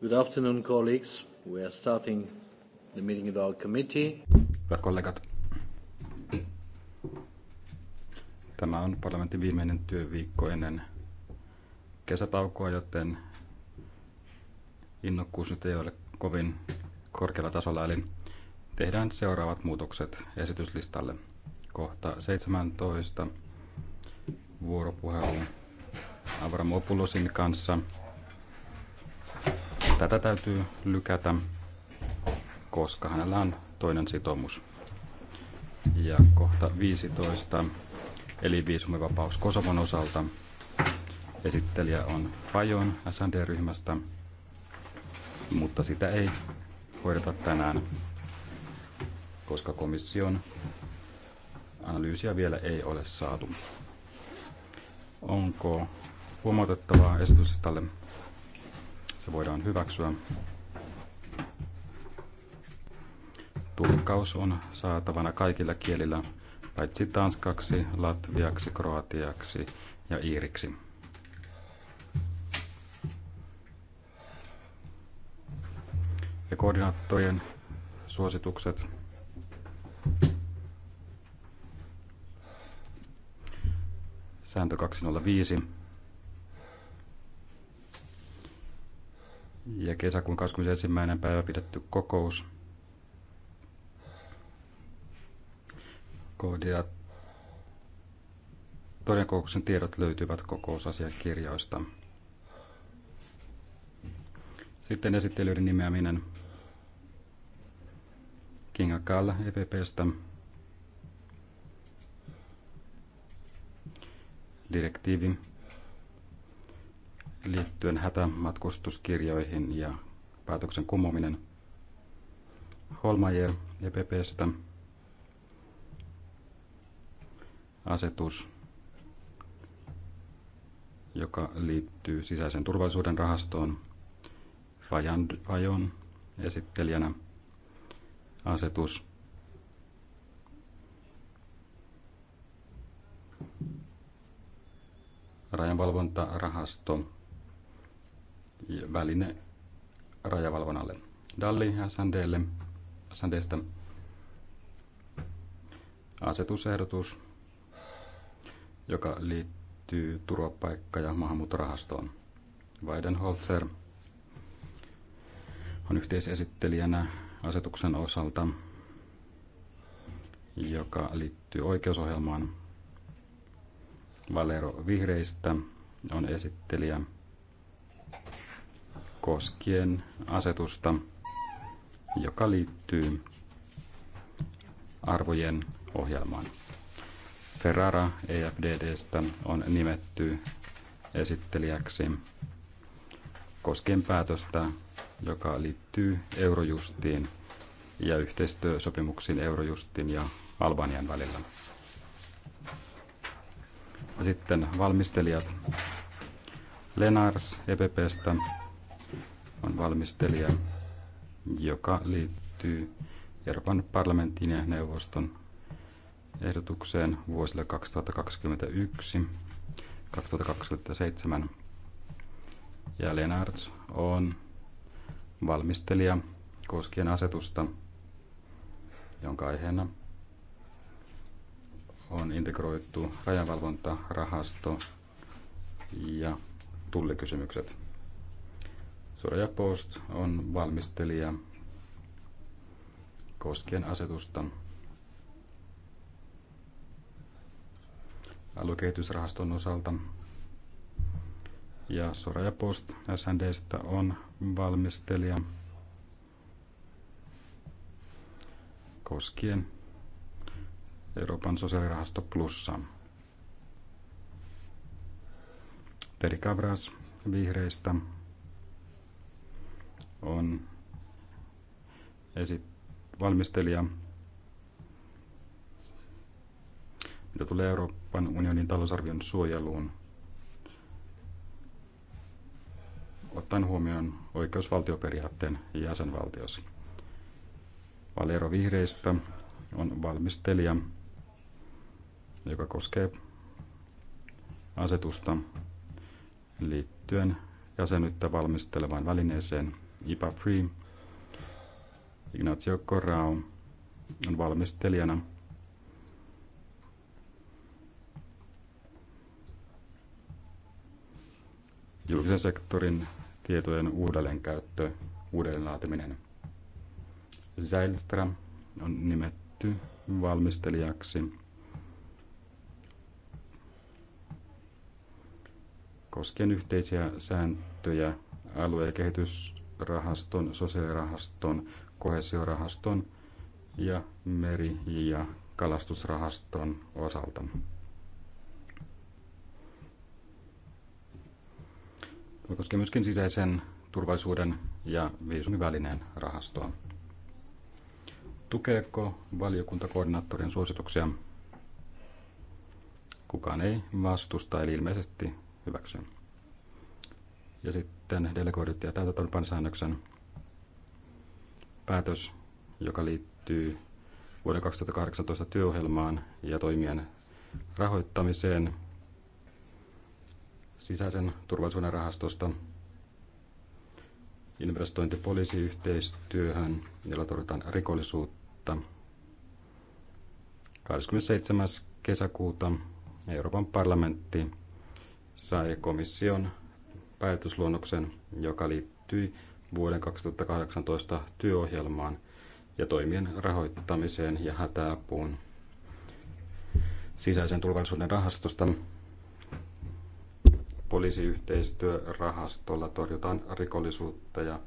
Good afternoon, colleagues. We are starting the meeting of our committee. Hyvät kollegat, tämä on parlamentin viimeinen työviikko ennen kesätaukoa, joten innokkuus nyt ei ole kovin korkealla tasolla, eli tehdään seuraavat muutokset esityslistalle. Kohta 17 vuoropuhelu Avramopoulosin kanssa – tätä täytyy lykätä, koska hänellä on toinen sitoumus. Ja kohta 15, eli viisumivapaus Kosovon osalta. Esittelijä on Fajon SND-ryhmästä, mutta sitä ei hoideta tänään, koska komission analyysiä vielä ei ole saatu. Onko huomautettavaa esityksestä se voidaan hyväksyä. Tulkkaus on saatavana kaikilla kielillä, paitsi tanskaksi, latviaksi, kroatiaksi ja iiriksi. Ja koordinaattorien suositukset. Sääntö 205 ja kesäkuun 21. päivä pidetty kokous. Koodia todennäköisen tiedot löytyvät kokousasiakirjoista. Sitten esittelyiden nimeäminen. Kinga Kalla EPPstä. Direktiivi liittyen hätämatkustuskirjoihin ja päätöksen kumoaminen. Holmajer EPPstä asetus, joka liittyy sisäisen turvallisuuden rahastoon. Fajon esittelijänä asetus rajanvalvontarahasto väline rajavalvonnalle. Dalli Sandelle. SNDstä asetusehdotus, joka liittyy turvapaikka- ja maahanmuuttorahastoon. Weidenholzer on yhteisesittelijänä asetuksen osalta, joka liittyy oikeusohjelmaan. Valero Vihreistä on esittelijä koskien asetusta, joka liittyy arvojen ohjelmaan. Ferrara EFDDstä on nimetty esittelijäksi koskien päätöstä, joka liittyy Eurojustiin ja yhteistyösopimuksiin Eurojustin ja Albanian välillä. Sitten valmistelijat Lenars EPPstä on valmistelija, joka liittyy Euroopan parlamentin ja neuvoston ehdotukseen vuosille 2021-2027. Ja Lennarts on valmistelija koskien asetusta, jonka aiheena on integroitu rajavalvontarahasto ja tullikysymykset. Suoja Post on valmistelija koskien asetusta aluekehitysrahaston osalta. Ja Soraya Post SNDstä on valmistelija koskien Euroopan sosiaalirahasto plussa. Teri Kavras vihreistä on esit- valmistelija. Mitä tulee Euroopan unionin talousarvion suojeluun, ottaen huomioon oikeusvaltioperiaatteen jäsenvaltiossa. Valero Vihreistä on valmistelija, joka koskee asetusta liittyen jäsenyyttä valmistelevaan välineeseen, Ipa Free. Ignacio Corrao on valmistelijana. Julkisen sektorin tietojen uudelleenkäyttö, uudelleenlaatiminen. Zeilstra on nimetty valmistelijaksi koskien yhteisiä sääntöjä alue- ja kehitys- rahaston, sosiaalirahaston, kohesiorahaston ja meri- ja kalastusrahaston osalta. Tämä koskee myöskin sisäisen turvallisuuden ja viisumivälineen rahastoa. Tukeeko valiokuntakoordinaattorin suosituksia? Kukaan ei vastusta, eli ilmeisesti hyväksyn ja sitten delegoidut ja täytäntöönpansäännöksen päätös, joka liittyy vuoden 2018 työohjelmaan ja toimien rahoittamiseen sisäisen turvallisuuden rahastosta investointipoliisiyhteistyöhön, jolla torjutaan rikollisuutta. 27. kesäkuuta Euroopan parlamentti sai komission päätösluonnoksen, joka liittyi vuoden 2018 työohjelmaan ja toimien rahoittamiseen ja hätäapuun sisäisen turvallisuuden rahastosta. Poliisiyhteistyörahastolla torjutaan rikollisuutta ja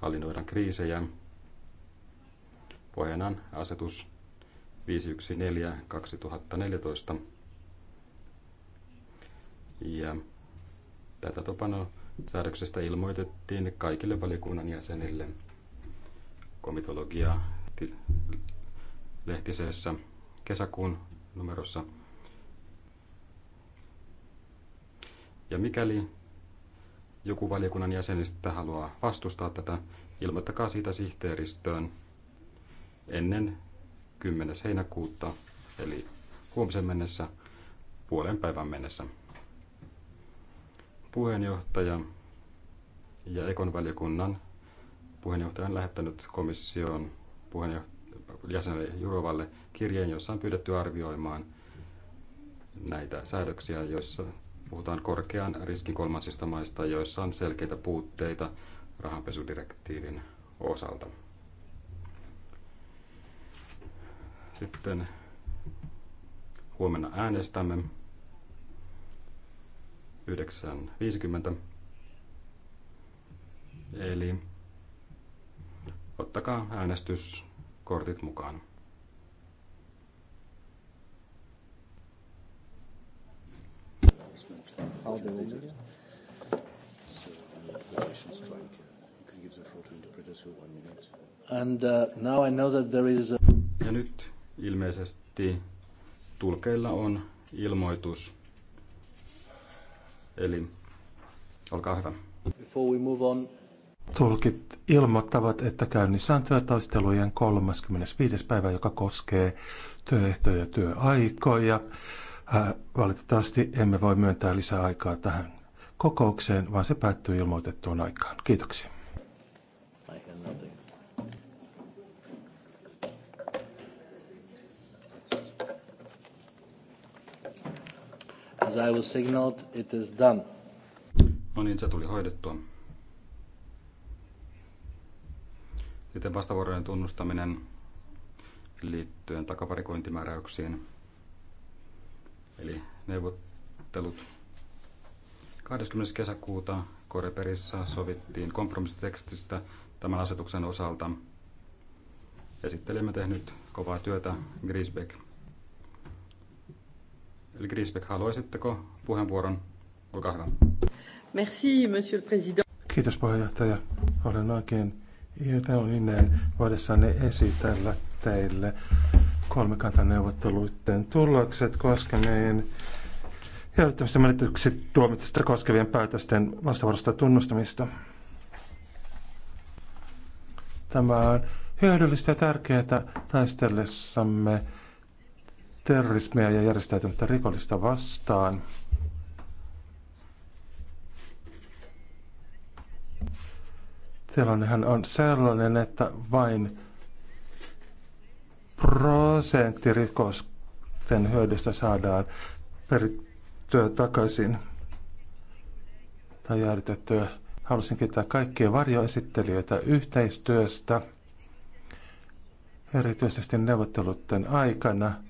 hallinnoidaan kriisejä. Pohjana asetus 514 2014 ja Tätä säädöksestä ilmoitettiin kaikille valiokunnan jäsenille komitologia lehtisessä kesäkuun numerossa. Ja mikäli joku valiokunnan jäsenistä haluaa vastustaa tätä, ilmoittakaa siitä sihteeristöön ennen 10. heinäkuuta, eli huomisen mennessä, puolen päivän mennessä puheenjohtaja ja Ekon valiokunnan puheenjohtaja on lähettänyt komission jäsenelle Jurovalle kirjeen, jossa on pyydetty arvioimaan näitä säädöksiä, joissa puhutaan korkean riskin kolmansista maista, joissa on selkeitä puutteita rahanpesudirektiivin osalta. Sitten huomenna äänestämme 9.50. Eli ottakaa äänestyskortit mukaan. And uh, now I know that there is Ja nyt ilmeisesti tulkeilla on ilmoitus Eli olkaa hyvä. Before we move on. Tulkit ilmoittavat, että käynnissä on työtaistelujen 35. päivä, joka koskee työehtoja ja työaikoja. Äh, valitettavasti emme voi myöntää lisää aikaa tähän kokoukseen, vaan se päättyy ilmoitettuun aikaan. Kiitoksia. As I was signaled, it is done. No niin, se tuli hoidettua. Sitten vastavuoroinen tunnustaminen liittyen takavarikointimääräyksiin, eli neuvottelut. 20. kesäkuuta Koreperissä sovittiin kompromissitekstistä tämän asetuksen osalta. Esittelimme tehnyt kovaa työtä Grisbeck Eli Grisbeck, haluaisitteko puheenvuoron? Olkaa hyvä. Merci, monsieur le président. Kiitos puheenjohtaja. Olen oikein iloinen voidessanne esitellä teille kolmikantaneuvotteluiden tulokset koskeneen jäädyttämistä menetyksi tuomitusta koskevien päätösten vastavuorosta tunnustamista. Tämä on hyödyllistä ja tärkeää taistellessamme terrorismia ja järjestäytynyttä rikollista vastaan. Tilannehan on sellainen, että vain prosentti rikosten hyödystä saadaan perittyä takaisin tai jäädytettyä. Haluaisin kiittää kaikkia varjoesittelijöitä yhteistyöstä, erityisesti neuvottelutten aikana –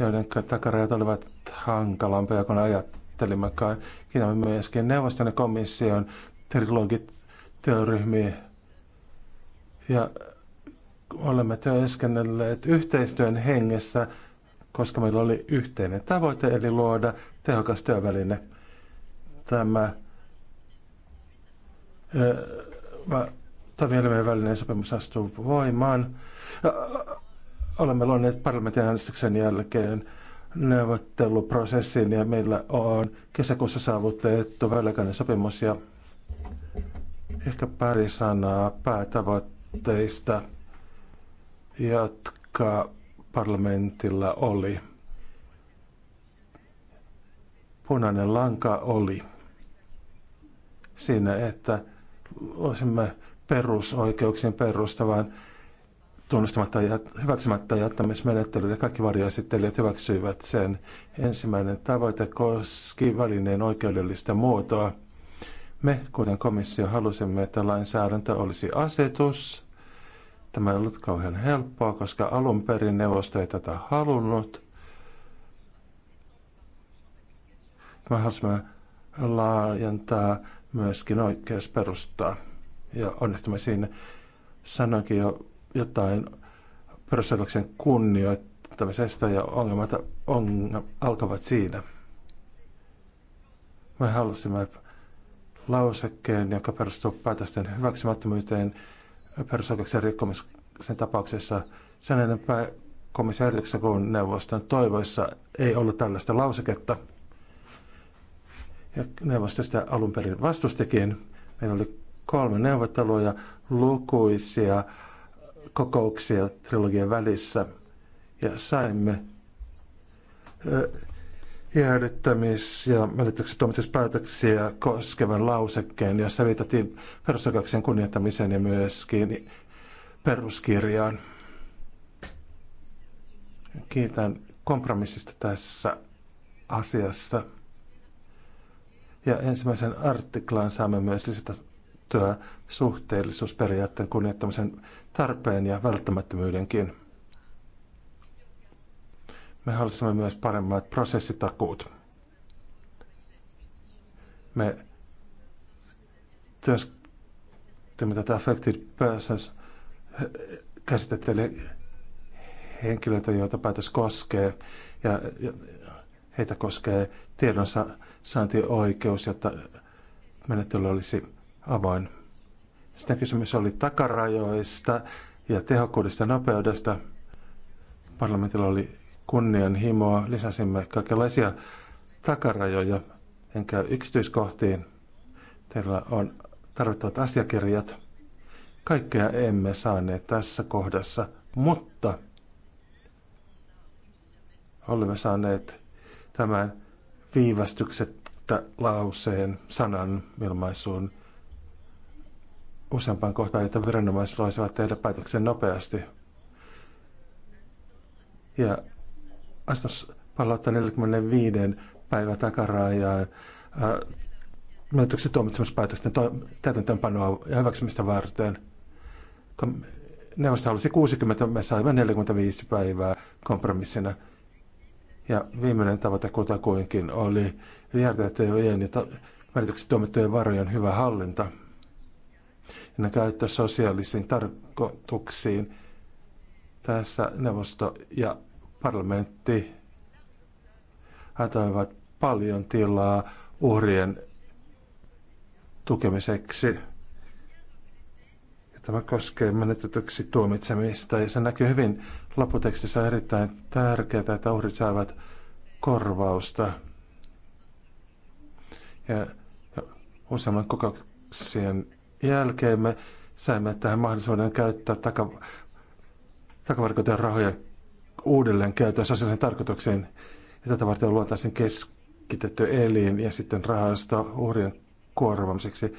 joiden takarajat olivat hankalampia kuin ajattelimmekaan. Kiitämme myöskin neuvoston ja komission trilogit työryhmiä ja olemme työskennelleet yhteistyön hengessä, koska meillä oli yhteinen tavoite, eli luoda tehokas työväline. Tämä toimielimien välinen sopimus astuu voimaan olemme luoneet parlamentin äänestyksen jälkeen neuvotteluprosessin ja meillä on kesäkuussa saavutettu väliaikainen sopimus ja ehkä pari sanaa päätavoitteista, jotka parlamentilla oli. Punainen lanka oli siinä, että olisimme perusoikeuksien perustavan tunnustamatta ja hyväksymättä jättämismenettelylle. Kaikki varjoesittelijät hyväksyivät sen. Ensimmäinen tavoite koski välineen oikeudellista muotoa. Me, kuten komissio, halusimme, että lainsäädäntö olisi asetus. Tämä ei ollut kauhean helppoa, koska alun perin neuvosto ei tätä halunnut. Me halusimme laajentaa myöskin oikeusperustaa ja onnistumme siinä. Sanoinkin jo jotain perusoikeuksien kunnioittamisesta ja ongelmat on, alkavat siinä. Me halusimme lausekkeen, joka perustuu päätösten hyväksymättömyyteen perusoikeuksien rikkomisen tapauksessa. Sen enempää komissio- ehdotuksessa kuin neuvoston toivoissa ei ollut tällaista lauseketta. Ja neuvosto sitä alun perin vastustikin. Meillä oli kolme neuvottelua ja lukuisia kokouksia trilogian välissä ja saimme jäädyttämis- ja menetyksituomituspäätöksiä koskevan lausekkeen, jossa viitattiin perusoikeuksien kunnioittamiseen ja myöskin peruskirjaan. Kiitän kompromissista tässä asiassa. Ja ensimmäisen artiklaan saamme myös lisätä näyttöä suhteellisuusperiaatteen kunnioittamisen tarpeen ja välttämättömyydenkin. Me halusimme myös paremmat prosessitakuut. Me työskentelemme tätä affected persons käsitettä, eli henkilöitä, joita päätös koskee, ja, heitä koskee saantioikeus, jotta menettely olisi avoin. Sitten kysymys oli takarajoista ja tehokkuudesta nopeudesta. Parlamentilla oli kunnianhimoa. Lisäsimme kaikenlaisia takarajoja. En käy yksityiskohtiin. Teillä on tarvittavat asiakirjat. Kaikkea emme saaneet tässä kohdassa, mutta olemme saaneet tämän viivästyksettä lauseen sanan ilmaisuun useampaan kohtaan, jotta viranomaiset voisivat tehdä päätöksen nopeasti. Ja astus palauttaa 45 päivä ja äh, menetyksen tuomitsemispäätösten to- täytäntöönpanoa ja hyväksymistä varten. Kom- neuvosto halusi 60, me saimme 45 päivää kompromissina. Ja viimeinen tavoite kutakuinkin oli järjestettyjen ja menetyksen tuomittujen varojen hyvä hallinta ja ne käyttää sosiaalisiin tarkoituksiin. Tässä neuvosto ja parlamentti antoivat paljon tilaa uhrien tukemiseksi. Ja tämä koskee menetetyksi tuomitsemista ja se näkyy hyvin lopputekstissä erittäin tärkeää, että uhrit saavat korvausta. Ja useamman kokouksien jälkeen me saimme tähän mahdollisuuden käyttää taka, takavarikoitujen rahoja uudelleen käytön sosiaalisen tarkoitukseen. Ja tätä varten luotaisiin keskitetty elin ja sitten rahasto uhrien kuorvamiseksi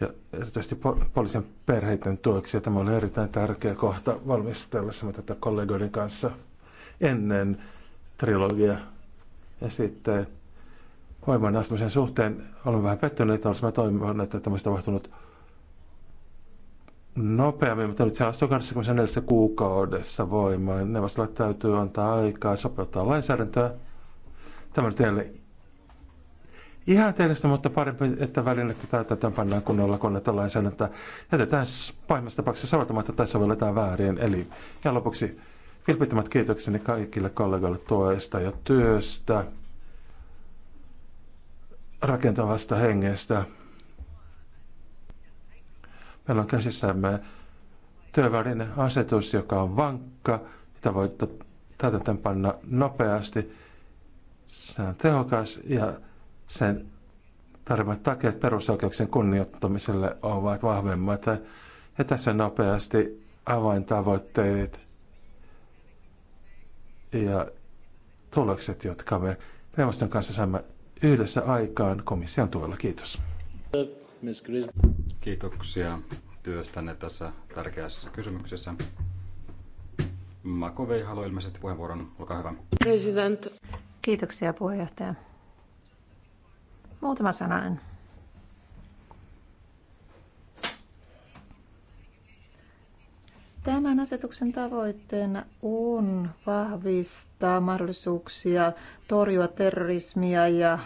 ja erityisesti po- poliisin perheiden tueksi. Ja tämä oli erittäin tärkeä kohta valmistellessamme tätä kollegoiden kanssa ennen trilogia. Ja sitten voimaan astumisen suhteen olen vähän pettynyt, että olisimme toivoneet, että tämmöistä tapahtunut nopeammin, mutta nyt se astuu 24 kuukaudessa voimaan. Neuvostolle täytyy antaa aikaa sopeuttaa lainsäädäntöä. Tämä nyt teille ihan teistä, mutta parempi, että välinettä täytetään pannaan kunnolla koneita lainsäädäntöä. Jätetään pahimmassa tapauksessa soveltamatta tai sovelletaan väärin. Eli ja lopuksi vilpittömät kiitokseni kaikille kollegoille tuesta ja työstä, rakentavasta hengestä. Meillä on käsissämme työväline asetus, joka on vankka, sitä voi täytäntöön panna nopeasti. Se on tehokas ja sen tarvitsemat takeet perusoikeuksien kunnioittamiselle ovat vahvemmat. Ja tässä nopeasti avaintavoitteet ja tulokset, jotka me neuvoston kanssa saamme yhdessä aikaan komission tuella. Kiitos. Ms. Grisby. Kiitoksia työstänne tässä tärkeässä kysymyksessä. Makovei haluaa ilmeisesti puheenvuoron. Olkaa hyvä. President. Kiitoksia puheenjohtaja. Muutama sananen. Tämän asetuksen tavoitteena on vahvistaa mahdollisuuksia torjua terrorismia ja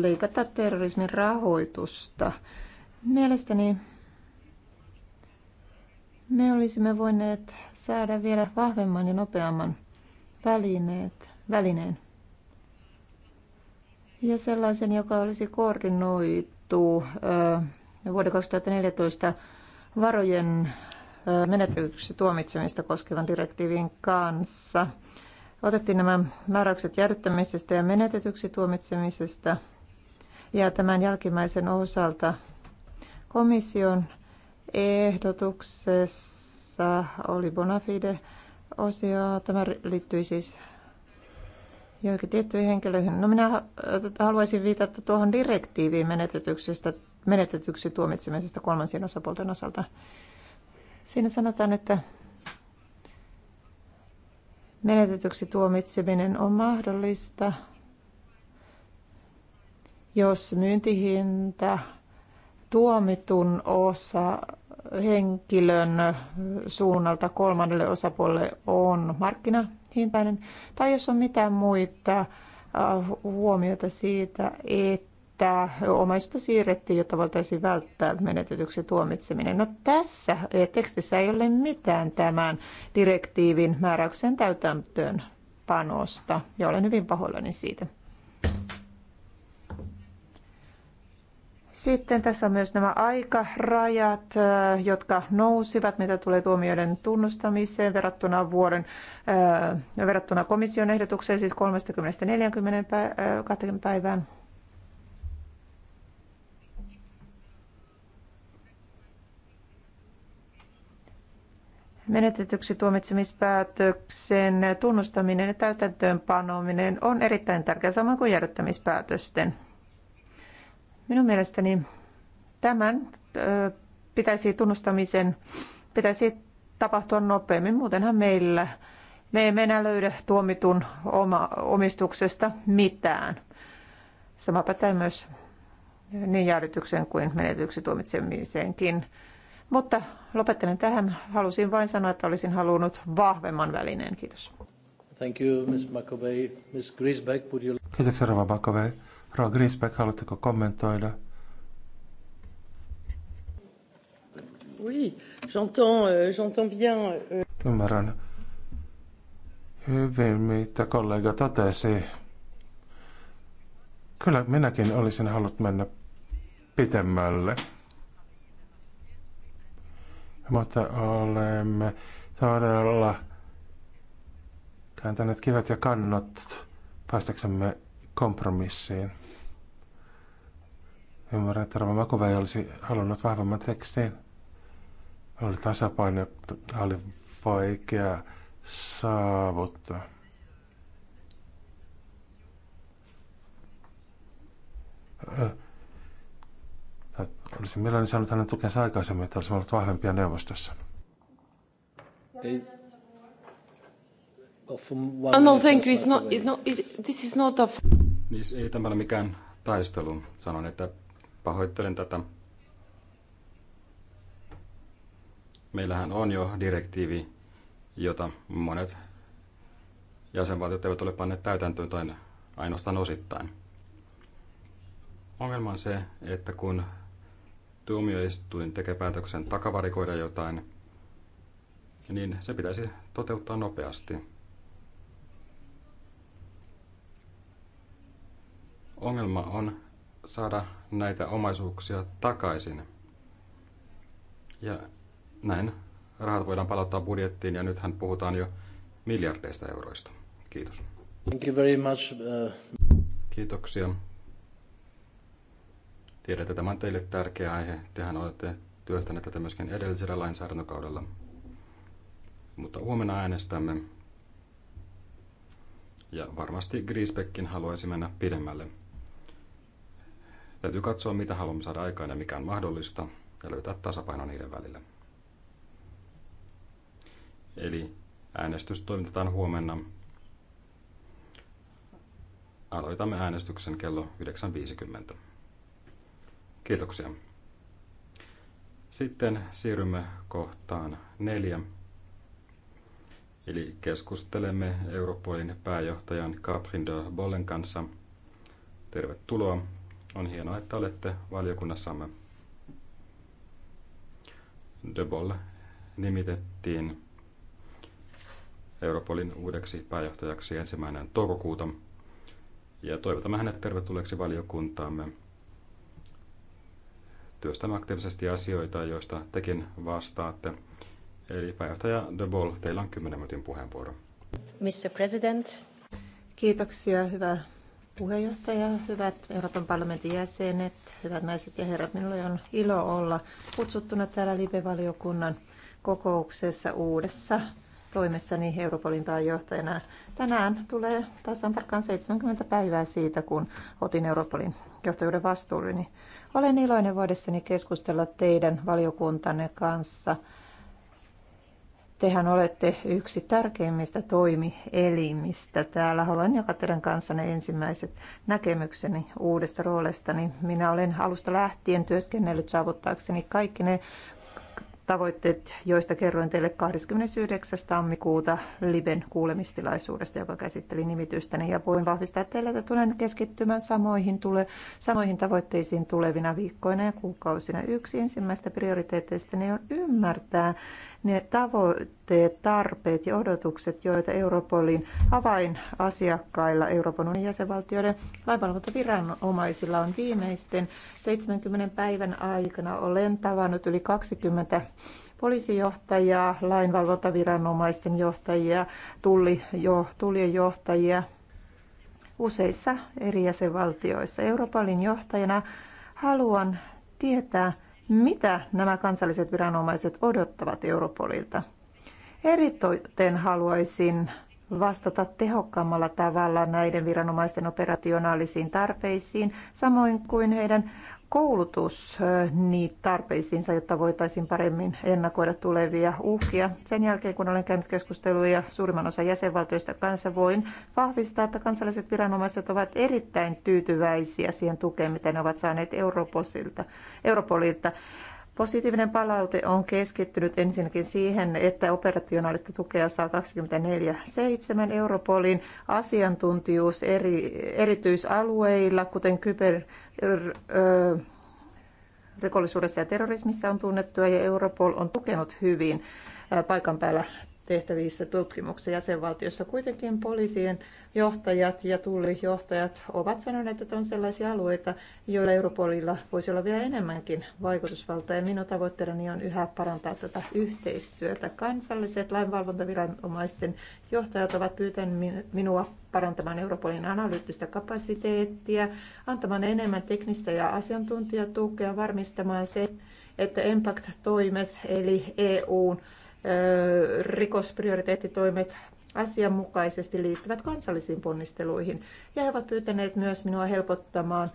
leikata terrorismin rahoitusta. Mielestäni me olisimme voineet saada vielä vahvemman ja nopeamman välineet, välineen. Ja sellaisen, joka olisi koordinoitu vuoden 2014 varojen menetetyksi tuomitsemista koskevan direktiivin kanssa. Otettiin nämä määräykset jäädyttämisestä ja menetetyksi tuomitsemisesta. Ja tämän jälkimmäisen osalta komission ehdotuksessa oli bonafide osio. Tämä liittyi siis joihinkin tiettyihin henkilöihin. No minä haluaisin viitata tuohon direktiiviin menetetyksi tuomitsemisesta kolmansien osapuolten osalta. Siinä sanotaan, että menetetyksi tuomitseminen on mahdollista, jos myyntihinta tuomitun osa henkilön suunnalta kolmannelle osapuolelle on markkinahintainen, tai jos on mitään muita äh, huomioita siitä, että että omaisuutta siirrettiin, jotta voitaisiin välttää menetetyksi tuomitseminen. No tässä tekstissä ei ole mitään tämän direktiivin määräyksen täytäntöön panosta ja olen hyvin pahoillani siitä. Sitten tässä on myös nämä aikarajat, äh, jotka nousivat, mitä tulee tuomioiden tunnustamiseen verrattuna, vuoden, äh, verrattuna komission ehdotukseen, siis 30-40 äh, päivään. Menetetyksi tuomitsemispäätöksen tunnustaminen ja täytäntöönpanominen on erittäin tärkeää, samoin kuin jäädyttämispäätösten. Minun mielestäni tämän pitäisi tunnustamisen pitäisi tapahtua nopeammin, muutenhan meillä me emme enää löydä tuomitun oma, omistuksesta mitään. Sama pätee myös niin jäädytyksen kuin menetyksi tuomitsemiseenkin. Mutta lopettelen tähän. Halusin vain sanoa, että olisin halunnut vahvemman välineen. Kiitos. Thank you, Ms. McAvey. Ms. Grisbeck, would you... Kiitoksia, Rova McAvey. Rova Grisbeck, haluatteko kommentoida? Oui, j'entends, euh, j'entends bien. Euh. Ymmärrän hyvin, mitä kollega totesi. Kyllä minäkin olisin halunnut mennä pitemmälle mutta olemme todella kääntäneet kivet ja kannot päästäksemme kompromissiin. Ymmärrän, että Rova Makuva ei olisi halunnut vahvemman tekstin. Oli tasapaino, oli vaikea saavuttaa. Äh Olisin mielelläni saanut hänen tukensa aikaisemmin, että olisimme olleet vahvempia neuvostossa. Ei. this is not a... Niin, ei tämä ole mikään taistelu. Sanon, että pahoittelen tätä. Meillähän on jo direktiivi, jota monet jäsenvaltiot eivät ole panneet täytäntöön tai ainoastaan osittain. Ongelma on se, että kun tuomioistuin tekee päätöksen takavarikoida jotain, niin se pitäisi toteuttaa nopeasti. Ongelma on saada näitä omaisuuksia takaisin. Ja näin rahat voidaan palauttaa budjettiin ja nythän puhutaan jo miljardeista euroista. Kiitos. Thank you very much. Uh, Kiitoksia. Tiedän, että tämä on teille tärkeä aihe. Tehän olette työstäneet tätä myöskin edellisellä lainsäädäntökaudella. Mutta huomenna äänestämme. Ja varmasti Griesbeckin haluaisi mennä pidemmälle. Täytyy katsoa, mitä haluamme saada aikaan ja mikä on mahdollista, ja löytää tasapaino niiden välillä. Eli äänestys toimitetaan huomenna. Aloitamme äänestyksen kello 9.50. Kiitoksia. Sitten siirrymme kohtaan neljä. Eli keskustelemme Europolin pääjohtajan Katrin de Bollen kanssa. Tervetuloa. On hienoa, että olette valiokunnassamme. De Boll nimitettiin Europolin uudeksi pääjohtajaksi ensimmäinen toukokuuta. Ja toivotamme hänet tervetulleeksi valiokuntaamme työstämme aktiivisesti asioita, joista tekin vastaatte. Eli pääjohtaja De Boll, teillä on 10 minuutin puheenvuoro. Mr. President. Kiitoksia, hyvä puheenjohtaja, hyvät Euroopan parlamentin jäsenet, hyvät naiset ja herrat. Minulla on ilo olla kutsuttuna täällä Libe-valiokunnan kokouksessa uudessa toimessani Europolin pääjohtajana. Tänään tulee tasan tarkkaan 70 päivää siitä, kun otin Europolin johtajuuden vastuulleni. Olen iloinen voidessani keskustella teidän valiokuntanne kanssa. Tehän olette yksi tärkeimmistä toimielimistä täällä. Haluan jakaa teidän kanssanne ensimmäiset näkemykseni uudesta roolestani. Minä olen alusta lähtien työskennellyt saavuttaakseni kaikki ne tavoitteet, joista kerroin teille 29. tammikuuta Liben kuulemistilaisuudesta, joka käsitteli nimitystäni. Ja voin vahvistaa teille, että tulen keskittymään samoihin, tule, samoihin tavoitteisiin tulevina viikkoina ja kuukausina. Yksi ensimmäistä prioriteeteista on ymmärtää, ne tavoitteet, tarpeet ja odotukset, joita Europolin avainasiakkailla Euroopan unionin jäsenvaltioiden lainvalvontaviranomaisilla on viimeisten 70 päivän aikana. Olen tavannut yli 20 poliisijohtajaa, lainvalvontaviranomaisten johtajia, jo, tullien johtajia useissa eri jäsenvaltioissa. Europolin johtajana haluan tietää, mitä nämä kansalliset viranomaiset odottavat Europolilta. Eritoten haluaisin vastata tehokkaammalla tavalla näiden viranomaisten operationaalisiin tarpeisiin, samoin kuin heidän koulutus niin tarpeisiinsa, jotta voitaisiin paremmin ennakoida tulevia uhkia. Sen jälkeen, kun olen käynyt keskusteluja suurimman osan jäsenvaltioista kanssa, voin vahvistaa, että kansalliset viranomaiset ovat erittäin tyytyväisiä siihen tukeen, mitä ne ovat saaneet Europolilta. Positiivinen palaute on keskittynyt ensinnäkin siihen, että operationaalista tukea saa 24.7 Europolin asiantuntijuus eri, erityisalueilla, kuten kyber, ö, rikollisuudessa ja terrorismissa on tunnettua ja Europol on tukenut hyvin paikan päällä tehtävissä tutkimuksissa jäsenvaltiossa. Kuitenkin poliisien johtajat ja tullijohtajat ovat sanoneet, että on sellaisia alueita, joilla Europolilla voisi olla vielä enemmänkin vaikutusvaltaa. Ja minun tavoitteeni on yhä parantaa tätä yhteistyötä. Kansalliset lainvalvontaviranomaisten johtajat ovat pyytäneet minua parantamaan Europolin analyyttistä kapasiteettia, antamaan enemmän teknistä ja asiantuntijatukea, varmistamaan se, että impact-toimet eli EUn rikosprioriteettitoimet asianmukaisesti liittyvät kansallisiin ponnisteluihin. Ja he ovat pyytäneet myös minua helpottamaan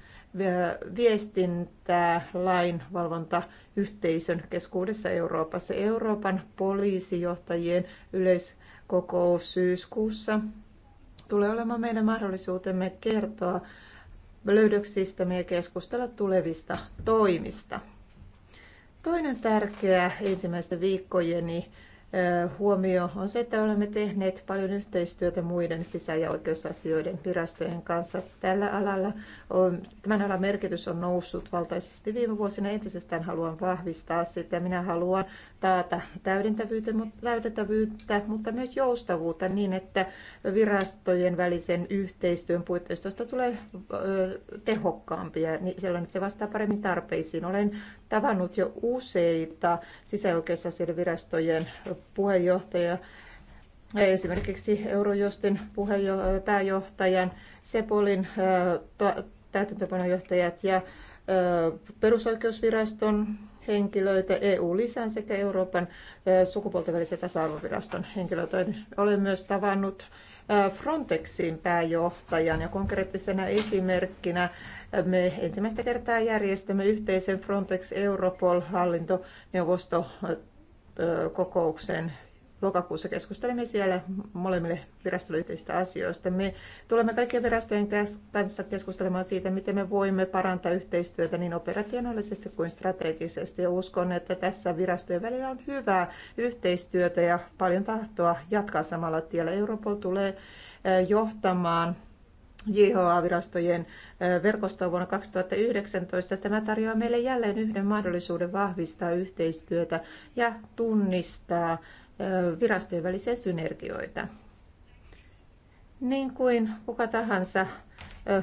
viestintää lainvalvontayhteisön keskuudessa Euroopassa. Euroopan poliisijohtajien yleiskokous syyskuussa tulee olemaan meidän mahdollisuutemme kertoa löydöksistämme ja keskustella tulevista toimista. Toinen tärkeä ensimmäisten viikkojeni huomio on se, että olemme tehneet paljon yhteistyötä muiden sisä- ja oikeusasioiden virastojen kanssa tällä alalla. On, tämän alan merkitys on noussut valtaisesti viime vuosina. Entisestään haluan vahvistaa sitä. Minä haluan taata täydentävyyttä, mutta myös joustavuutta niin, että virastojen välisen yhteistyön puitteistosta tulee tehokkaampia, niin että se vastaa paremmin tarpeisiin. Olen tavannut jo useita sisäoikeusasioiden virastojen puheenjohtajia, esimerkiksi Eurojustin puheenjo- pääjohtajan, Sepolin täytäntöpanojohtajat ja perusoikeusviraston henkilöitä, EU-lisän sekä Euroopan sukupuolten välisen tasa-arvoviraston henkilöitä. Olen myös tavannut Frontexin pääjohtajan ja konkreettisena esimerkkinä me ensimmäistä kertaa järjestämme yhteisen Frontex Europol hallintoneuvosto kokouksen Lokakuussa keskustelimme siellä molemmille virastolle yhteisistä asioista. Me tulemme kaikkien virastojen kanssa keskustelemaan siitä, miten me voimme parantaa yhteistyötä niin operationaalisesti kuin strategisesti. Ja uskon, että tässä virastojen välillä on hyvää yhteistyötä ja paljon tahtoa jatkaa samalla tiellä. Europol tulee johtamaan JHA-virastojen verkostoa vuonna 2019. Tämä tarjoaa meille jälleen yhden mahdollisuuden vahvistaa yhteistyötä ja tunnistaa virastojen välisiä synergioita. Niin kuin kuka tahansa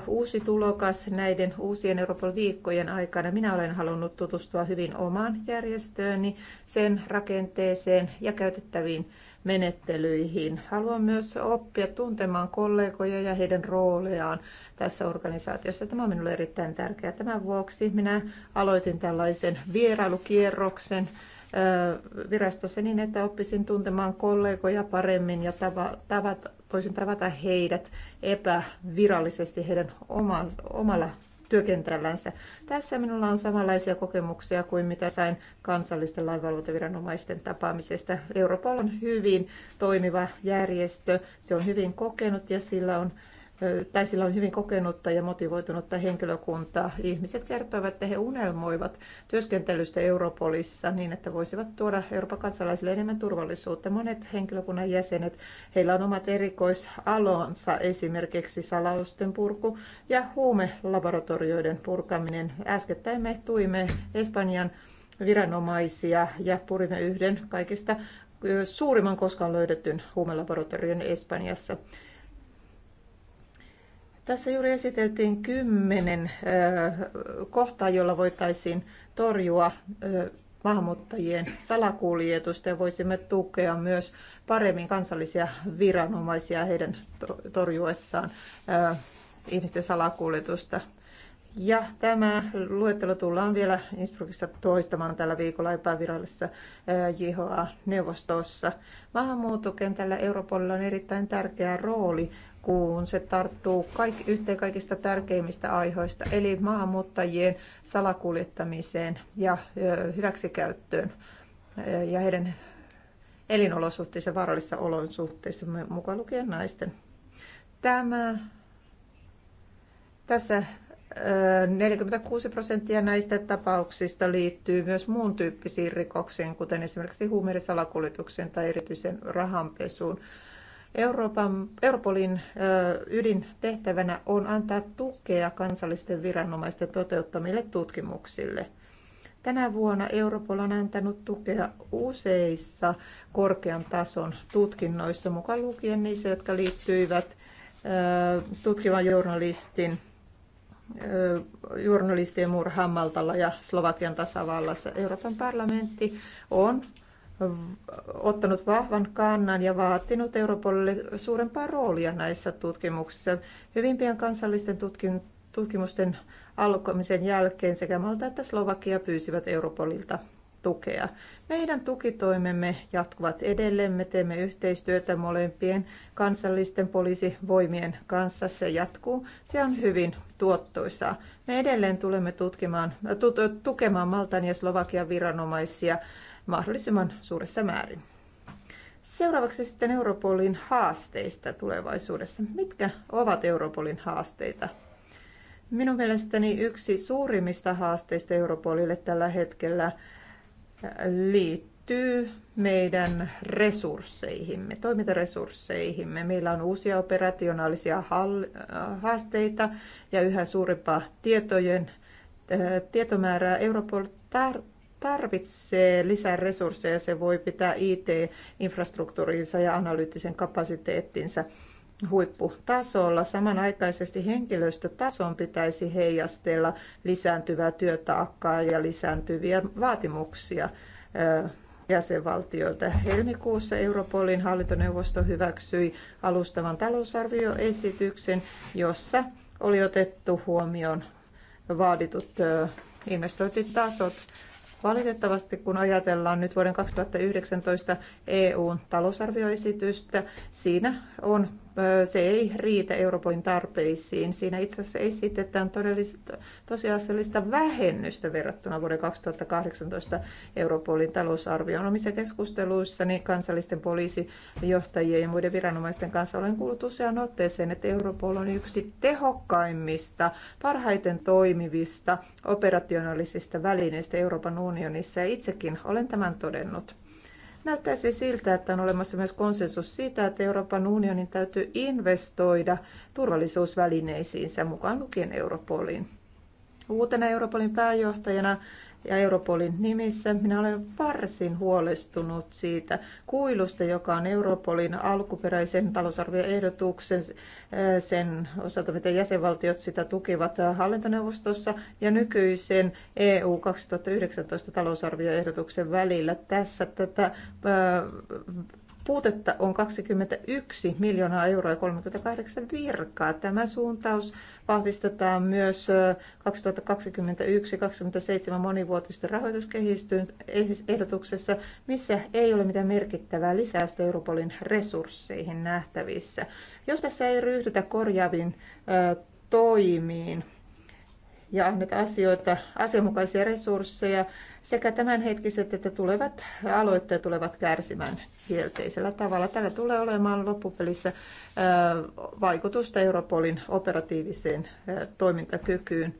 uusi tulokas näiden uusien Euroopan viikkojen aikana. Minä olen halunnut tutustua hyvin omaan järjestööni, sen rakenteeseen ja käytettäviin menettelyihin. Haluan myös oppia tuntemaan kollegoja ja heidän roolejaan tässä organisaatiossa. Tämä on minulle erittäin tärkeää. Tämän vuoksi minä aloitin tällaisen vierailukierroksen virastossa niin, että oppisin tuntemaan kollegoja paremmin ja tava, tavat, voisin tavata heidät epävirallisesti heidän oma, omalla työkentällänsä. Tässä minulla on samanlaisia kokemuksia kuin mitä sain kansallisten lainvalvontaviranomaisten tapaamisesta. Europol on hyvin toimiva järjestö, se on hyvin kokenut ja sillä on tai sillä on hyvin kokenutta ja motivoitunutta henkilökuntaa. Ihmiset kertoivat, että he unelmoivat työskentelystä Europolissa niin, että voisivat tuoda Euroopan kansalaisille enemmän turvallisuutta. Monet henkilökunnan jäsenet, heillä on omat erikoisalonsa, esimerkiksi salausten purku ja huumelaboratorioiden purkaminen. Äskettäin me tuimme Espanjan viranomaisia ja purimme yhden kaikista suurimman koskaan löydetyn huumelaboratorion Espanjassa. Tässä juuri esiteltiin kymmenen kohtaa, jolla voitaisiin torjua maahanmuuttajien salakuljetusta ja voisimme tukea myös paremmin kansallisia viranomaisia heidän torjuessaan ihmisten salakuljetusta. Ja tämä luettelo tullaan vielä Innsbruckissa toistamaan tällä viikolla epävirallisessa JHA-neuvostossa. Maahanmuuttokentällä Europolilla on erittäin tärkeä rooli kun se tarttuu kaik, yhteen kaikista tärkeimmistä aiheista, eli maahanmuuttajien salakuljettamiseen ja hyväksikäyttöön ja heidän elinolosuhteissa, vaarallisissa olosuhteissa, mukaan lukien naisten. Tämä, tässä 46 prosenttia näistä tapauksista liittyy myös muun tyyppisiin rikoksiin, kuten esimerkiksi huumeiden salakuljetukseen tai erityisen rahanpesuun. Euroopan, Europolin ydintehtävänä on antaa tukea kansallisten viranomaisten toteuttamille tutkimuksille. Tänä vuonna Europol on antanut tukea useissa korkean tason tutkinnoissa, mukaan lukien niissä, jotka liittyivät tutkivan journalistin journalistien murhaan Maltalla ja Slovakian tasavallassa. Euroopan parlamentti on ottanut vahvan kannan ja vaatinut Europolille suurempaa roolia näissä tutkimuksissa. Hyvin pian kansallisten tutkimusten alkamisen jälkeen sekä Malta että Slovakia pyysivät Europolilta tukea. Meidän tukitoimemme jatkuvat edelleen. Me teemme yhteistyötä molempien kansallisten poliisivoimien kanssa. Se jatkuu. Se on hyvin tuottoisaa. Me edelleen tulemme tutkimaan, tu, tukemaan Maltan ja Slovakian viranomaisia mahdollisimman suuressa määrin. Seuraavaksi sitten Europolin haasteista tulevaisuudessa. Mitkä ovat Europolin haasteita? Minun mielestäni yksi suurimmista haasteista Europolille tällä hetkellä liittyy meidän resursseihimme, toimintaresursseihimme. Meillä on uusia operationaalisia haasteita ja yhä suurempaa tietojen, tietomäärää. Europol tar- tarvitsee lisää resursseja, se voi pitää IT-infrastruktuurinsa ja analyyttisen kapasiteettinsa huipputasolla. Samanaikaisesti henkilöstötason pitäisi heijastella lisääntyvää työtaakkaa ja lisääntyviä vaatimuksia jäsenvaltioilta. Helmikuussa Europolin hallintoneuvosto hyväksyi alustavan talousarvioesityksen, jossa oli otettu huomioon vaaditut investointitasot Valitettavasti kun ajatellaan nyt vuoden 2019 EUn talousarvioesitystä, siinä on se ei riitä Euroopan tarpeisiin. Siinä itse asiassa esitetään todellista, tosiasiallista vähennystä verrattuna vuoden 2018 Europolin talousarvioon. Omissa keskusteluissa niin kansallisten poliisijohtajien ja muiden viranomaisten kanssa olen kuullut usean otteeseen, että Europol on yksi tehokkaimmista, parhaiten toimivista operationaalisista välineistä Euroopan unionissa ja itsekin olen tämän todennut. Näyttäisi siis siltä, että on olemassa myös konsensus siitä, että Euroopan unionin täytyy investoida turvallisuusvälineisiinsä mukaan lukien Europoliin. Uutena Europolin pääjohtajana ja Europolin nimissä. Minä olen varsin huolestunut siitä kuilusta, joka on Europolin alkuperäisen talousarvioehdotuksen eh, sen osalta, miten jäsenvaltiot sitä tukivat hallintoneuvostossa ja nykyisen EU 2019 talousarvioehdotuksen välillä. Tässä tätä eh, Puutetta on 21 miljoonaa euroa ja 38 virkaa. Tämä suuntaus vahvistetaan myös 2021-2027 monivuotisten rahoituskehistyn ehdotuksessa, missä ei ole mitään merkittävää lisäystä Europolin resursseihin nähtävissä. Jos tässä ei ryhdytä korjaaviin toimiin, ja anneta asioita, asianmukaisia resursseja sekä tämänhetkiset että tulevat aloitteet tulevat kärsimään kielteisellä tavalla. Tällä tulee olemaan loppupelissä äh, vaikutusta Europolin operatiiviseen äh, toimintakykyyn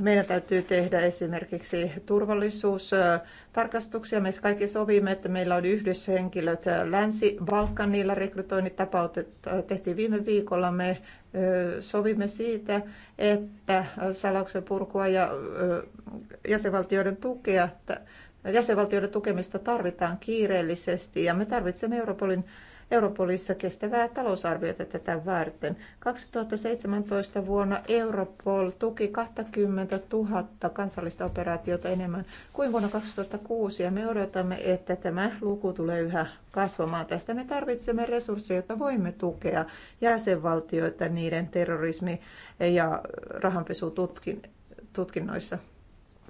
meidän täytyy tehdä esimerkiksi turvallisuustarkastuksia. Me kaikki sovimme, että meillä on yhdessä henkilöt Länsi-Balkanilla. Rekrytoinnit tehtiin viime viikolla. Me sovimme siitä, että salauksen purkua ja jäsenvaltioiden tukea, jäsenvaltioiden tukemista tarvitaan kiireellisesti ja me tarvitsemme Europolin Europolissa kestävää talousarviota tätä varten. 2017 vuonna Europol tuki 20 000 kansallista operaatiota enemmän kuin vuonna 2006 ja me odotamme, että tämä luku tulee yhä kasvamaan. Tästä me tarvitsemme resursseja, joita voimme tukea jäsenvaltioita niiden terrorismi- ja rahanpesututkinnoissa.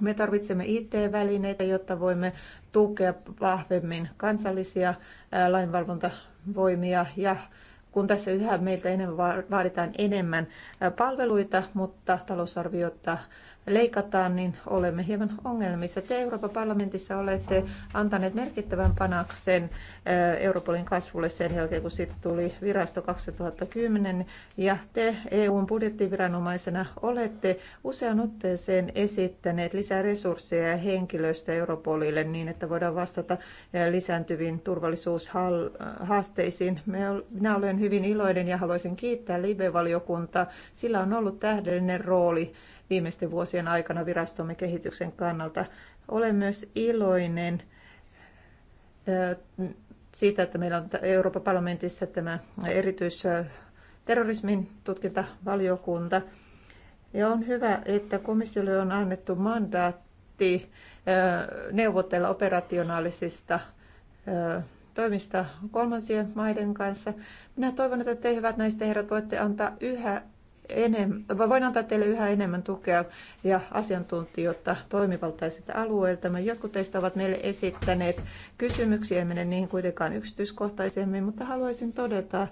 Me tarvitsemme IT-välineitä, jotta voimme tukea vahvemmin kansallisia lainvalvonta voimia ja kun tässä yhä meiltä enemmän vaaditaan enemmän palveluita, mutta talousarviota leikataan, niin olemme hieman ongelmissa. Te Euroopan parlamentissa olette antaneet merkittävän panaksen eh, Europolin kasvulle sen jälkeen, kun siitä tuli virasto 2010. Ja te EUn budjettiviranomaisena olette usean otteeseen esittäneet lisää resursseja ja henkilöstä Europolille niin, että voidaan vastata eh, lisääntyviin turvallisuushaasteisiin. Minä olen hyvin iloinen ja haluaisin kiittää Libe-valiokuntaa. Sillä on ollut tähdellinen rooli viimeisten vuosien aikana virastomme kehityksen kannalta. Olen myös iloinen siitä, että meillä on Euroopan parlamentissa tämä erityis terrorismin tutkintavaliokunta. Ja on hyvä, että komissiolle on annettu mandaatti neuvotella operationaalisista toimista kolmansien maiden kanssa. Minä toivon, että te hyvät naiset herrat voitte antaa yhä enemmän, voin antaa teille yhä enemmän tukea ja asiantuntijoita toimivaltaisilta alueilta. Jotkut teistä ovat meille esittäneet kysymyksiä, en mene niihin kuitenkaan yksityiskohtaisemmin, mutta haluaisin todeta,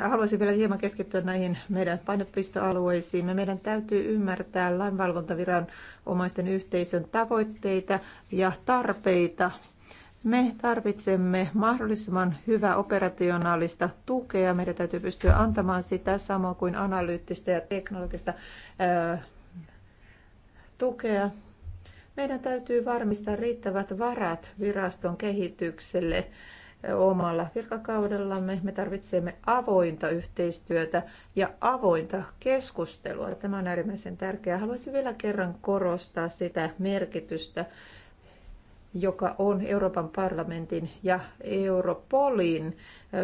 Haluaisin vielä hieman keskittyä näihin meidän painopistoalueisiin. Meidän täytyy ymmärtää lainvalvontaviranomaisten yhteisön tavoitteita ja tarpeita me tarvitsemme mahdollisimman hyvää operationaalista tukea. Meidän täytyy pystyä antamaan sitä samoin kuin analyyttistä ja teknologista ää, tukea. Meidän täytyy varmistaa riittävät varat viraston kehitykselle omalla virkakaudellamme. Me tarvitsemme avointa yhteistyötä ja avointa keskustelua. Tämä on äärimmäisen tärkeää. Haluaisin vielä kerran korostaa sitä merkitystä, joka on Euroopan parlamentin ja Europolin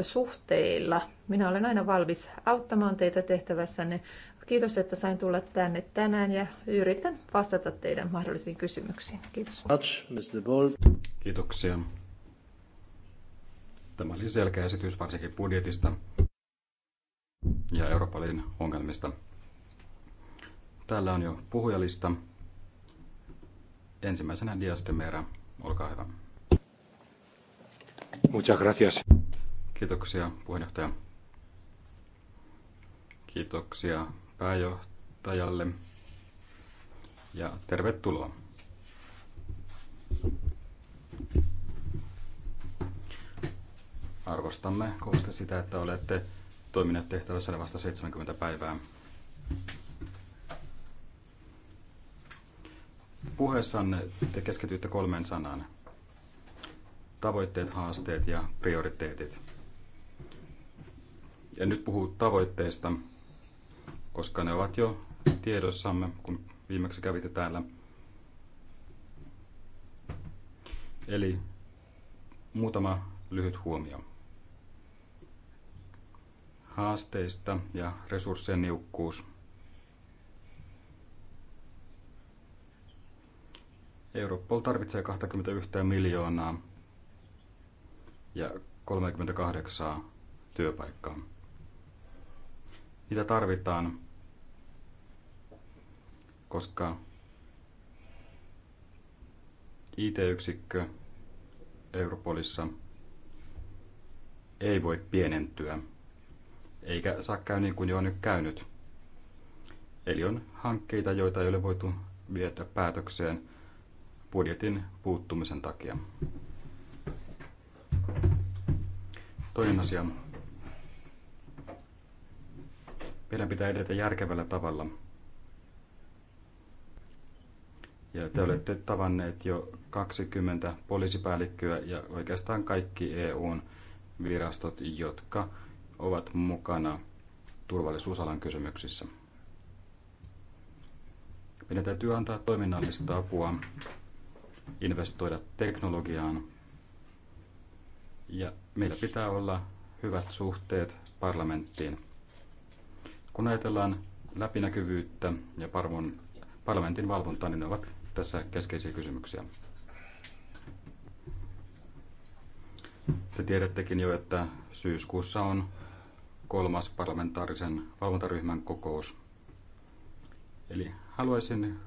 suhteilla. Minä olen aina valmis auttamaan teitä tehtävässänne. Kiitos, että sain tulla tänne tänään ja yritän vastata teidän mahdollisiin kysymyksiin. Kiitos. Kiitoksia. Tämä oli selkeä esitys varsinkin budjetista ja Euroopan ongelmista. Täällä on jo puhujalista. Ensimmäisenä Diastemera Olkaa hyvä. Muchas gracias. Kiitoksia puheenjohtaja. Kiitoksia pääjohtajalle ja tervetuloa. Arvostamme kovasti sitä, että olette toimineet tehtävässä vasta 70 päivää. Puheessanne te keskityitte kolmeen sanaan. Tavoitteet, haasteet ja prioriteetit. Ja nyt puhuu tavoitteista, koska ne ovat jo tiedossamme, kun viimeksi kävitte täällä. Eli muutama lyhyt huomio. Haasteista ja resurssien niukkuus. Europol tarvitsee 21 miljoonaa ja 38 työpaikkaa. Niitä tarvitaan, koska IT-yksikkö Europolissa ei voi pienentyä, eikä saa käy niin kuin jo on nyt käynyt. Eli on hankkeita, joita ei ole voitu viedä päätökseen budjetin puuttumisen takia. Toinen asia. Meidän pitää edetä järkevällä tavalla. Ja te olette tavanneet jo 20 poliisipäällikköä ja oikeastaan kaikki EUn virastot, jotka ovat mukana turvallisuusalan kysymyksissä. Meidän täytyy antaa toiminnallista apua investoida teknologiaan. Ja meillä pitää olla hyvät suhteet parlamenttiin. Kun ajatellaan läpinäkyvyyttä ja parlamentin valvontaa, niin ne ovat tässä keskeisiä kysymyksiä. Te tiedättekin jo, että syyskuussa on kolmas parlamentaarisen valvontaryhmän kokous. Eli haluaisin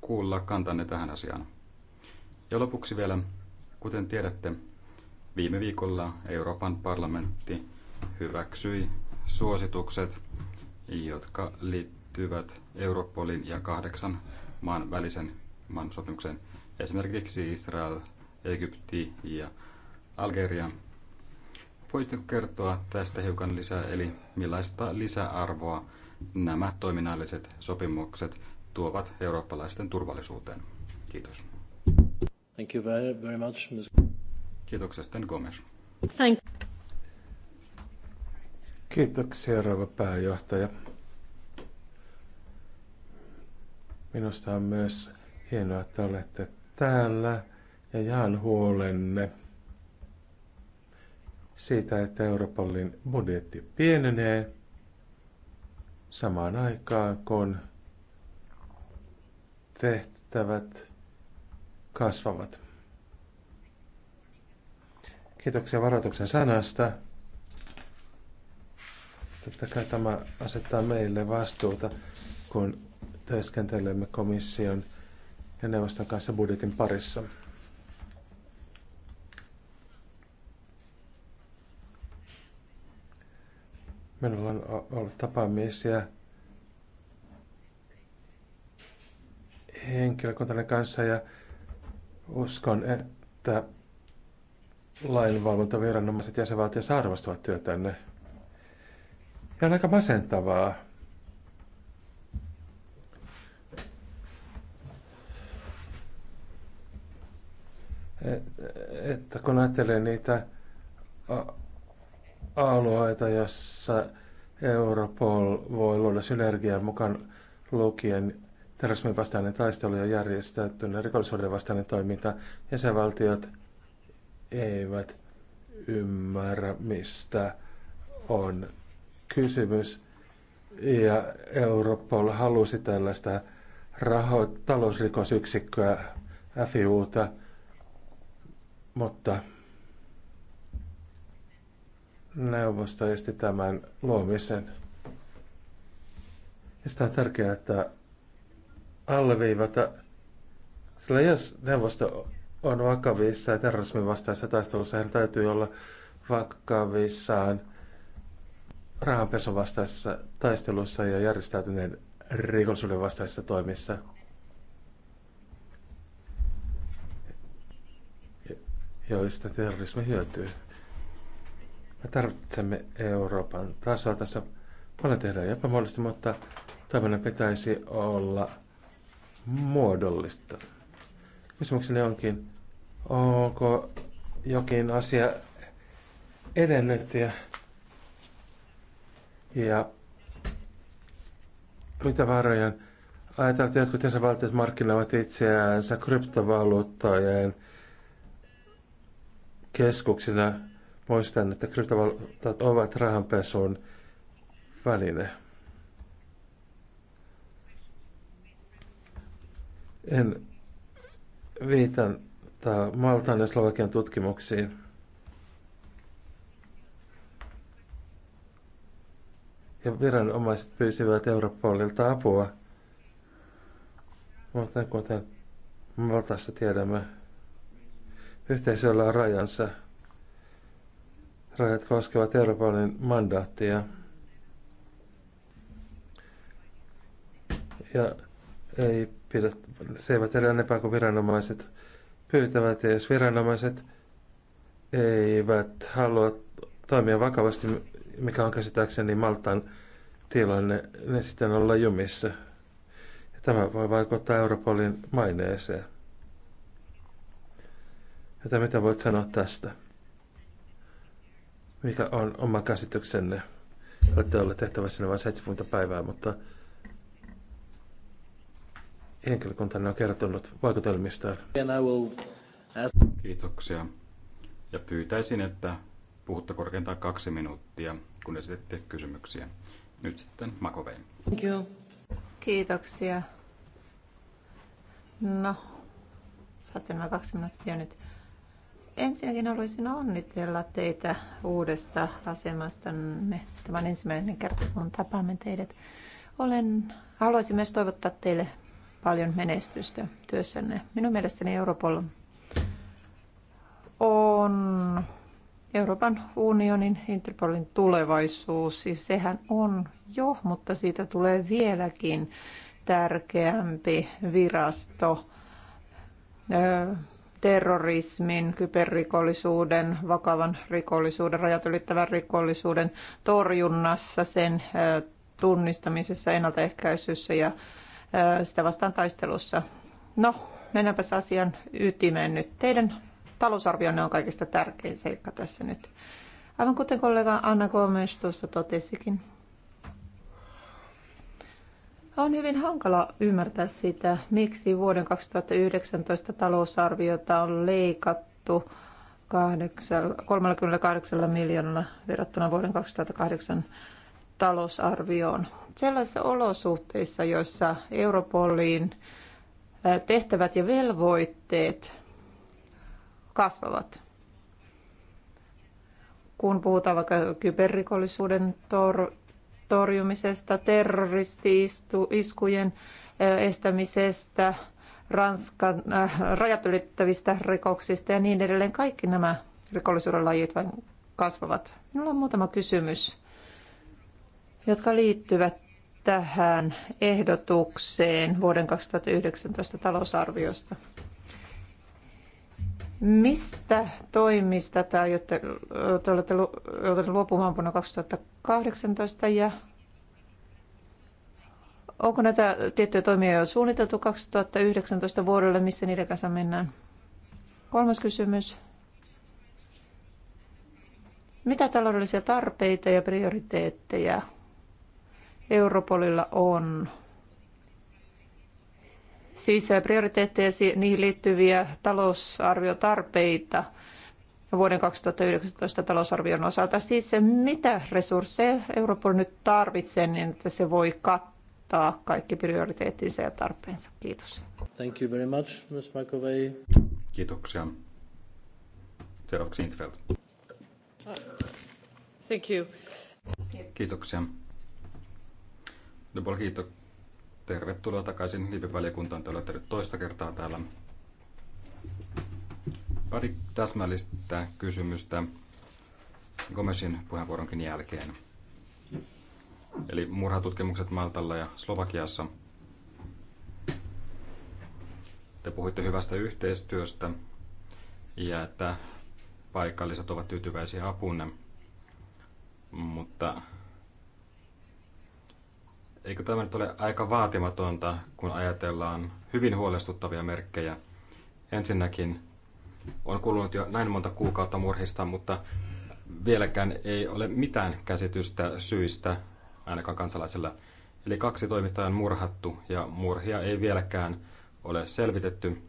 kuulla kantanne tähän asiaan. Ja lopuksi vielä, kuten tiedätte, viime viikolla Euroopan parlamentti hyväksyi suositukset, jotka liittyvät Europolin ja kahdeksan maan välisen maan sopimuksen, esimerkiksi Israel, Egypti ja Algeria. Voisitko kertoa tästä hiukan lisää, eli millaista lisäarvoa nämä toiminnalliset sopimukset tuovat eurooppalaisten turvallisuuteen? Kiitos. Thank you very, very much. Kiitoksia sitten Gomes. Thank Kiitoksia, rouva pääjohtaja. Minusta on myös hienoa, että olette täällä ja jaan huolenne siitä, että Euroopan budjetti pienenee samaan aikaan, kun tehtävät kasvavat. Kiitoksia varoituksen sanasta. Totta kai tämä asettaa meille vastuuta, kun työskentelemme komission ja neuvoston kanssa budjetin parissa. Minulla on ollut tapaamisia henkilökuntainen kanssa ja Uskon, että lainvalvontaviranomaiset jäsenvaltiossa arvostavat työtänne. Ja on aika masentavaa. E-, että kun ajattelee niitä alueita, jossa Europol voi luoda synergiaa mukaan lukien terrorismin vastainen taistelu ja järjestäytyneen rikollisuuden vastainen toiminta. Jäsenvaltiot eivät ymmärrä, mistä on kysymys. Ja Europol halusi tällaista raho- talousrikosyksikköä, FIUta, mutta neuvosto esti tämän luomisen. Ja sitä on tärkeää, että alleviivata, sillä jos neuvosto on vakavissa ja terrorismin vastaisessa taistelussa, heillä täytyy olla vakavissaan rahanpesun vastaisessa taistelussa ja järjestäytyneen rikollisuuden vastaisessa toimissa. joista terrorismi hyötyy. Me tarvitsemme Euroopan tasoa. Tässä paljon tehdään epämuodollisesti, mutta toiminnan pitäisi olla muodollista. Kysymykseni onkin, onko jokin asia edennyt ja, ja mitä varojen ajatellaan, että jotkut jäsenvaltiot markkinoivat itseäänsä kryptovaluuttojen keskuksina. Muistan, että kryptovaluutat ovat rahanpesun väline. en viitan Maltan ja Slovakian tutkimuksiin. Ja viranomaiset pyysivät Europolilta apua. Mutta kuten Maltassa tiedämme, yhteisöllä on rajansa. Rajat koskevat Europolin mandaattia. Ja ei pidä, se eivät ole enempää kuin viranomaiset pyytävät. Ja jos viranomaiset eivät halua toimia vakavasti, mikä on käsittääkseni Maltan tilanne, ne niin sitten ollaan jumissa. Ja tämä voi vaikuttaa Europolin maineeseen. Että mitä voit sanoa tästä? Mikä on oma käsityksenne? Olette olleet tehtävässä vain 70 päivää, mutta henkilökuntanne on kertonut vaikutelmistaan. Kiitoksia. Ja pyytäisin, että puhutte korkeintaan kaksi minuuttia, kun esitette kysymyksiä. Nyt sitten Makovein. Kiitoksia. No, saatte nämä kaksi minuuttia nyt. Ensinnäkin haluaisin onnitella teitä uudesta asemastanne. Tämä on ensimmäinen kerta, kun tapaamme teidät. Olen, haluaisin myös toivottaa teille paljon menestystä työssänne. Minun mielestäni Europol on Euroopan unionin Interpolin tulevaisuus. Siis sehän on jo, mutta siitä tulee vieläkin tärkeämpi virasto terrorismin, kyberrikollisuuden, vakavan rikollisuuden, rajat ylittävän rikollisuuden torjunnassa, sen tunnistamisessa, ennaltaehkäisyssä ja sitä vastaan taistelussa. No, mennäänpäs asian ytimeen nyt. Teidän talousarvionne on kaikista tärkein seikka tässä nyt. Aivan kuten kollega Anna Gomes tuossa totesikin. On hyvin hankala ymmärtää sitä, miksi vuoden 2019 talousarviota on leikattu 38 miljoonalla verrattuna vuoden 2008 talousarvioon sellaisissa olosuhteissa, joissa Europoliin tehtävät ja velvoitteet kasvavat. Kun puhutaan vaikka kyberrikollisuuden tor- torjumisesta, terroristi-iskujen estämisestä, Ranskan äh, rajat ylittävistä rikoksista ja niin edelleen. Kaikki nämä rikollisuuden lajit vain kasvavat. Minulla on muutama kysymys, jotka liittyvät tähän ehdotukseen vuoden 2019 talousarviosta. Mistä toimista te, aiotte, te olette luopumaan vuonna 2018 ja onko näitä tiettyjä toimia jo suunniteltu 2019 vuodelle, missä niiden kanssa mennään? Kolmas kysymys. Mitä taloudellisia tarpeita ja prioriteetteja Europolilla on siis äh, prioriteetteja niihin liittyviä talousarviotarpeita vuoden 2019 talousarvion osalta. Siis se, äh, mitä resursseja Europol nyt tarvitsee, niin että se voi kattaa kaikki prioriteettinsa ja tarpeensa. Kiitos. Thank you very much, Ms. McAvey. Kiitoksia. Seuraavaksi Intfeld. Thank you. Kiitoksia. Dubol, kiitto. Tervetuloa takaisin Liipivaliokuntaan. Te olette nyt toista kertaa täällä. Pari täsmällistä kysymystä Gomesin puheenvuoronkin jälkeen. Eli murhatutkimukset Maltalla ja Slovakiassa. Te puhuitte hyvästä yhteistyöstä ja että paikalliset ovat tyytyväisiä apunne, mutta Eikö tämä nyt ole aika vaatimatonta, kun ajatellaan hyvin huolestuttavia merkkejä? Ensinnäkin on kulunut jo näin monta kuukautta murhista, mutta vieläkään ei ole mitään käsitystä syistä, ainakaan kansalaisella. Eli kaksi toimittajaa on murhattu ja murhia ei vieläkään ole selvitetty.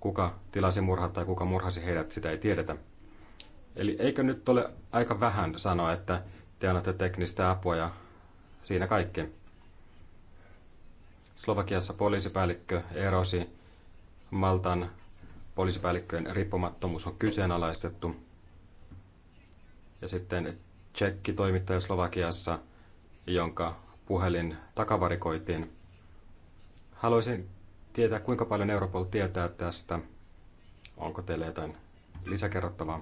Kuka tilasi murhat tai kuka murhasi heidät, sitä ei tiedetä. Eli eikö nyt ole aika vähän sanoa, että te annatte teknistä apua ja Siinä kaikki. Slovakiassa poliisipäällikkö erosi. Maltan poliisipäällikköjen riippumattomuus on kyseenalaistettu. Ja sitten tsekki toimittaja Slovakiassa, jonka puhelin takavarikoitiin. Haluaisin tietää, kuinka paljon Europol tietää tästä. Onko teillä jotain lisäkerrottavaa?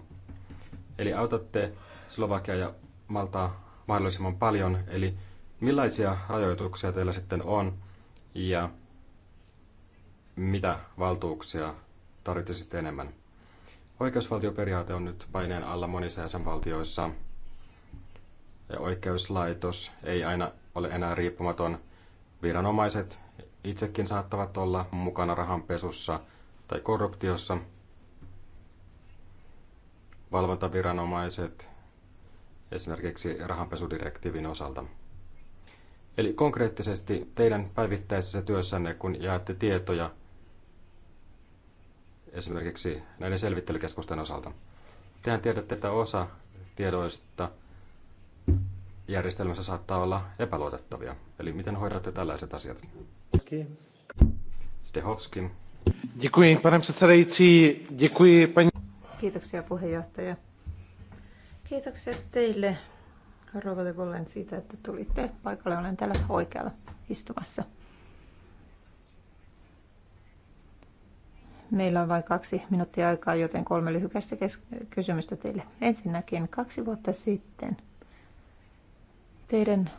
Eli autatte Slovakia ja Maltaa mahdollisimman paljon, eli Millaisia rajoituksia teillä sitten on ja mitä valtuuksia tarvitsisitte enemmän? Oikeusvaltioperiaate on nyt paineen alla monissa jäsenvaltioissa ja oikeuslaitos ei aina ole enää riippumaton. Viranomaiset itsekin saattavat olla mukana rahanpesussa tai korruptiossa. Valvontaviranomaiset esimerkiksi rahanpesudirektiivin osalta. Eli konkreettisesti teidän päivittäisessä työssänne, kun jaatte tietoja esimerkiksi näiden selvittelykeskusten osalta. Tehän tiedätte, että osa tiedoista järjestelmässä saattaa olla epäluotettavia. Eli miten hoidatte tällaiset asiat? Stehovski. Děkuji, pane předsedající. Děkuji, paní... Kiitoksia puheenjohtaja. Kiitokset teille Rova Levollen siitä, että tulitte paikalle. Olen täällä oikealla istumassa. Meillä on vain kaksi minuuttia aikaa, joten kolme lyhykäistä kysymystä teille. Ensinnäkin kaksi vuotta sitten teidän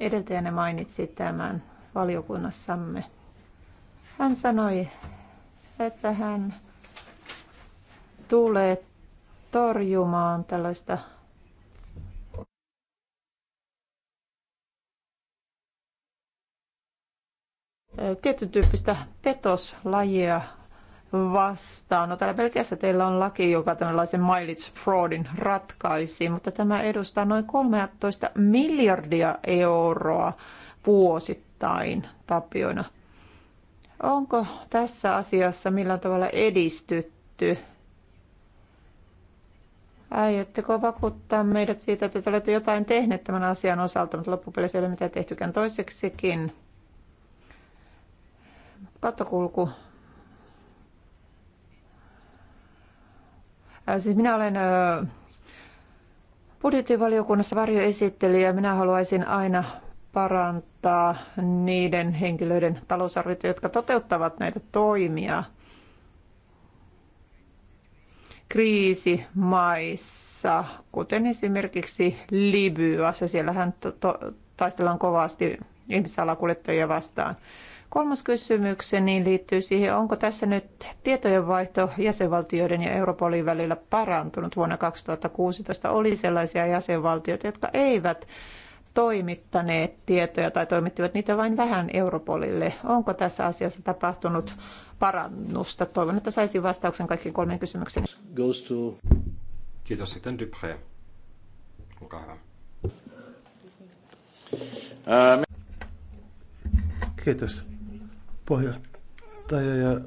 edeltäjänne mainitsi tämän valiokunnassamme. Hän sanoi, että hän tulee torjumaan tällaista tietyn tyyppistä petoslajia vastaan. No täällä Belgiassa teillä on laki, joka tällaisen mileage fraudin ratkaisi, mutta tämä edustaa noin 13 miljardia euroa vuosittain tapioina. Onko tässä asiassa millään tavalla edistytty? Aiotteko vakuuttaa meidät siitä, että te olette jotain tehneet tämän asian osalta, mutta loppupeleissä ei ole mitään tehtykään toiseksikin? Kattokulku. Äh, siis minä olen äh, budjettivaliokunnassa varjoesittelijä. Minä haluaisin aina parantaa niiden henkilöiden talousarvioita, jotka toteuttavat näitä toimia kriisimaissa, kuten esimerkiksi Libyassa. Siellähän to- to- taistellaan kovasti ihmisalakuljettajia vastaan. Kolmas kysymykseni liittyy siihen, onko tässä nyt tietojenvaihto jäsenvaltioiden ja Europolin välillä parantunut vuonna 2016. Oli sellaisia jäsenvaltioita, jotka eivät toimittaneet tietoja tai toimittivat niitä vain vähän Europolille. Onko tässä asiassa tapahtunut parannusta? Toivon, että saisin vastauksen kaikkiin kolmeen kysymykseen. to... Kiitos sitten Dupré. Olkaa hyvä. Ähm. Kiitos puheenjohtaja ja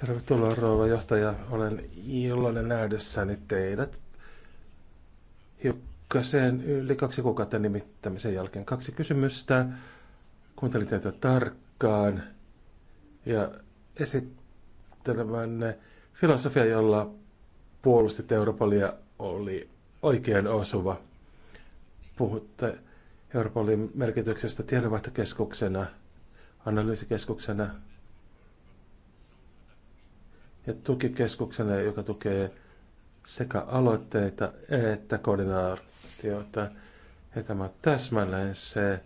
tervetuloa rouva johtaja. Olen iloinen nähdessäni teidät hiukkaseen yli kaksi kuukautta nimittämisen jälkeen. Kaksi kysymystä. Kuuntelin teitä tarkkaan ja esittelemänne filosofia, jolla puolusti Europolia, oli oikein osuva. Puhutte Europolin merkityksestä tiedonvaihtokeskuksena – analyysikeskuksena ja tukikeskuksena, joka tukee sekä aloitteita että koordinaatioita. Ja tämä on täsmälleen se äh,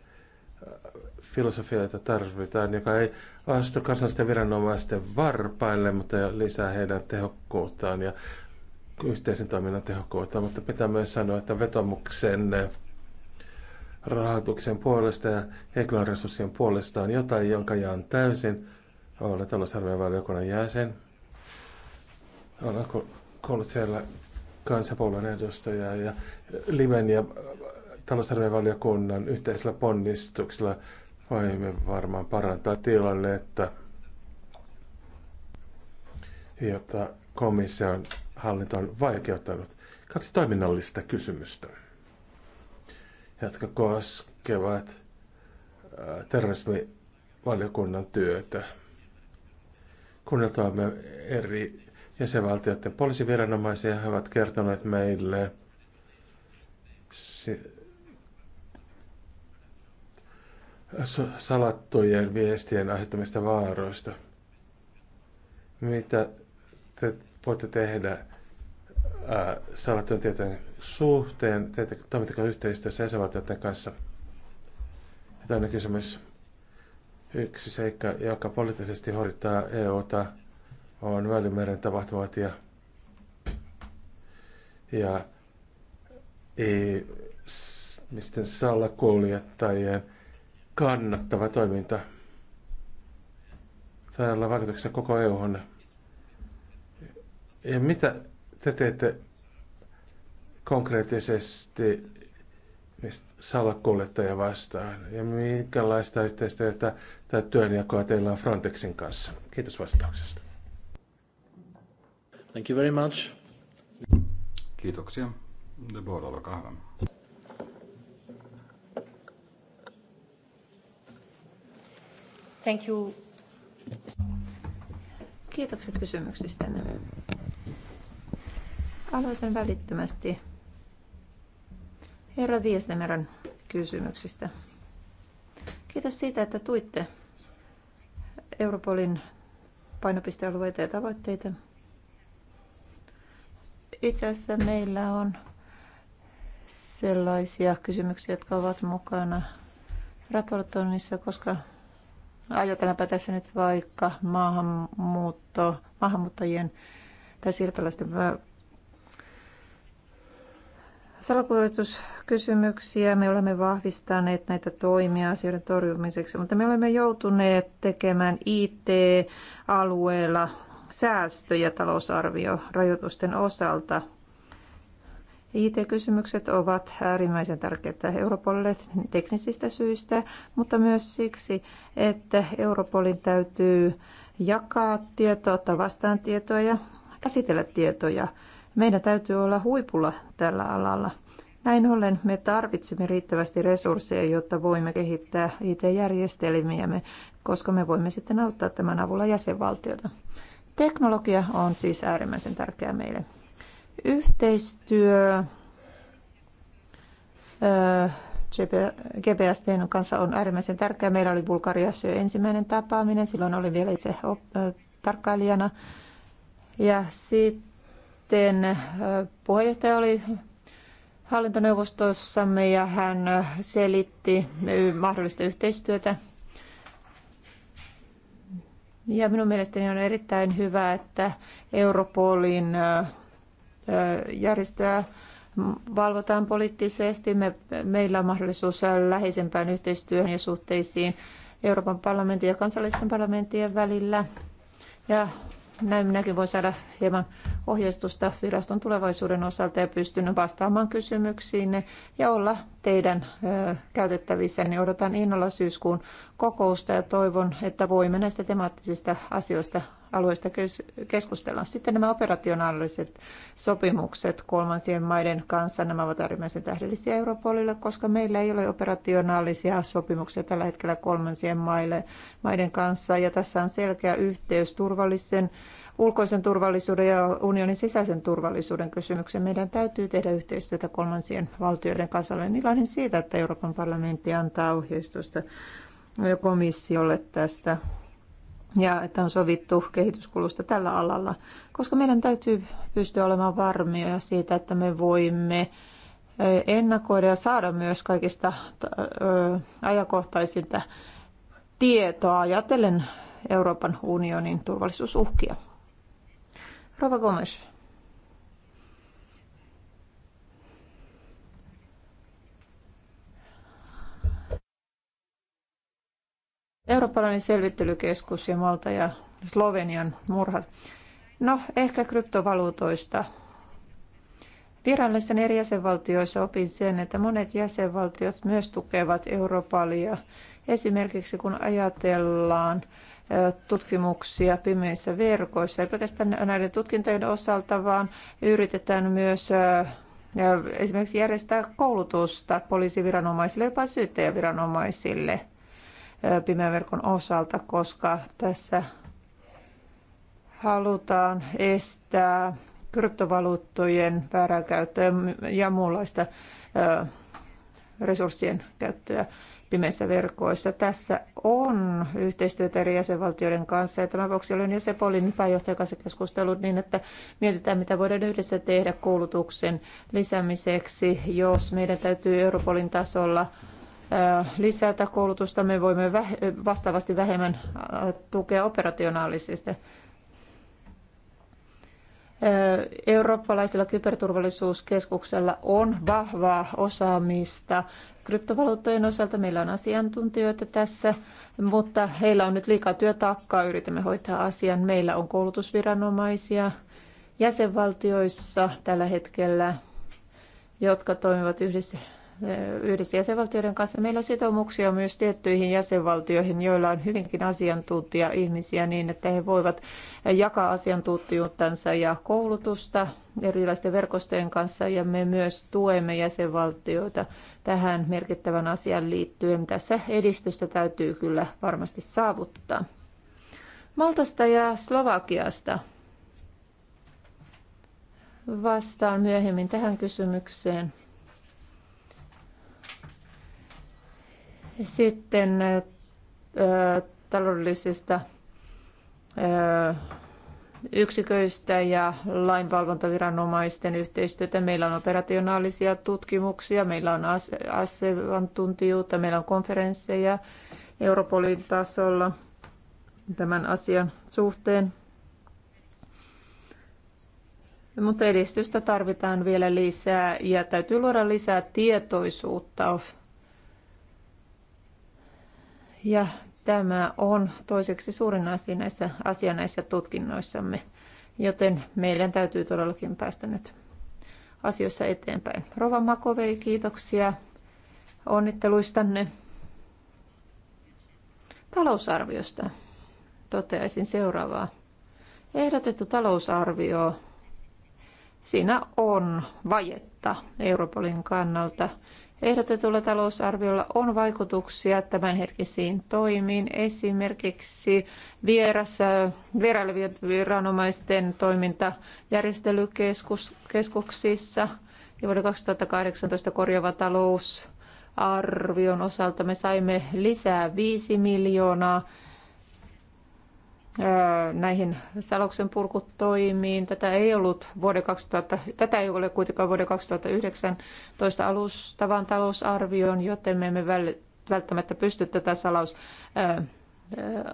filosofia, jota tarvitaan, joka ei astu kansallisten viranomaisten varpaille, mutta lisää heidän tehokkuuttaan ja yhteisen toiminnan tehokkuutta, mutta pitää myös sanoa, että vetomuksen rahoituksen puolesta ja Eklan resurssien puolesta on jotain, jonka jaan täysin. Olen talousarvojen valiokunnan jäsen. Olen kuullut siellä kansapuolueen edustajaa ja Liven ja talousarvojen valiokunnan yhteisellä ponnistuksella voimme varmaan parantaa tilannetta, jota komission hallinto on vaikeuttanut. Kaksi toiminnallista kysymystä jotka koskevat äh, terrorismivaliokunnan työtä. Kuunneltuamme eri jäsenvaltioiden poliisiviranomaisia, he ovat kertoneet meille salattujen viestien aiheuttamista vaaroista. Mitä te voitte tehdä Äh, salattujen tietojen suhteen, toimitteko yhteistyössä jäsenvaltioiden kanssa? Ja toinen kysymys. Yksi seikka, joka poliittisesti horittaa EUta, on Välimeren tapahtumat ja, ja ei, misten salakuljettajien kannattava toiminta. Täällä vaikutuksessa koko koko EUhun. Ja mitä te teette konkreettisesti salakuljettaja vastaan ja minkälaista yhteistyötä tai työnjakoa teillä on Frontexin kanssa? Kiitos vastauksesta. Thank you very much. Kiitoksia. De Boer, olkaa hyvä. Thank you. Kiitokset kysymyksistä. Aloitan välittömästi herra Viesnemerän kysymyksistä. Kiitos siitä, että tuitte Europolin painopistealueita ja tavoitteita. Itse asiassa meillä on sellaisia kysymyksiä, jotka ovat mukana raportoinnissa, koska ajatellaanpa tässä nyt vaikka maahanmuutto, maahanmuuttajien tai siirtolaisten salakuljetuskysymyksiä. Me olemme vahvistaneet näitä toimia asioiden torjumiseksi, mutta me olemme joutuneet tekemään IT-alueella säästöjä talousarviorajoitusten osalta. IT-kysymykset ovat äärimmäisen tärkeitä Europolille teknisistä syistä, mutta myös siksi, että Europolin täytyy jakaa tietoa, ottaa vastaan tietoja, käsitellä tietoja – meidän täytyy olla huipulla tällä alalla. Näin ollen me tarvitsemme riittävästi resursseja, jotta voimme kehittää IT-järjestelmiämme, koska me voimme sitten auttaa tämän avulla jäsenvaltiota. Teknologia on siis äärimmäisen tärkeää meille. Yhteistyö GPSTn kanssa on äärimmäisen tärkeää. Meillä oli Bulgariassa jo ensimmäinen tapaaminen, silloin olin vielä itse tarkkailijana. Ja sitten sitten puheenjohtaja oli hallintoneuvostossamme ja hän selitti mahdollista yhteistyötä. Ja minun mielestäni on erittäin hyvä, että Europolin järjestöä valvotaan poliittisesti. Me, meillä on mahdollisuus läheisempään yhteistyöhön ja suhteisiin Euroopan parlamentin ja kansallisten parlamenttien välillä. Ja näin minäkin voin saada hieman ohjeistusta viraston tulevaisuuden osalta ja pystyn vastaamaan kysymyksiinne ja olla teidän käytettävissä. Niin odotan innolla syyskuun kokousta ja toivon, että voimme näistä temaattisista asioista alueesta keskustella. Sitten nämä operationaaliset sopimukset kolmansien maiden kanssa, nämä ovat äärimmäisen tähdellisiä Europolille, koska meillä ei ole operationaalisia sopimuksia tällä hetkellä kolmansien maille, maiden kanssa. Ja tässä on selkeä yhteys turvallisen ulkoisen turvallisuuden ja unionin sisäisen turvallisuuden kysymyksen. Meidän täytyy tehdä yhteistyötä kolmansien valtioiden kanssa. Olen iloinen siitä, että Euroopan parlamentti antaa ohjeistusta komissiolle tästä ja että on sovittu kehityskulusta tällä alalla, koska meidän täytyy pystyä olemaan varmia siitä, että me voimme ennakoida ja saada myös kaikista ajankohtaisinta tietoa ajatellen Euroopan unionin turvallisuusuhkia. Rova Gomes. Eurooppalainen selvittelykeskus ja Malta ja Slovenian murhat. No, ehkä kryptovaluutoista. Virallisen eri jäsenvaltioissa opin sen, että monet jäsenvaltiot myös tukevat Euroopalia. Esimerkiksi kun ajatellaan tutkimuksia pimeissä verkoissa, ei pelkästään näiden tutkintojen osalta, vaan yritetään myös esimerkiksi järjestää koulutusta poliisiviranomaisille, jopa syyttäjäviranomaisille – pimeän verkon osalta, koska tässä halutaan estää kryptovaluuttojen väärää käyttöä ja muunlaista resurssien käyttöä pimeissä verkoissa. Tässä on yhteistyötä eri jäsenvaltioiden kanssa ja tämän vuoksi olen jo Sepolin pääjohtajan kanssa keskustellut niin, että mietitään mitä voidaan yhdessä tehdä koulutuksen lisäämiseksi, jos meidän täytyy Europolin tasolla lisätä koulutusta, me voimme vastaavasti vähemmän tukea operationaalisesti. Eurooppalaisella kyberturvallisuuskeskuksella on vahvaa osaamista. Kryptovaluuttojen osalta meillä on asiantuntijoita tässä, mutta heillä on nyt liikaa työtaakkaa, yritämme hoitaa asian. Meillä on koulutusviranomaisia jäsenvaltioissa tällä hetkellä, jotka toimivat yhdessä yhdessä jäsenvaltioiden kanssa. Meillä on sitoumuksia myös tiettyihin jäsenvaltioihin, joilla on hyvinkin asiantuntija-ihmisiä niin, että he voivat jakaa asiantuntijuuttansa ja koulutusta erilaisten verkostojen kanssa ja me myös tuemme jäsenvaltioita tähän merkittävän asian liittyen. Tässä edistystä täytyy kyllä varmasti saavuttaa. Maltasta ja Slovakiasta vastaan myöhemmin tähän kysymykseen. Sitten taloudellisista yksiköistä ja lainvalvontaviranomaisten yhteistyötä. Meillä on operationaalisia tutkimuksia, meillä on asiantuntijuutta, meillä on konferensseja Europolin tasolla tämän asian suhteen. Mutta edistystä tarvitaan vielä lisää ja täytyy luoda lisää tietoisuutta ja tämä on toiseksi suurin asia näissä, asia näissä tutkinnoissamme, joten meidän täytyy todellakin päästä nyt asioissa eteenpäin. Rova Makovei, kiitoksia onnitteluistanne talousarviosta. Toteaisin seuraavaa. Ehdotettu talousarvio, siinä on vajetta Europolin kannalta – Ehdotetulla talousarviolla on vaikutuksia tämänhetkisiin toimiin, esimerkiksi vierassa äh, vierailevien viranomaisten toiminta järjestelykeskuksissa ja vuoden 2018 korjaava talousarvion osalta me saimme lisää 5 miljoonaa näihin saloksen purkutoimiin. Tätä ei, ollut vuoden 2000, tätä ei ole kuitenkaan vuoden 2019 alustavan talousarvioon, joten me emme välttämättä pysty tätä salaus,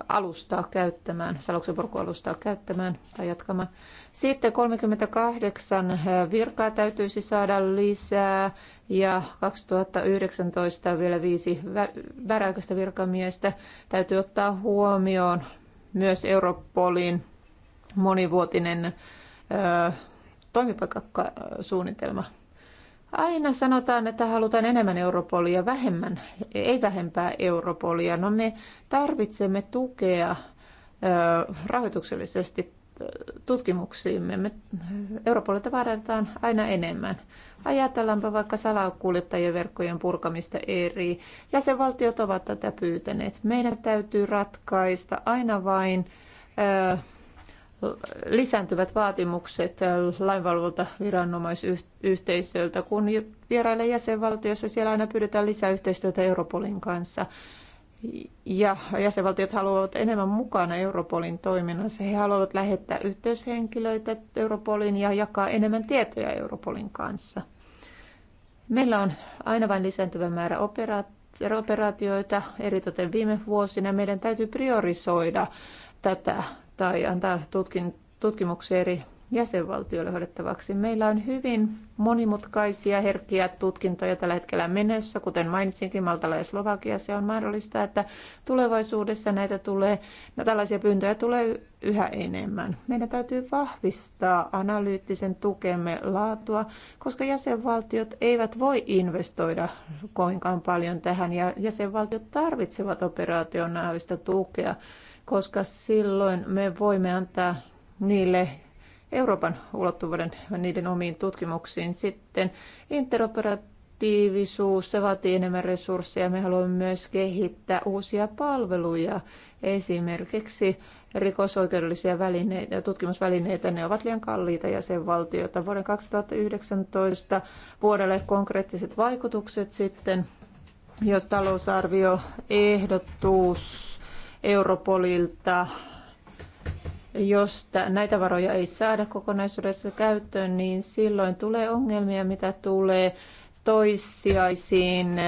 alustaa käyttämään, saloksen purkualustaa käyttämään tai jatkamaan. Sitten 38 virkaa täytyisi saada lisää ja 2019 vielä viisi väräaikaista virkamiestä täytyy ottaa huomioon myös Europolin monivuotinen ö, toimipaikkasuunnitelma. Aina sanotaan, että halutaan enemmän Europolia, vähemmän, ei vähempää Europolia. No me tarvitsemme tukea rahoituksellisesti tutkimuksiimme. Me Europolilta vaaditaan aina enemmän. Ajatellaanpa vaikka salakuljettajien verkkojen purkamista eri. Jäsenvaltiot ovat tätä pyytäneet. Meidän täytyy ratkaista aina vain ö, lisääntyvät vaatimukset lainvalvolta viranomaisyhteisöltä, kun vierailee jäsenvaltiossa, siellä aina pyydetään lisää yhteistyötä Europolin kanssa ja jäsenvaltiot haluavat enemmän mukana Europolin toiminnassa. He haluavat lähettää yhteyshenkilöitä Europolin ja jakaa enemmän tietoja Europolin kanssa. Meillä on aina vain lisääntyvä määrä operaatioita, eritoten viime vuosina. Meidän täytyy priorisoida tätä tai antaa tutkin, tutkimuksia eri jäsenvaltioille hoidettavaksi. Meillä on hyvin monimutkaisia herkkiä tutkintoja tällä hetkellä menossa, kuten mainitsinkin Maltalla ja Slovakiassa. On mahdollista, että tulevaisuudessa näitä tulee, no, tällaisia pyyntöjä tulee yhä enemmän. Meidän täytyy vahvistaa analyyttisen tukemme laatua, koska jäsenvaltiot eivät voi investoida koinkaan paljon tähän ja jäsenvaltiot tarvitsevat operationaalista tukea, koska silloin me voimme antaa niille Euroopan ulottuvuuden niiden omiin tutkimuksiin. Sitten interoperatiivisuus, se vaatii enemmän resursseja. Me haluamme myös kehittää uusia palveluja, esimerkiksi rikosoikeudellisia välineitä, tutkimusvälineitä. Ne ovat liian kalliita jäsenvaltioita. Vuoden 2019 vuodelle konkreettiset vaikutukset sitten, jos talousarvio ehdotus Europolilta jos näitä varoja ei saada kokonaisuudessa käyttöön, niin silloin tulee ongelmia, mitä tulee toissijaisiin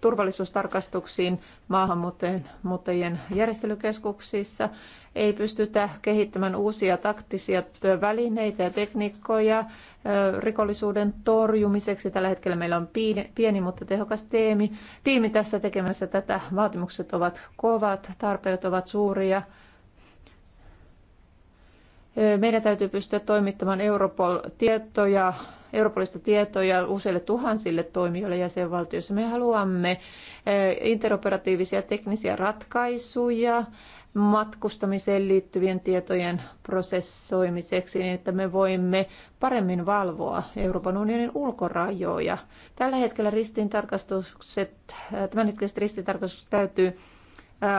turvallisuustarkastuksiin maahanmuuttajien järjestelykeskuksissa. Ei pystytä kehittämään uusia taktisia välineitä ja tekniikkoja rikollisuuden torjumiseksi. Tällä hetkellä meillä on pieni, mutta tehokas tiimi, tiimi tässä tekemässä tätä. Vaatimukset ovat kovat, tarpeet ovat suuria meidän täytyy pystyä toimittamaan Europol-tietoja, Europolista tietoja useille tuhansille toimijoille jäsenvaltioissa. Me haluamme interoperatiivisia teknisiä ratkaisuja matkustamiseen liittyvien tietojen prosessoimiseksi niin, että me voimme paremmin valvoa Euroopan unionin ulkorajoja. Tällä hetkellä ristintarkastukset, tämänhetkiset ristintarkastukset täytyy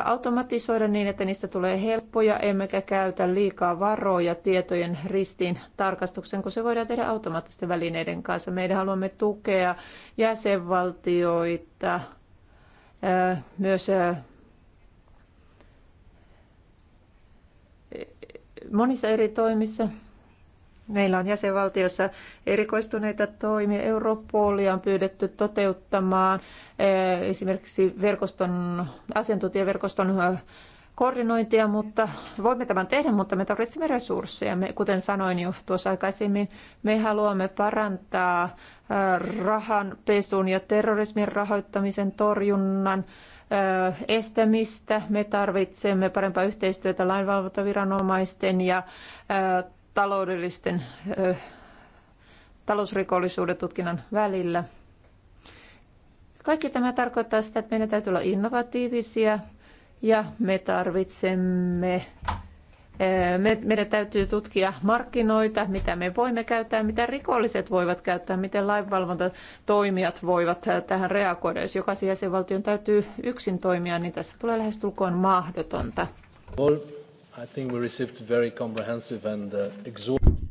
automatisoida niin, että niistä tulee helppoja, emmekä käytä liikaa varoja tietojen ristiin tarkastuksen, kun se voidaan tehdä automaattisten välineiden kanssa. Meidän haluamme tukea jäsenvaltioita, myös monissa eri toimissa Meillä on jäsenvaltiossa erikoistuneita toimia. Europolia on pyydetty toteuttamaan eh, esimerkiksi verkoston, asiantuntijaverkoston eh, koordinointia, mutta voimme tämän tehdä, mutta me tarvitsemme resursseja. Me, kuten sanoin jo tuossa aikaisemmin, me haluamme parantaa eh, rahanpesun ja terrorismin rahoittamisen torjunnan estämistä. Me tarvitsemme parempaa yhteistyötä lainvalvontaviranomaisten ja taloudellisten ö, talousrikollisuuden tutkinnan välillä. Kaikki tämä tarkoittaa sitä, että meidän täytyy olla innovatiivisia ja me tarvitsemme meidän täytyy tutkia markkinoita, mitä me voimme käyttää, mitä rikolliset voivat käyttää, miten lainvalvontatoimijat voivat tähän reagoida. Jos jokaisen jäsenvaltion täytyy yksin toimia, niin tässä tulee lähestulkoon mahdotonta. I think we received very comprehensive and uh,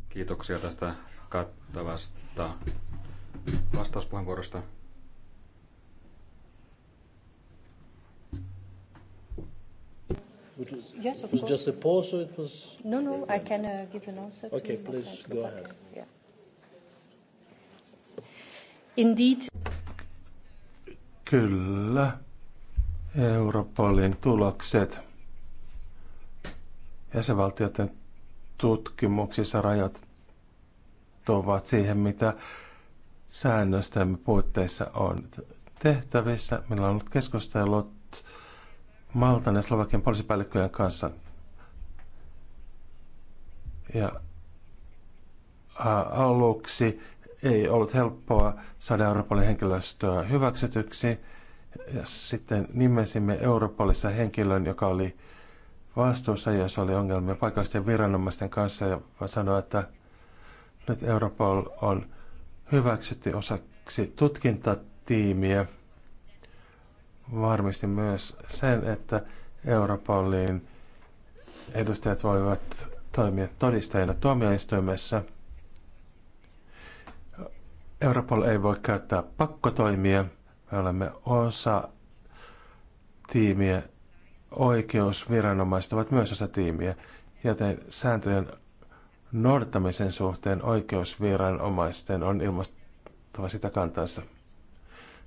Kiitoksia tästä kattavasta vastauspuheenvuorosta. yes, of course. Just a pause, or it was. No, no, I can uh, give an answer. Okay, to please go back. ahead. Yeah. Indeed. Kyllä. Europolin tulokset jäsenvaltioiden tutkimuksissa rajoittuvat siihen, mitä säännöstämme puitteissa on tehtävissä. Meillä on ollut keskustelut Maltan ja Slovakian poliisipäällikköjen kanssa. Ja aluksi ei ollut helppoa saada Euroopan henkilöstöä hyväksytyksi. Ja sitten nimesimme Europolissa henkilön, joka oli vastuussa, jos oli ongelmia paikallisten viranomaisten kanssa ja sanoi, että nyt Europol on hyväksytty osaksi tutkintatiimiä. Varmisti myös sen, että Europolin edustajat voivat toimia todistajina tuomioistuimessa. Europol ei voi käyttää pakkotoimia. Me olemme osa tiimiä, oikeusviranomaiset ovat myös osa tiimiä, joten sääntöjen noudattamisen suhteen oikeusviranomaisten on ilmoittava sitä kantansa.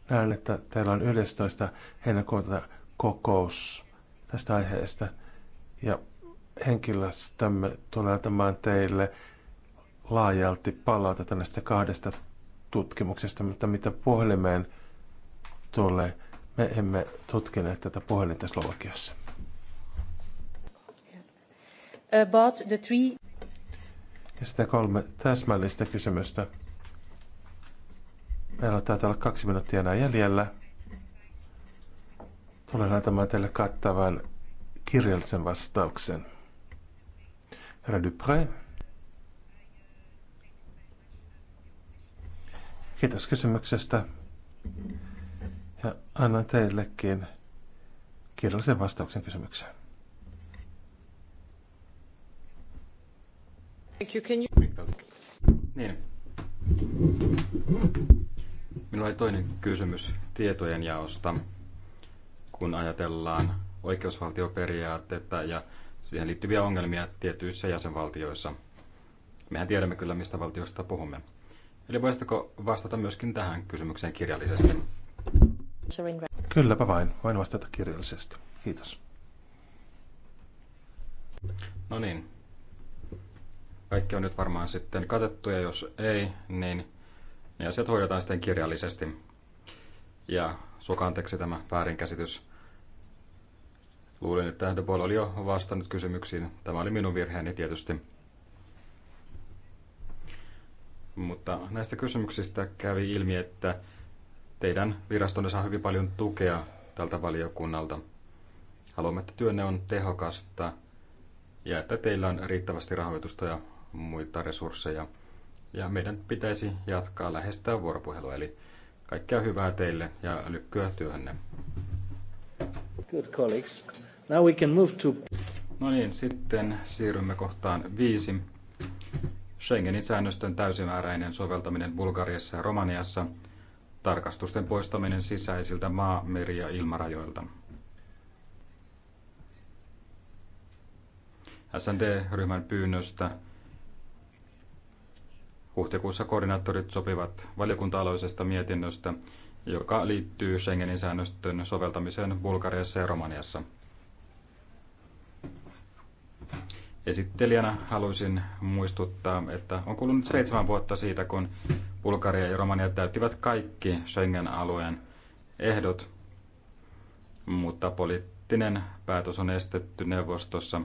Näen, että teillä on 11. heinäkuuta kokous tästä aiheesta ja henkilöstämme tulee antamaan teille laajalti palautetta näistä kahdesta tutkimuksesta, mutta mitä puhelimeen tulee – me emme tutkineet tätä puhelinta Slovakiassa. About the three... Ja sitten kolme täsmällistä kysymystä. Meillä taitaa olla kaksi minuuttia enää jäljellä. Tulen antamaan teille kattavan kirjallisen vastauksen. Herra Dupré. Kiitos kysymyksestä annan teillekin kirjallisen vastauksen kysymykseen. Niin. Minulla oli toinen kysymys tietojen jaosta, kun ajatellaan oikeusvaltioperiaatteita ja siihen liittyviä ongelmia tietyissä jäsenvaltioissa. Mehän tiedämme kyllä, mistä valtioista puhumme. Eli voisitko vastata myöskin tähän kysymykseen kirjallisesti? Kylläpä vain. Voin vastata kirjallisesti. Kiitos. No niin. Kaikki on nyt varmaan sitten katettu ja jos ei, niin ne asiat hoidetaan sitten kirjallisesti. Ja sukanteeksi tämä väärinkäsitys. Luulin, että De Paul oli jo vastannut kysymyksiin. Tämä oli minun virheeni tietysti. Mutta näistä kysymyksistä kävi ilmi, että teidän virastonne saa hyvin paljon tukea tältä valiokunnalta. Haluamme, että työnne on tehokasta ja että teillä on riittävästi rahoitusta ja muita resursseja. Ja meidän pitäisi jatkaa lähestää vuoropuhelua, eli kaikkea hyvää teille ja lykkyä työhönne. Good colleagues. Now we can move to... No niin, sitten siirrymme kohtaan viisi. Schengenin säännöstön täysimääräinen soveltaminen Bulgariassa ja Romaniassa – tarkastusten poistaminen sisäisiltä maa-, meri- ja ilmarajoilta. SND-ryhmän pyynnöstä huhtikuussa koordinaattorit sopivat valiokunta-aloisesta mietinnöstä, joka liittyy Schengenin säännöstön soveltamiseen Bulgariassa ja Romaniassa. Esittelijänä haluaisin muistuttaa, että on kulunut seitsemän vuotta siitä, kun Bulgaria ja Romania täyttivät kaikki Schengen-alueen ehdot, mutta poliittinen päätös on estetty neuvostossa.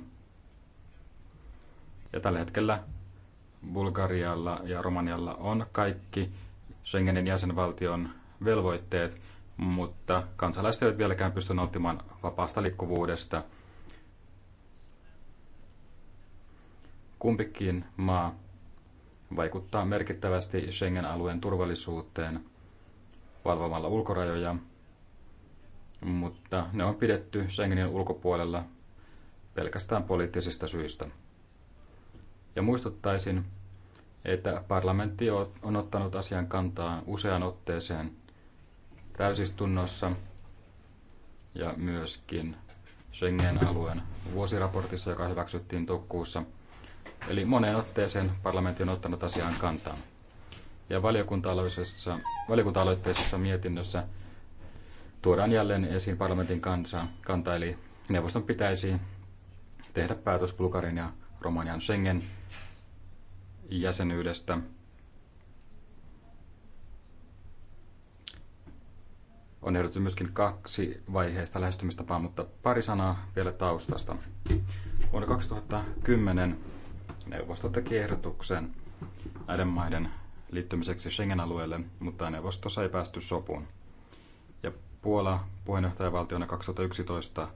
Ja tällä hetkellä Bulgarialla ja Romanialla on kaikki Schengenin jäsenvaltion velvoitteet, mutta kansalaiset eivät vieläkään pysty nauttimaan vapaasta liikkuvuudesta. Kumpikin maa vaikuttaa merkittävästi Schengen-alueen turvallisuuteen valvomalla ulkorajoja, mutta ne on pidetty Schengenin ulkopuolella pelkästään poliittisista syistä. Ja muistuttaisin, että parlamentti on ottanut asian kantaa useaan otteeseen täysistunnossa ja myöskin Schengen-alueen vuosiraportissa, joka hyväksyttiin toukokuussa – Eli moneen otteeseen parlamentti on ottanut asiaan kantaa. Ja valiokunta-aloitteisessa, mietinnössä tuodaan jälleen esiin parlamentin kansa, kanta, eli neuvoston pitäisi tehdä päätös Bulgarin ja Romanian Schengen jäsenyydestä. On ehdotettu myöskin kaksi vaiheista lähestymistapaa, mutta pari sanaa vielä taustasta. Vuonna 2010 Neuvosto teki ehdotuksen näiden maiden liittymiseksi Schengen-alueelle, mutta neuvostossa ei päästy sopuun. Ja Puola puheenjohtajavaltiona 2011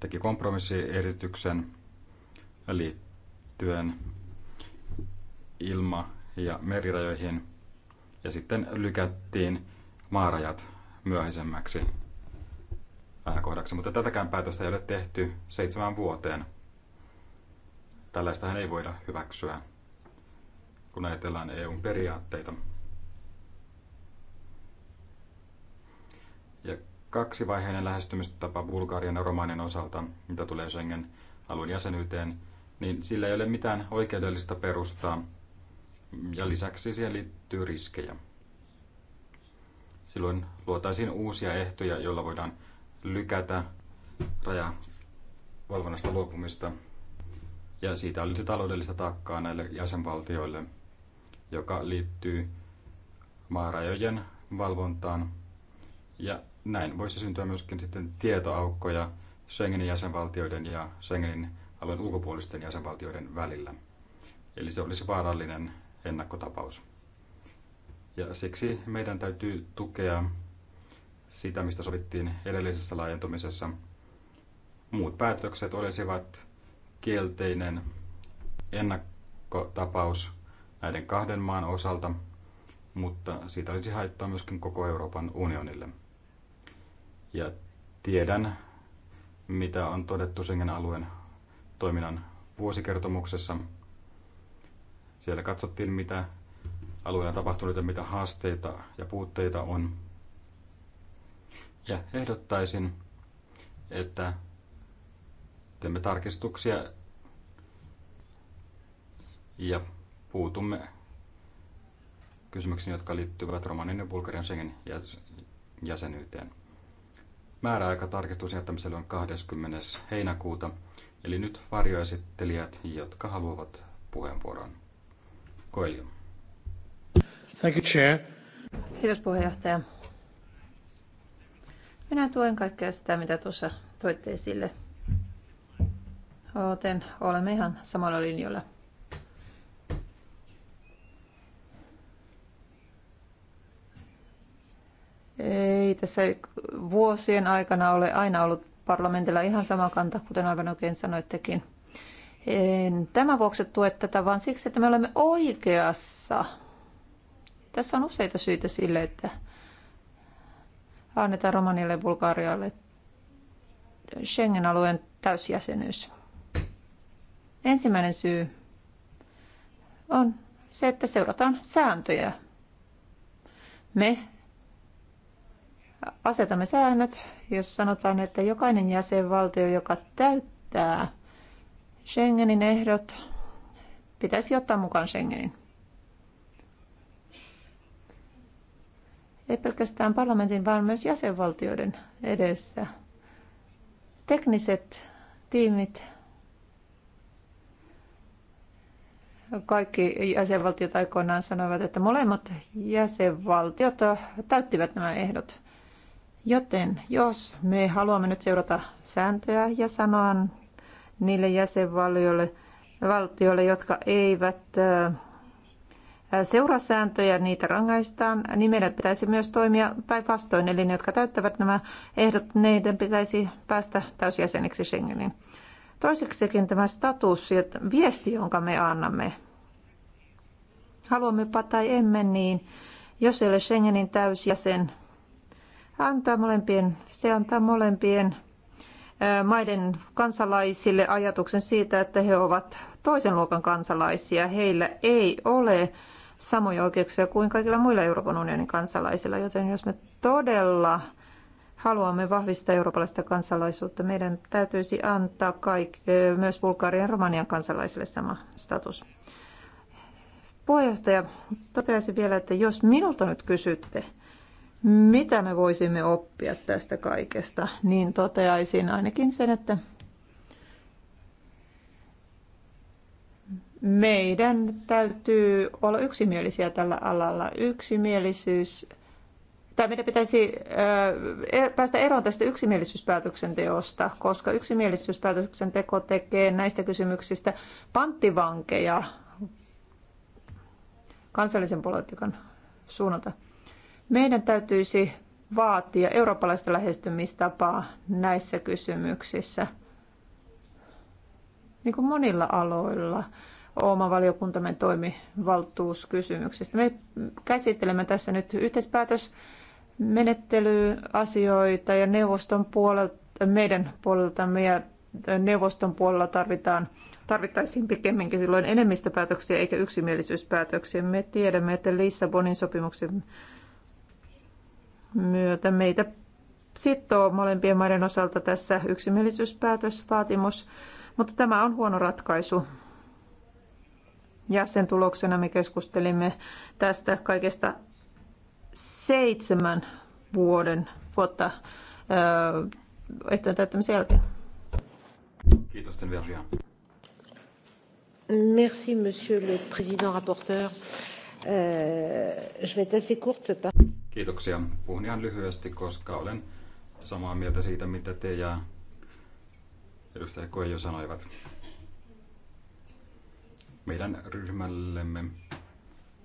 teki kompromissiesityksen liittyen ilma- ja merirajoihin ja sitten lykättiin maarajat myöhäisemmäksi ajankohdaksi, mutta tätäkään päätöstä ei ole tehty seitsemän vuoteen – tällaistahan ei voida hyväksyä, kun ajatellaan EUn periaatteita. Ja kaksivaiheinen lähestymistapa Bulgarian ja Romanian osalta, mitä tulee Schengen-alueen jäsenyyteen, niin sillä ei ole mitään oikeudellista perustaa ja lisäksi siihen liittyy riskejä. Silloin luotaisiin uusia ehtoja, joilla voidaan lykätä rajavalvonnasta luopumista ja siitä se taloudellista taakkaa näille jäsenvaltioille, joka liittyy maarajojen valvontaan. Ja näin voisi syntyä myöskin sitten tietoaukkoja Schengenin jäsenvaltioiden ja Schengenin alueen ulkopuolisten jäsenvaltioiden välillä. Eli se olisi vaarallinen ennakkotapaus. Ja siksi meidän täytyy tukea sitä, mistä sovittiin edellisessä laajentumisessa. Muut päätökset olisivat kielteinen ennakkotapaus näiden kahden maan osalta, mutta siitä olisi haittaa myöskin koko Euroopan unionille. Ja tiedän, mitä on todettu Schengen-alueen toiminnan vuosikertomuksessa. Siellä katsottiin, mitä alueella tapahtunut ja mitä haasteita ja puutteita on. Ja ehdottaisin, että teemme tarkistuksia ja puutumme kysymyksiin, jotka liittyvät Romanin ja Bulgarian Schengen jäsenyyteen. Määräaika tarkistuksen jättämiselle on 20. heinäkuuta, eli nyt varjoesittelijät, jotka haluavat puheenvuoron. Koelio. Thank you, Chair. Kiitos puheenjohtaja. Minä tuen kaikkea sitä, mitä tuossa toitte esille joten olemme ihan samalla linjalla. Ei tässä vuosien aikana ole aina ollut parlamentilla ihan sama kanta, kuten aivan oikein sanoittekin. En tämän vuoksi tue tätä, vaan siksi, että me olemme oikeassa. Tässä on useita syitä sille, että annetaan Romanille ja Bulgarialle Schengen-alueen täysjäsenyys. Ensimmäinen syy on se, että seurataan sääntöjä. Me asetamme säännöt, jos sanotaan, että jokainen jäsenvaltio, joka täyttää Schengenin ehdot, pitäisi ottaa mukaan Schengenin. Ei pelkästään parlamentin, vaan myös jäsenvaltioiden edessä. Tekniset tiimit kaikki jäsenvaltiot aikoinaan sanoivat, että molemmat jäsenvaltiot täyttivät nämä ehdot. Joten jos me haluamme nyt seurata sääntöjä ja sanoa niille jäsenvaltioille, valtioille, jotka eivät äh, seuraa sääntöjä, niitä rangaistaan, niin meidän pitäisi myös toimia päinvastoin. Eli ne, jotka täyttävät nämä ehdot, neiden pitäisi päästä täysjäseneksi Schengeniin. Toiseksikin tämä status ja viesti, jonka me annamme, haluammepa tai emme, niin jos ei ole Schengenin täysjäsen, antaa molempien, se antaa molempien maiden kansalaisille ajatuksen siitä, että he ovat toisen luokan kansalaisia. Heillä ei ole samoja oikeuksia kuin kaikilla muilla Euroopan unionin kansalaisilla, joten jos me todella haluamme vahvistaa eurooppalaista kansalaisuutta, meidän täytyisi antaa kaik, myös Bulgarian ja Romanian kansalaisille sama status. Puheenjohtaja toteaisin vielä, että jos minulta nyt kysytte, mitä me voisimme oppia tästä kaikesta, niin toteaisin ainakin sen, että meidän täytyy olla yksimielisiä tällä alalla. Yksimielisyys tai meidän pitäisi e, päästä eroon tästä yksimielisyyspäätöksenteosta, koska yksimielisyyspäätöksenteko tekee näistä kysymyksistä panttivankeja kansallisen politiikan suunnalta. Meidän täytyisi vaatia eurooppalaista lähestymistapaa näissä kysymyksissä, niin kuin monilla aloilla oma valiokuntamme toimivaltuuskysymyksistä. Me käsittelemme tässä nyt yhteispäätös menettelyasioita ja neuvoston puolelta, meidän puolelta ja neuvoston puolella tarvitaan, tarvittaisiin pikemminkin silloin enemmistöpäätöksiä eikä yksimielisyyspäätöksiä. Me tiedämme, että Lissabonin sopimuksen myötä meitä sitoo molempien maiden osalta tässä yksimielisyyspäätösvaatimus, mutta tämä on huono ratkaisu. Ja sen tuloksena me keskustelimme tästä kaikesta seitsemän vuoden vuotta ehtojen täyttämisen jälkeen. Kiitos, Tenvergia. Merci, monsieur le président rapporteur. Euh, je vais être assez courte. Kiitoksia. Puhun ihan lyhyesti, koska olen samaa mieltä siitä, mitä te ja edustaja Koijo sanoivat. Meidän ryhmällemme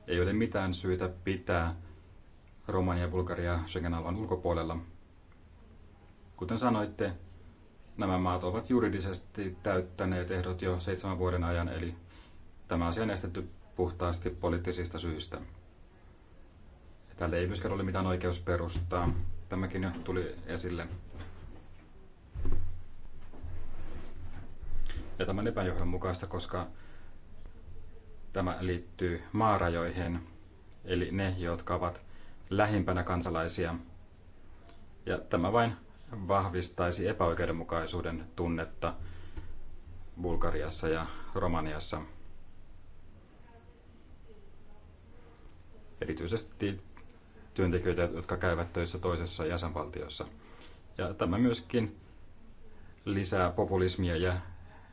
ei ole mitään syytä pitää Romania ja Bulgaria Schengen-alueen ulkopuolella. Kuten sanoitte, nämä maat ovat juridisesti täyttäneet ehdot jo seitsemän vuoden ajan, eli tämä asia on estetty puhtaasti poliittisista syistä. Tälle ei myöskään ole mitään oikeusperustaa. Tämäkin jo tuli esille. Ja tämä on epäjohdonmukaista, koska tämä liittyy maarajoihin, eli ne, jotka ovat lähimpänä kansalaisia. Ja tämä vain vahvistaisi epäoikeudenmukaisuuden tunnetta Bulgariassa ja Romaniassa. Erityisesti työntekijöitä, jotka käyvät töissä toisessa jäsenvaltiossa. Ja tämä myöskin lisää populismia ja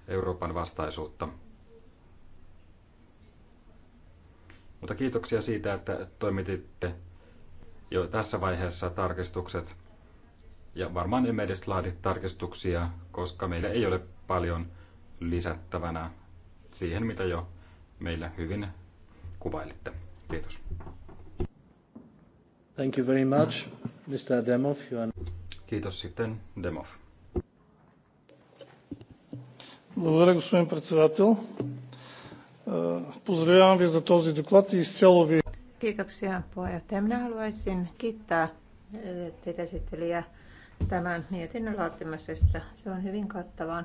Euroopan vastaisuutta. Mutta kiitoksia siitä, että toimititte jo tässä vaiheessa tarkistukset. Ja varmaan emme edes laadi tarkistuksia, koska meillä ei ole paljon lisättävänä siihen, mitä jo meillä hyvin kuvailitte. Kiitos. Thank you very much, Mr. Demov. You are... Kiitos sitten, Demov. Благодаря, господин председател. Поздравявам ви за този доклад и изцяло ви Kiitoksia puheenjohtaja. Minä haluaisin kiittää eh, teitä esittelijä tämän mietinnön laatimisesta. Se on hyvin kattavaa.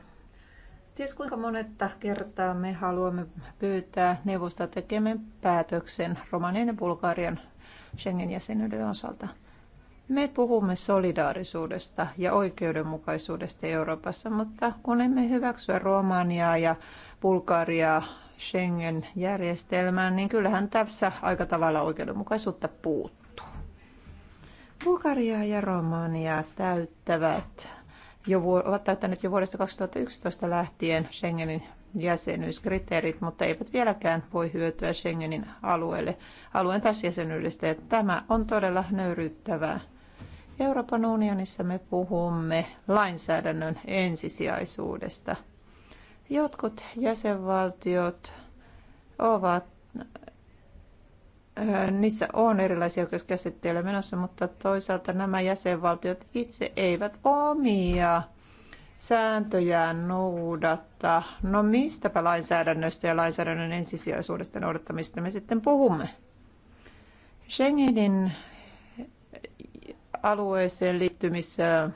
Ties kuinka monetta kertaa me haluamme pyytää neuvosta tekemään päätöksen Romanian ja Bulgarian Schengen-jäsenyyden osalta. Me puhumme solidaarisuudesta ja oikeudenmukaisuudesta Euroopassa, mutta kun emme hyväksyä Romaniaa ja Bulgariaa Schengen-järjestelmään, niin kyllähän tässä aika tavalla oikeudenmukaisuutta puuttuu. Bulgaria ja Romania täyttävät jo, ovat täyttäneet jo vuodesta 2011 lähtien Schengenin jäsenyyskriteerit, mutta eivät vieläkään voi hyötyä Schengenin alueelle alueen täysjäsenyydestä. Tämä on todella nöyryyttävää. Euroopan unionissa me puhumme lainsäädännön ensisijaisuudesta – Jotkut jäsenvaltiot ovat, niissä on erilaisia oikeuskäsittelyjä menossa, mutta toisaalta nämä jäsenvaltiot itse eivät omia sääntöjään noudatta. No mistäpä lainsäädännöstä ja lainsäädännön ensisijaisuudesta noudattamista me sitten puhumme? Schengenin alueeseen liittymissä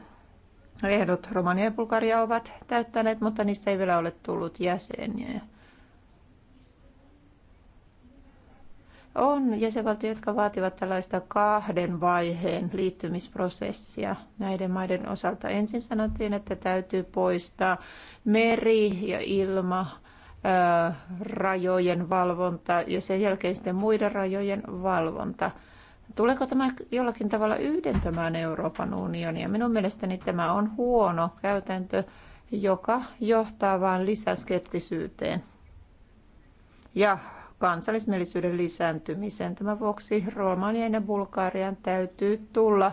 ehdot Romania ja Bulgaria ovat täyttäneet, mutta niistä ei vielä ole tullut jäseniä. On jäsenvaltio, jotka vaativat tällaista kahden vaiheen liittymisprosessia näiden maiden osalta. Ensin sanottiin, että täytyy poistaa meri ja ilma rajojen valvonta ja sen jälkeen sitten muiden rajojen valvonta. Tuleeko tämä jollakin tavalla yhdentämään Euroopan unionia? Minun mielestäni tämä on huono käytäntö, joka johtaa vain lisäskeptisyyteen ja kansallismielisyyden lisääntymiseen. Tämän vuoksi Romanian ja Bulgarian täytyy tulla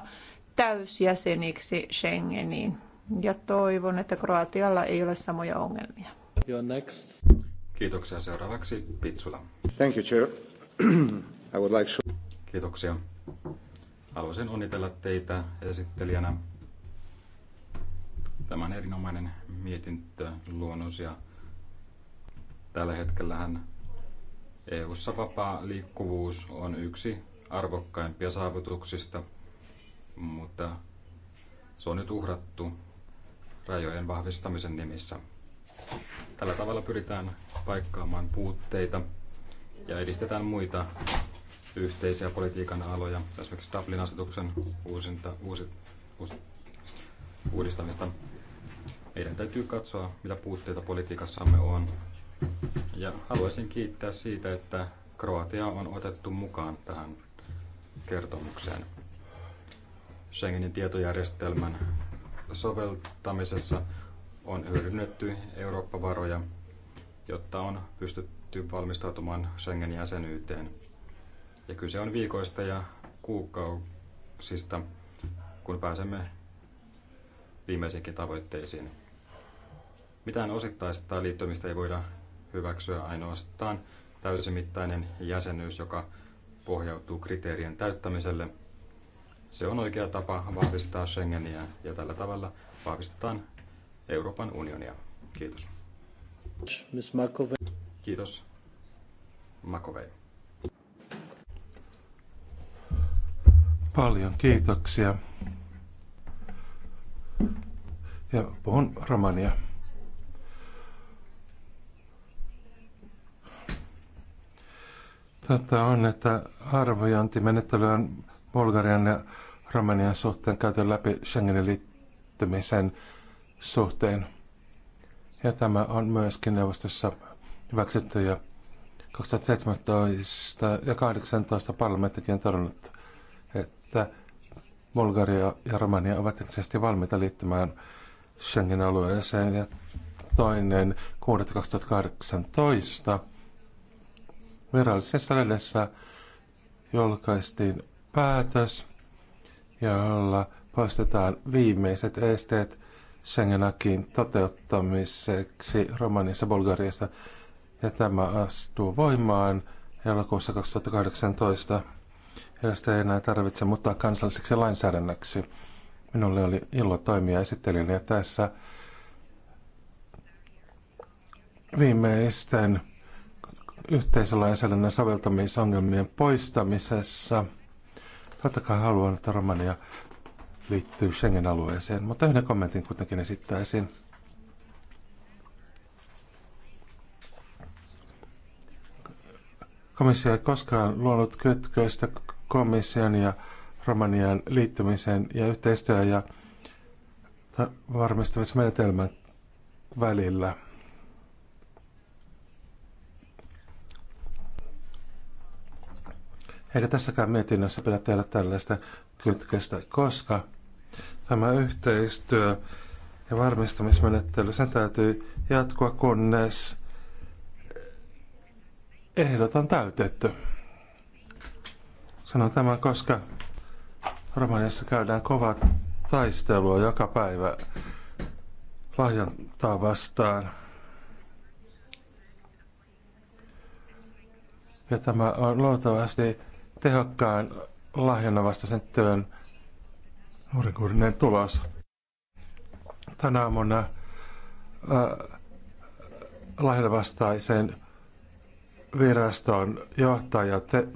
täysjäseniksi Schengeniin. Ja toivon, että Kroatialla ei ole samoja ongelmia. You're next. Kiitoksia. Seuraavaksi Pitsula. Thank you, Chair. I would like to... Kiitoksia. Haluaisin onnitella teitä esittelijänä. Tämä on erinomainen luonnos ja tällä hetkellähän EU-ssa vapaa liikkuvuus on yksi arvokkaimpia saavutuksista, mutta se on nyt uhrattu rajojen vahvistamisen nimissä. Tällä tavalla pyritään paikkaamaan puutteita ja edistetään muita yhteisiä politiikan aloja, esimerkiksi Dublin-asetuksen uusinta, uusi, uusi, uudistamista. Meidän täytyy katsoa, mitä puutteita politiikassamme on. Ja haluaisin kiittää siitä, että Kroatia on otettu mukaan tähän kertomukseen. Schengenin tietojärjestelmän soveltamisessa on hyödynnetty Eurooppa-varoja, jotta on pystytty valmistautumaan Schengen jäsenyyteen – ja kyse on viikoista ja kuukausista, kun pääsemme viimeisinkin tavoitteisiin. Mitään osittaista liittymistä ei voida hyväksyä ainoastaan täysimittainen jäsenyys, joka pohjautuu kriteerien täyttämiselle. Se on oikea tapa vahvistaa Schengeniä ja tällä tavalla vahvistetaan Euroopan unionia. Kiitos. Kiitos. Makovei. Paljon kiitoksia. Ja puhun romania. Totta on, että arviointimenettely on Bulgarian ja Romanian suhteen käyty läpi Schengenin liittymisen suhteen. Ja tämä on myöskin neuvostossa hyväksytty ja 2017 ja 2018 parlamenttikin on todennut että Bulgaria ja Romania ovat ensisijaisesti valmiita liittymään Schengen-alueeseen ja toinen 6.2018 virallisessa lehdessä julkaistiin päätös, jolla poistetaan viimeiset esteet Schengenakin toteuttamiseksi Romaniassa Bulgariassa ja tämä astuu voimaan elokuussa 2018 joista ei enää tarvitse muuttaa kansalliseksi lainsäädännöksi. Minulle oli ilo toimia esittelijänä tässä viimeisten yhteisölainsäädännön soveltamisongelmien poistamisessa. Totta kai haluan, että Romania liittyy Schengen-alueeseen, mutta yhden kommentin kuitenkin esittäisin. Komissio ei koskaan luonut kytköistä komission ja Romanian liittymisen ja yhteistyön ja varmistamismenetelmän välillä. Eikä tässäkään mietinnössä pidä tehdä tällaista kytkestä, koska tämä yhteistyö ja varmistamismenettely, sen täytyy jatkua kunnes ehdot on täytetty. Sanon tämän, koska Romaniassa käydään kovaa taistelua joka päivä lahjontaa vastaan. Ja tämä on luultavasti tehokkaan lahjonnan vastaisen työn nurinkurinen tulos. Tänä aamuna äh, lahjonnan vastaisen viraston johtaja te-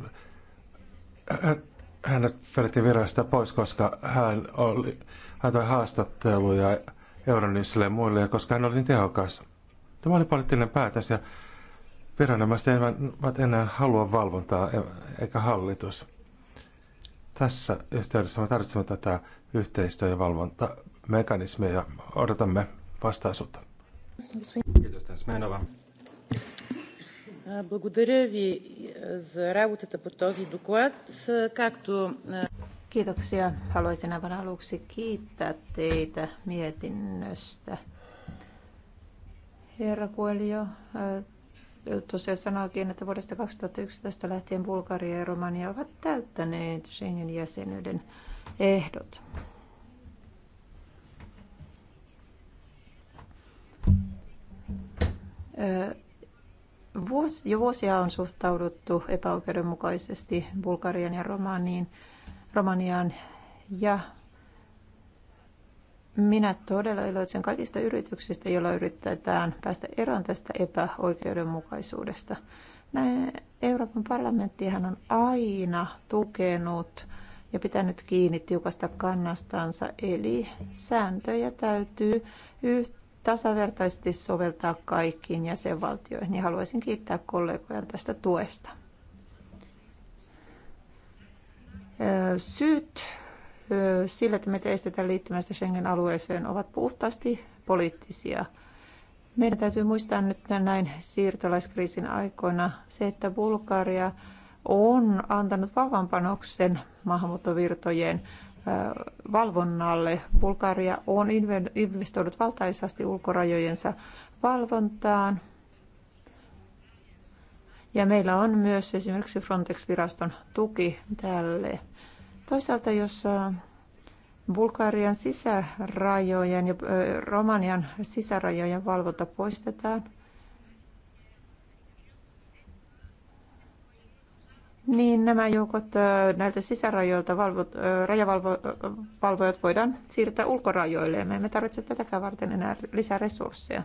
hänet vedetti virasta pois, koska hän oli, hän toi haastatteluja Euronewsille ja muille, ja koska hän oli niin tehokas. Tämä oli poliittinen päätös, ja viranomaiset eivät enää halua valvontaa, e- eikä hallitus. Tässä yhteydessä me tarvitsemme tätä yhteistyö- ja valvontamekanismia, ja odotamme vastaisuutta. Kiitos, Smenova. Благодаря ви за работата по този доклад. Както... Kiitoksia. Haluaisin aivan aluksi kiittää teitä mietinnöstä. Herra Kuelio, tosiaan sanoikin, että vuodesta 2011 lähtien Bulgaria ja Romania ovat täyttäneet Schengen-jäsenyyden ehdot. Vuos, jo vuosia on suhtauduttu epäoikeudenmukaisesti Bulgarian ja Romaniin, Romaniaan ja minä todella iloitsen kaikista yrityksistä, joilla yritetään päästä eroon tästä epäoikeudenmukaisuudesta. Näin Euroopan parlamenttihan on aina tukenut ja pitänyt kiinni tiukasta kannastansa, eli sääntöjä täytyy yhtä tasavertaisesti soveltaa kaikkiin jäsenvaltioihin. Ja haluaisin kiittää kollegoja tästä tuesta. Syyt sillä, että me teistetään liittymästä Schengen-alueeseen, ovat puhtaasti poliittisia. Meidän täytyy muistaa nyt näin siirtolaiskriisin aikoina se, että Bulgaria on antanut vahvan panoksen maahanmuuttovirtojen valvonnalle. Bulgaria on investoinut valtaisasti ulkorajojensa valvontaan. Ja meillä on myös esimerkiksi Frontex-viraston tuki tälle. Toisaalta jos Bulgarian sisärajojen ja Romanian sisärajojen valvonta poistetaan – niin nämä joukot näiltä sisärajoilta valvot, rajavalvojat voidaan siirtää ulkorajoille ja me emme tarvitse tätäkään varten enää lisää resursseja.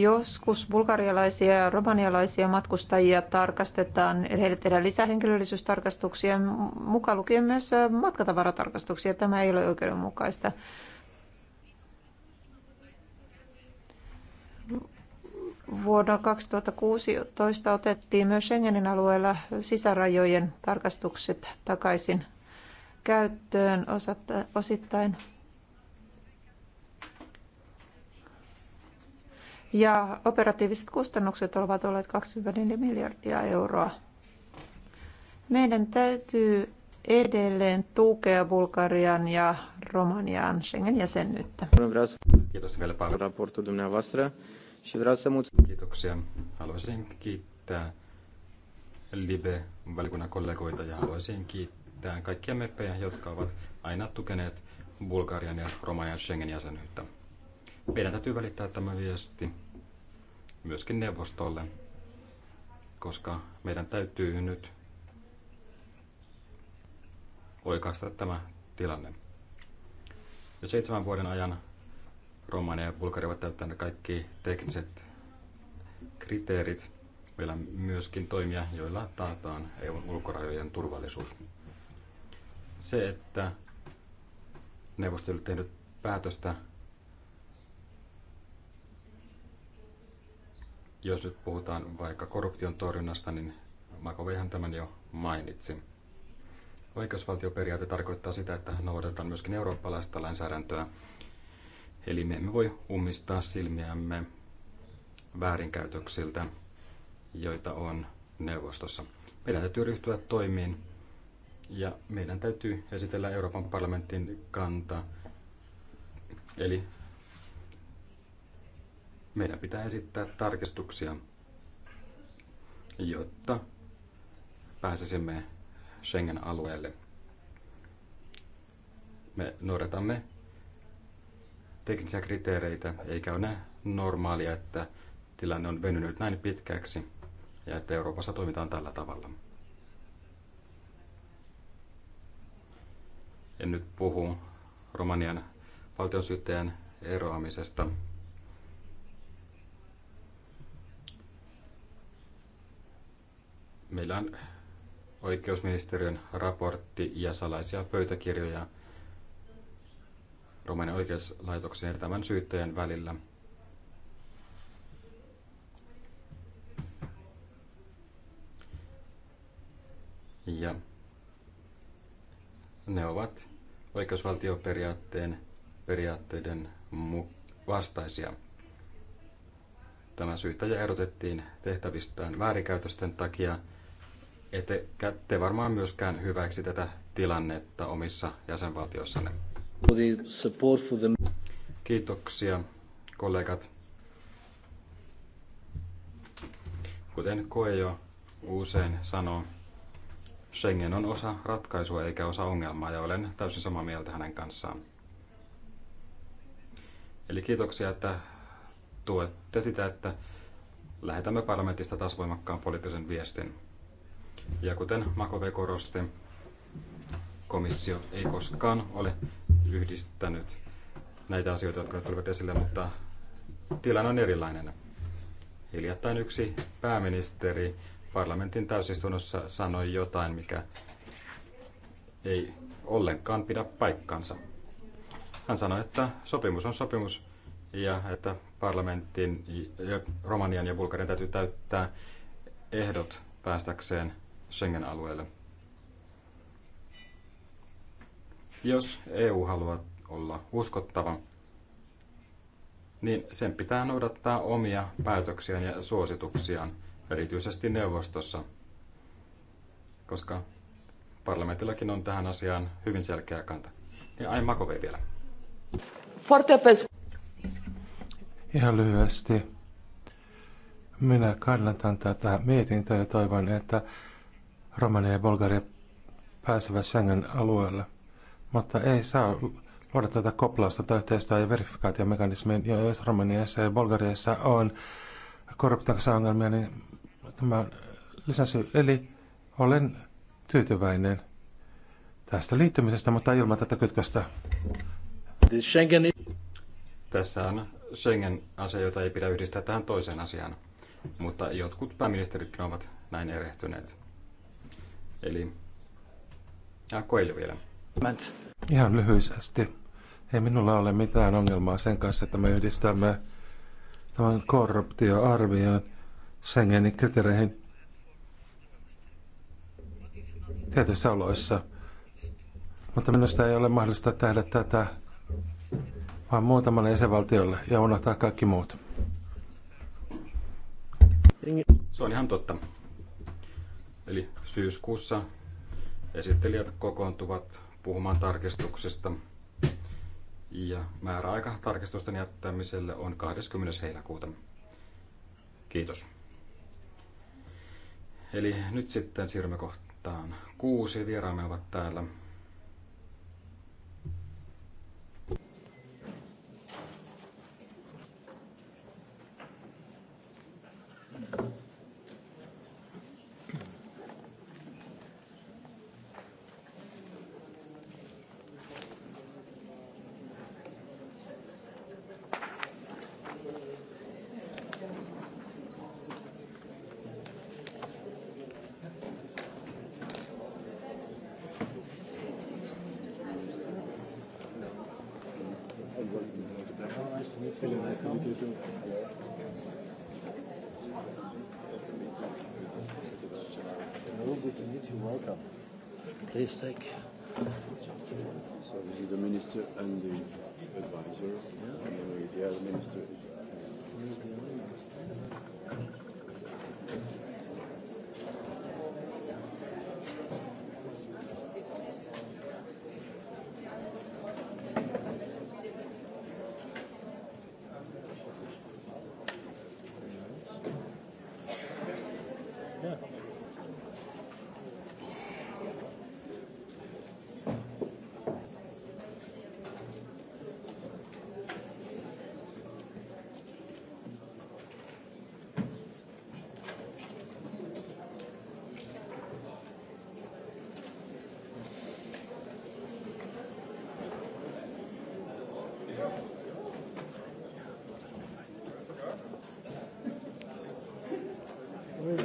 Joskus bulgarialaisia ja romanialaisia matkustajia tarkastetaan, heille tehdään lisähenkilöllisyystarkastuksia, mukaan lukien myös matkatavaratarkastuksia. Tämä ei ole oikeudenmukaista. Vuonna 2016 otettiin myös Schengenin alueella sisärajojen tarkastukset takaisin käyttöön osittain. Ja operatiiviset kustannukset ovat olleet 24 miljardia euroa. Meidän täytyy edelleen tukea Bulgarian ja Romanian Schengen jäsenyyttä. Kiitos vielä Și vreau să mulțumesc. Kiitoksia. Haluaisin kiittää Libe-valikunnan kollegoita ja haluaisin kiittää kaikkia meppejä, jotka ovat aina tukeneet Bulgarian ja Romanian Schengen jäsenyyttä. Meidän täytyy välittää tämä viesti myöskin neuvostolle, koska meidän täytyy nyt oikaista tämä tilanne. Jo seitsemän vuoden ajan Romania ja Bulgaria ovat täyttäneet kaikki tekniset kriteerit. Meillä on myöskin toimia, joilla taataan EUn ulkorajojen turvallisuus. Se, että neuvosto ei tehnyt päätöstä, jos nyt puhutaan vaikka korruption torjunnasta, niin Makoveihan tämän jo mainitsi. Oikeusvaltioperiaate tarkoittaa sitä, että noudatetaan myöskin eurooppalaista lainsäädäntöä Eli me emme voi ummistaa silmiämme väärinkäytöksiltä, joita on neuvostossa. Meidän täytyy ryhtyä toimiin ja meidän täytyy esitellä Euroopan parlamentin kanta. Eli meidän pitää esittää tarkistuksia, jotta pääsisimme Schengen-alueelle. Me noudatamme teknisiä kriteereitä, eikä ole normaalia, että tilanne on venynyt näin pitkäksi ja että Euroopassa toimitaan tällä tavalla. En nyt puhu Romanian valtionsyyttäjän eroamisesta. Meillä on oikeusministeriön raportti ja salaisia pöytäkirjoja Romanian oikeuslaitoksen ja tämän syyttäjän välillä. Ja ne ovat oikeusvaltioperiaatteen periaatteiden vastaisia. Tämä syyttäjä erotettiin tehtävistään väärinkäytösten takia, ettekä te varmaan myöskään hyväksi tätä tilannetta omissa jäsenvaltioissanne. For the support for Kiitoksia, kollegat. Kuten Koe jo usein sanoo, Schengen on osa ratkaisua eikä osa ongelmaa ja olen täysin samaa mieltä hänen kanssaan. Eli kiitoksia, että tuette sitä, että lähetämme parlamentista taas voimakkaan poliittisen viestin. Ja kuten Makove korosti, komissio ei koskaan ole yhdistänyt näitä asioita, jotka nyt tulivat esille, mutta tilanne on erilainen. Hiljattain yksi pääministeri parlamentin täysistunnossa sanoi jotain, mikä ei ollenkaan pidä paikkansa. Hän sanoi, että sopimus on sopimus ja että parlamentin, Romanian ja Bulgarian täytyy täyttää ehdot päästäkseen Schengen-alueelle. Jos EU haluaa olla uskottava, niin sen pitää noudattaa omia päätöksiään ja suosituksiaan, erityisesti neuvostossa, koska parlamentillakin on tähän asiaan hyvin selkeä kanta. Ja niin, Ai Makove vielä. Fortepes. Ihan lyhyesti. Minä kannatan tätä mietintöä ja toivon, että Romania ja Bulgaria pääsevät Schengen alueelle. Mutta ei saa luoda tätä koplausta tai yhteistyö- ja verifikaatiomekanismiin. Ja jos Romaniassa ja Bulgariassa on korruptiossa ongelmia, niin tämä lisäsi. Eli olen tyytyväinen tästä liittymisestä, mutta ilman tätä kytköstä. Schengen... Tässä on Schengen-asia, jota ei pidä yhdistää tähän toiseen asiaan, mutta jotkut pääministeritkin ovat näin erehtyneet. Eli... Ja Koilju vielä. Ihan lyhyisesti. Ei minulla ole mitään ongelmaa sen kanssa, että me yhdistämme tämän korruptioarvion Schengenin kriteereihin tietyissä oloissa. Mutta minusta ei ole mahdollista tehdä tätä vaan muutamalle jäsenvaltiolle ja unohtaa kaikki muut. Se on ihan totta. Eli syyskuussa esittelijät kokoontuvat puhumaan tarkistuksesta. Ja määräaika tarkistusten jättämiselle on 20. heinäkuuta. Kiitos. Eli nyt sitten siirrymme kohtaan kuusi. Vieraamme ovat täällä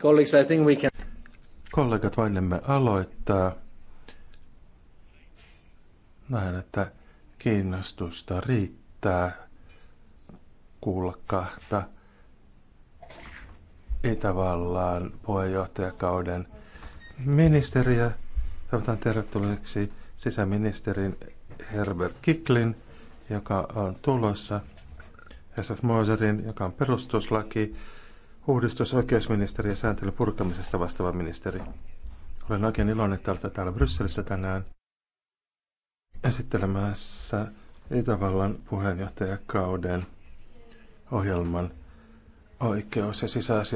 Colleagues, I think we can... Kollegat, voimme aloittaa. Näen, että kiinnostusta riittää kuulla kahta Itävallan puheenjohtajakauden ministeriä. Toivotan tervetulleeksi sisäministerin Herbert Kiklin, joka on tulossa, SF Moserin, joka on perustuslaki, Uudistus oikeusministeri ja sääntelyn purkamisesta vastaava ministeri. Olen oikein iloinen, että olette täällä Brysselissä tänään esittelemässä Itävallan puheenjohtajakauden ohjelman oikeus-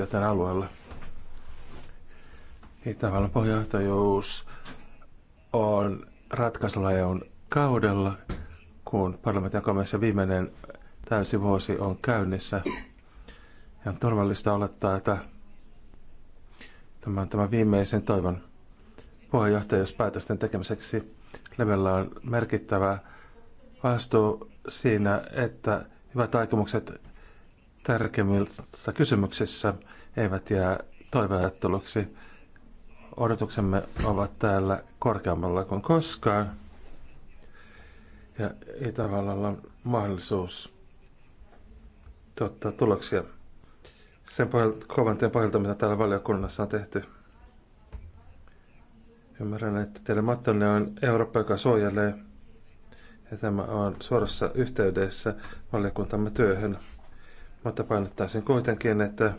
ja tämän alueella. Itävallan puheenjohtajuus on ratkaisulla EUn kaudella, kun parlamentin komissio viimeinen täysi vuosi on käynnissä. Ja on turvallista olettaa, että tämän, tämän viimeisen toivon puheenjohtajuuspäätösten tekemiseksi Levellä on merkittävä vastuu siinä, että hyvät aikomukset tärkeimmissä kysymyksissä eivät jää toiveajatteluksi. Odotuksemme ovat täällä korkeammalla kuin koskaan. Ja Itävallalla on mahdollisuus tuottaa tuloksia sen pohjalta, kovan pohjalta, mitä täällä valiokunnassa on tehty. Ymmärrän, että teille mattonne on Eurooppa, joka suojelee. Ja tämä on suorassa yhteydessä valiokuntamme työhön. Mutta painottaisin kuitenkin, että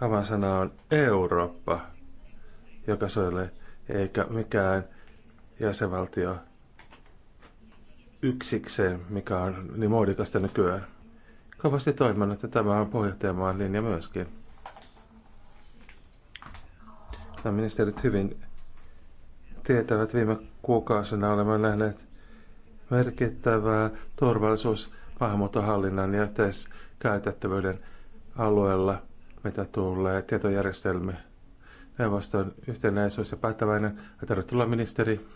avainsana on Eurooppa, joka suojelee, eikä mikään jäsenvaltio yksikseen, mikä on niin muodikasta nykyään kovasti toiminut, että tämä on puheenjohtajamaan linja myöskin. Tämä ministerit hyvin tietävät viime kuukausina olemme nähneet merkittävää turvallisuus maahanmuuttohallinnan ja yhteiskäytettävyyden alueella, mitä tulee tietojärjestelmiin. Neuvoston yhtenäisyys ja päättäväinen. Ja tervetuloa ministeri.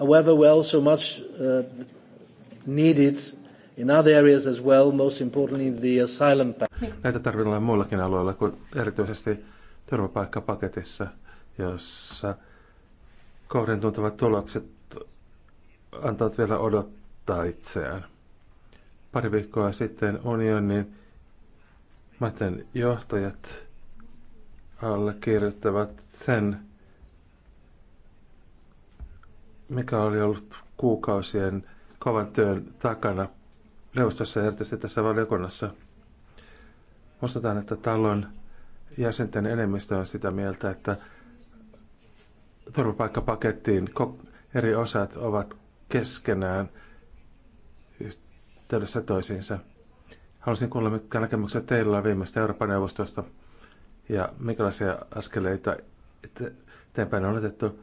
However well so much uh, needed in other areas as well, most importantly the asylum package. Niin. Näitä tarvitaan muillakin alueilla kuin erityisesti turvapaikkapaketissa, jossa kohdentuntavat tulokset antavat vielä odottaa itseään. Pari viikkoa sitten unionin maiden johtajat allekirjoittavat sen, mikä oli ollut kuukausien kovan työn takana neuvostossa ja erityisesti tässä valiokunnassa. Muistetaan, että talon jäsenten enemmistö on sitä mieltä, että turvapaikkapakettiin eri osat ovat keskenään yhteydessä toisiinsa. Haluaisin kuulla, mitkä näkemykset teillä on viimeistä Euroopan neuvostosta ja minkälaisia askeleita eteenpäin on otettu.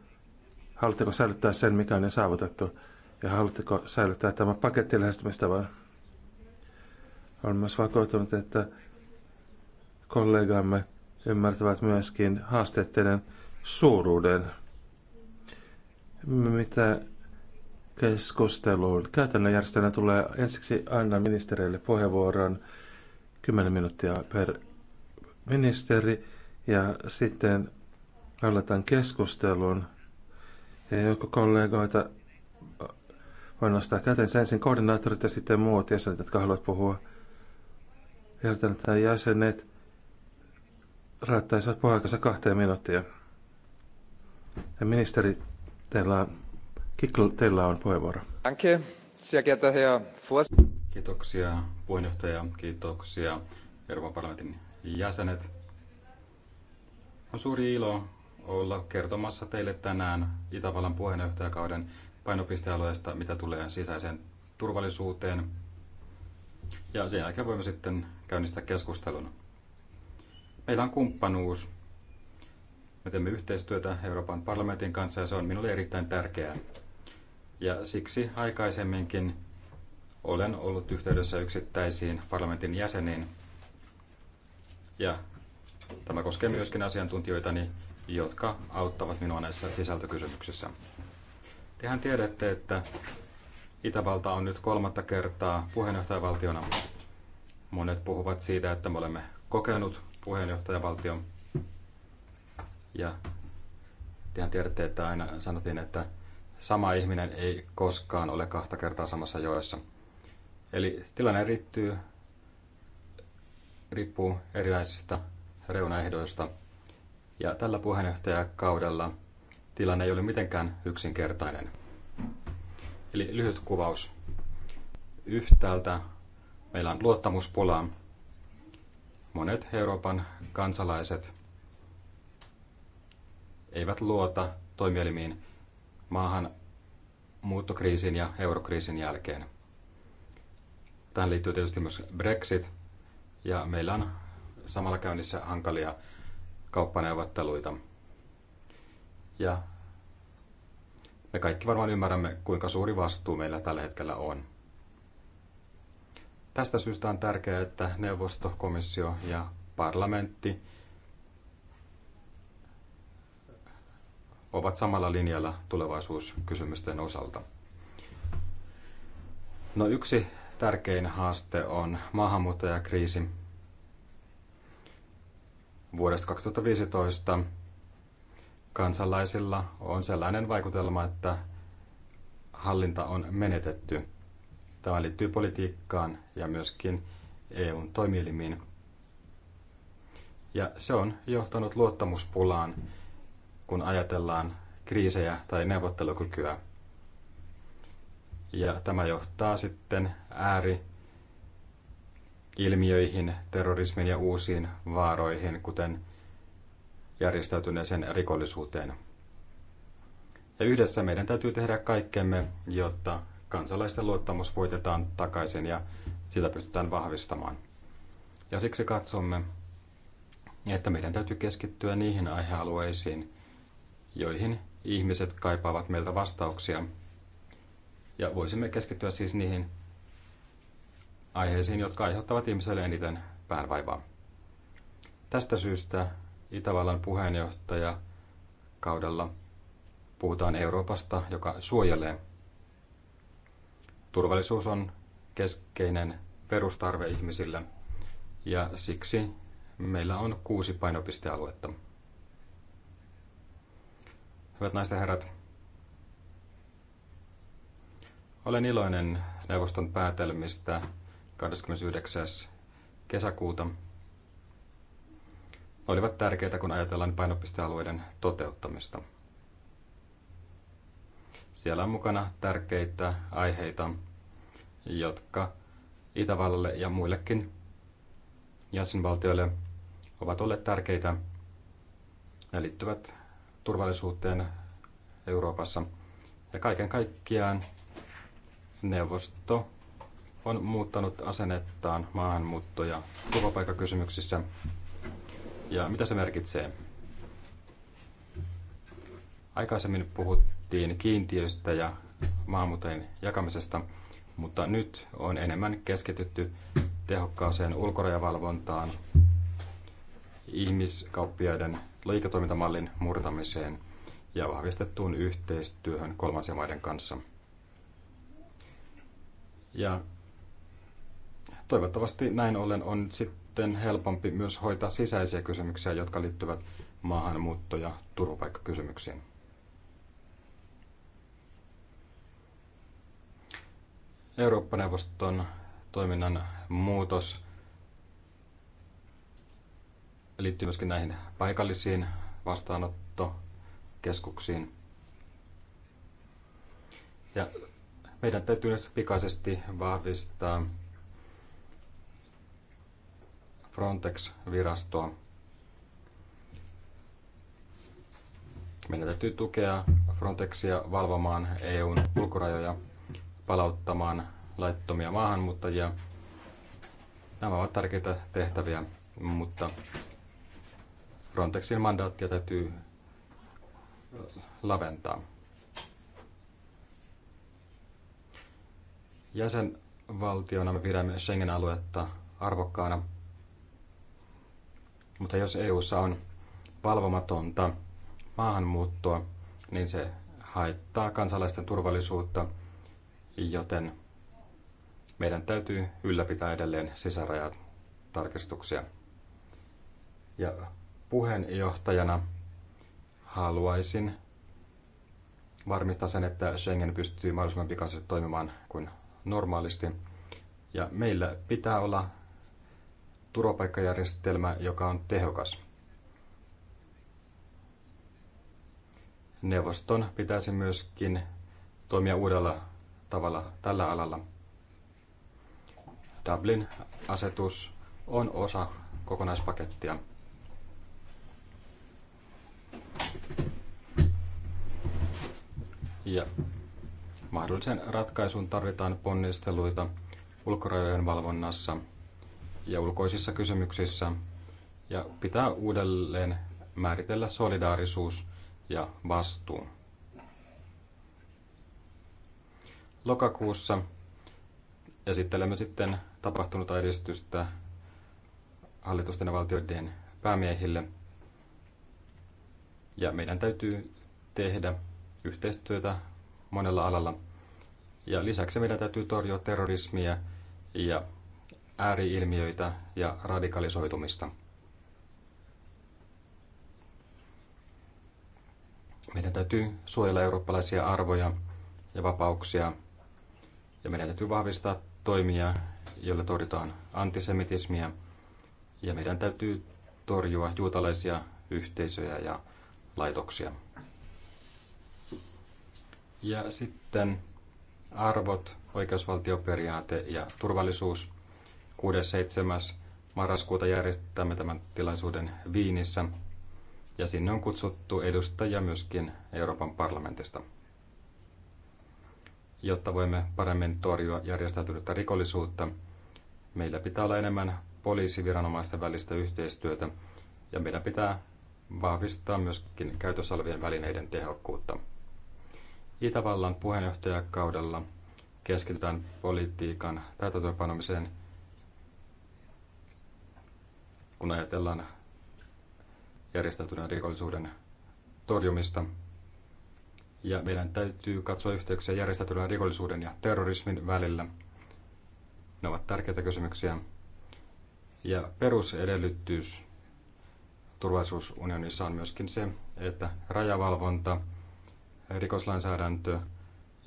Haluatteko säilyttää sen, mikä on jo saavutettu? Ja haluatteko säilyttää tämän paketin lähestymistavan? Olen myös vakuuttunut, että kollegamme ymmärtävät myöskin haasteiden suuruuden. Mitä keskusteluun käytännön järjestelmä tulee ensiksi anna ministereille puheenvuoron 10 minuuttia per ministeri ja sitten aletaan keskustelun. Ja joko kollegoita Voin nostaa kätensä ensin koordinaattorit ja sitten muut jäsenet, jotka haluavat puhua. Ehdotan, että jäsenet raattaisivat puheenjohtajansa kahteen minuuttia. Ja ministeri, teillä on, Kikl, teillä on puheenvuoro. Kiitoksia puheenjohtaja, kiitoksia Euroopan parlamentin jäsenet. On suuri ilo olla kertomassa teille tänään Itävallan puheenjohtajakauden Painopistealueesta, mitä tulee sisäiseen turvallisuuteen. Ja sen jälkeen voimme sitten käynnistää keskustelun. Meillä on kumppanuus. Me teemme yhteistyötä Euroopan parlamentin kanssa ja se on minulle erittäin tärkeää. Ja siksi aikaisemminkin olen ollut yhteydessä yksittäisiin parlamentin jäseniin. Ja tämä koskee myöskin asiantuntijoitani, jotka auttavat minua näissä sisältökysymyksissä. Tehän tiedätte, että Itävalta on nyt kolmatta kertaa puheenjohtajavaltiona. Monet puhuvat siitä, että me olemme kokenut puheenjohtajavaltion. Ja tehän tiedätte, että aina sanottiin, että sama ihminen ei koskaan ole kahta kertaa samassa joessa. Eli tilanne riittyy, riippuu erilaisista reunaehdoista. Ja tällä puheenjohtajakaudella – tilanne ei ole mitenkään yksinkertainen. Eli lyhyt kuvaus. Yhtäältä meillä on luottamuspulaa. Monet Euroopan kansalaiset eivät luota toimielimiin maahan muuttokriisin ja eurokriisin jälkeen. Tähän liittyy tietysti myös Brexit, ja meillä on samalla käynnissä hankalia kauppaneuvotteluita. Ja me kaikki varmaan ymmärrämme, kuinka suuri vastuu meillä tällä hetkellä on. Tästä syystä on tärkeää, että neuvosto, komissio ja parlamentti ovat samalla linjalla tulevaisuuskysymysten osalta. No yksi tärkein haaste on maahanmuuttajakriisi. Vuodesta 2015 kansalaisilla on sellainen vaikutelma, että hallinta on menetetty. Tämä liittyy politiikkaan ja myöskin EUn toimielimiin. Ja se on johtanut luottamuspulaan, kun ajatellaan kriisejä tai neuvottelukykyä. Ja tämä johtaa sitten ääri ilmiöihin, terrorismin ja uusiin vaaroihin, kuten järjestäytyneeseen rikollisuuteen. Ja yhdessä meidän täytyy tehdä kaikkemme, jotta kansalaisten luottamus voitetaan takaisin ja sitä pystytään vahvistamaan. Ja siksi katsomme, että meidän täytyy keskittyä niihin aihealueisiin, joihin ihmiset kaipaavat meiltä vastauksia. Ja voisimme keskittyä siis niihin aiheisiin, jotka aiheuttavat ihmiselle eniten päänvaivaa. Tästä syystä Itävallan puheenjohtaja kaudella puhutaan Euroopasta, joka suojelee. Turvallisuus on keskeinen perustarve ihmisille ja siksi meillä on kuusi painopistealuetta. Hyvät naiset ja herrat, olen iloinen neuvoston päätelmistä 29. kesäkuuta – olivat tärkeitä, kun ajatellaan painopistealueiden toteuttamista. Siellä on mukana tärkeitä aiheita, jotka Itävallalle ja muillekin jäsenvaltioille ovat olleet tärkeitä. Ne liittyvät turvallisuuteen Euroopassa. Ja kaiken kaikkiaan neuvosto on muuttanut asennettaan maahanmuutto- ja turvapaikkakysymyksissä ja mitä se merkitsee? Aikaisemmin puhuttiin kiintiöistä ja maahanmuuttajien jakamisesta, mutta nyt on enemmän keskitytty tehokkaaseen ulkorajavalvontaan, ihmiskauppiaiden liiketoimintamallin murtamiseen ja vahvistettuun yhteistyöhön kolmansien maiden kanssa. Ja toivottavasti näin ollen on sitten sitten helpompi myös hoitaa sisäisiä kysymyksiä, jotka liittyvät maahanmuutto- ja turvapaikkakysymyksiin. Eurooppa-neuvoston toiminnan muutos liittyy myöskin näihin paikallisiin vastaanottokeskuksiin. Ja meidän täytyy nyt pikaisesti vahvistaa Frontex-virastoa. Meidän täytyy tukea Frontexia valvomaan EUn ulkorajoja, palauttamaan laittomia maahanmuuttajia. Nämä ovat tärkeitä tehtäviä, mutta Frontexin mandaattia täytyy laventaa. Jäsenvaltiona me pidämme Schengen-aluetta arvokkaana – mutta jos EU:ssa on valvomatonta maahanmuuttoa, niin se haittaa kansalaisten turvallisuutta, joten meidän täytyy ylläpitää edelleen sisärajat tarkistuksia. Ja puheenjohtajana haluaisin varmistaa sen, että Schengen pystyy mahdollisimman pikaisesti toimimaan kuin normaalisti. Ja meillä pitää olla turvapaikkajärjestelmä, joka on tehokas. Neuvoston pitäisi myöskin toimia uudella tavalla tällä alalla. Dublin-asetus on osa kokonaispakettia. Ja mahdollisen ratkaisun tarvitaan ponnisteluita ulkorajojen valvonnassa – ja ulkoisissa kysymyksissä ja pitää uudelleen määritellä solidaarisuus ja vastuu. Lokakuussa esittelemme sitten tapahtunutta edistystä hallitusten ja valtioiden päämiehille. Ja meidän täytyy tehdä yhteistyötä monella alalla. Ja lisäksi meidän täytyy torjua terrorismia ja ääriilmiöitä ja radikalisoitumista. Meidän täytyy suojella eurooppalaisia arvoja ja vapauksia, ja meidän täytyy vahvistaa toimia, joilla torjutaan antisemitismiä, ja meidän täytyy torjua juutalaisia yhteisöjä ja laitoksia. Ja sitten arvot, oikeusvaltioperiaate ja turvallisuus. 6.7. marraskuuta järjestämme tämän tilaisuuden Viinissä ja sinne on kutsuttu edustajia myöskin Euroopan parlamentista, jotta voimme paremmin torjua järjestäytynyttä rikollisuutta. Meillä pitää olla enemmän poliisiviranomaisten välistä yhteistyötä ja meidän pitää vahvistaa myöskin käytössä olevien välineiden tehokkuutta. Itävallan puheenjohtajakaudella keskitytään politiikan täytäntöönpanomiseen – kun ajatellaan järjestäytyneen rikollisuuden torjumista. Ja meidän täytyy katsoa yhteyksiä järjestäytyneen rikollisuuden ja terrorismin välillä. Ne ovat tärkeitä kysymyksiä. Ja perusedellytys turvallisuusunionissa on myöskin se, että rajavalvonta, rikoslainsäädäntö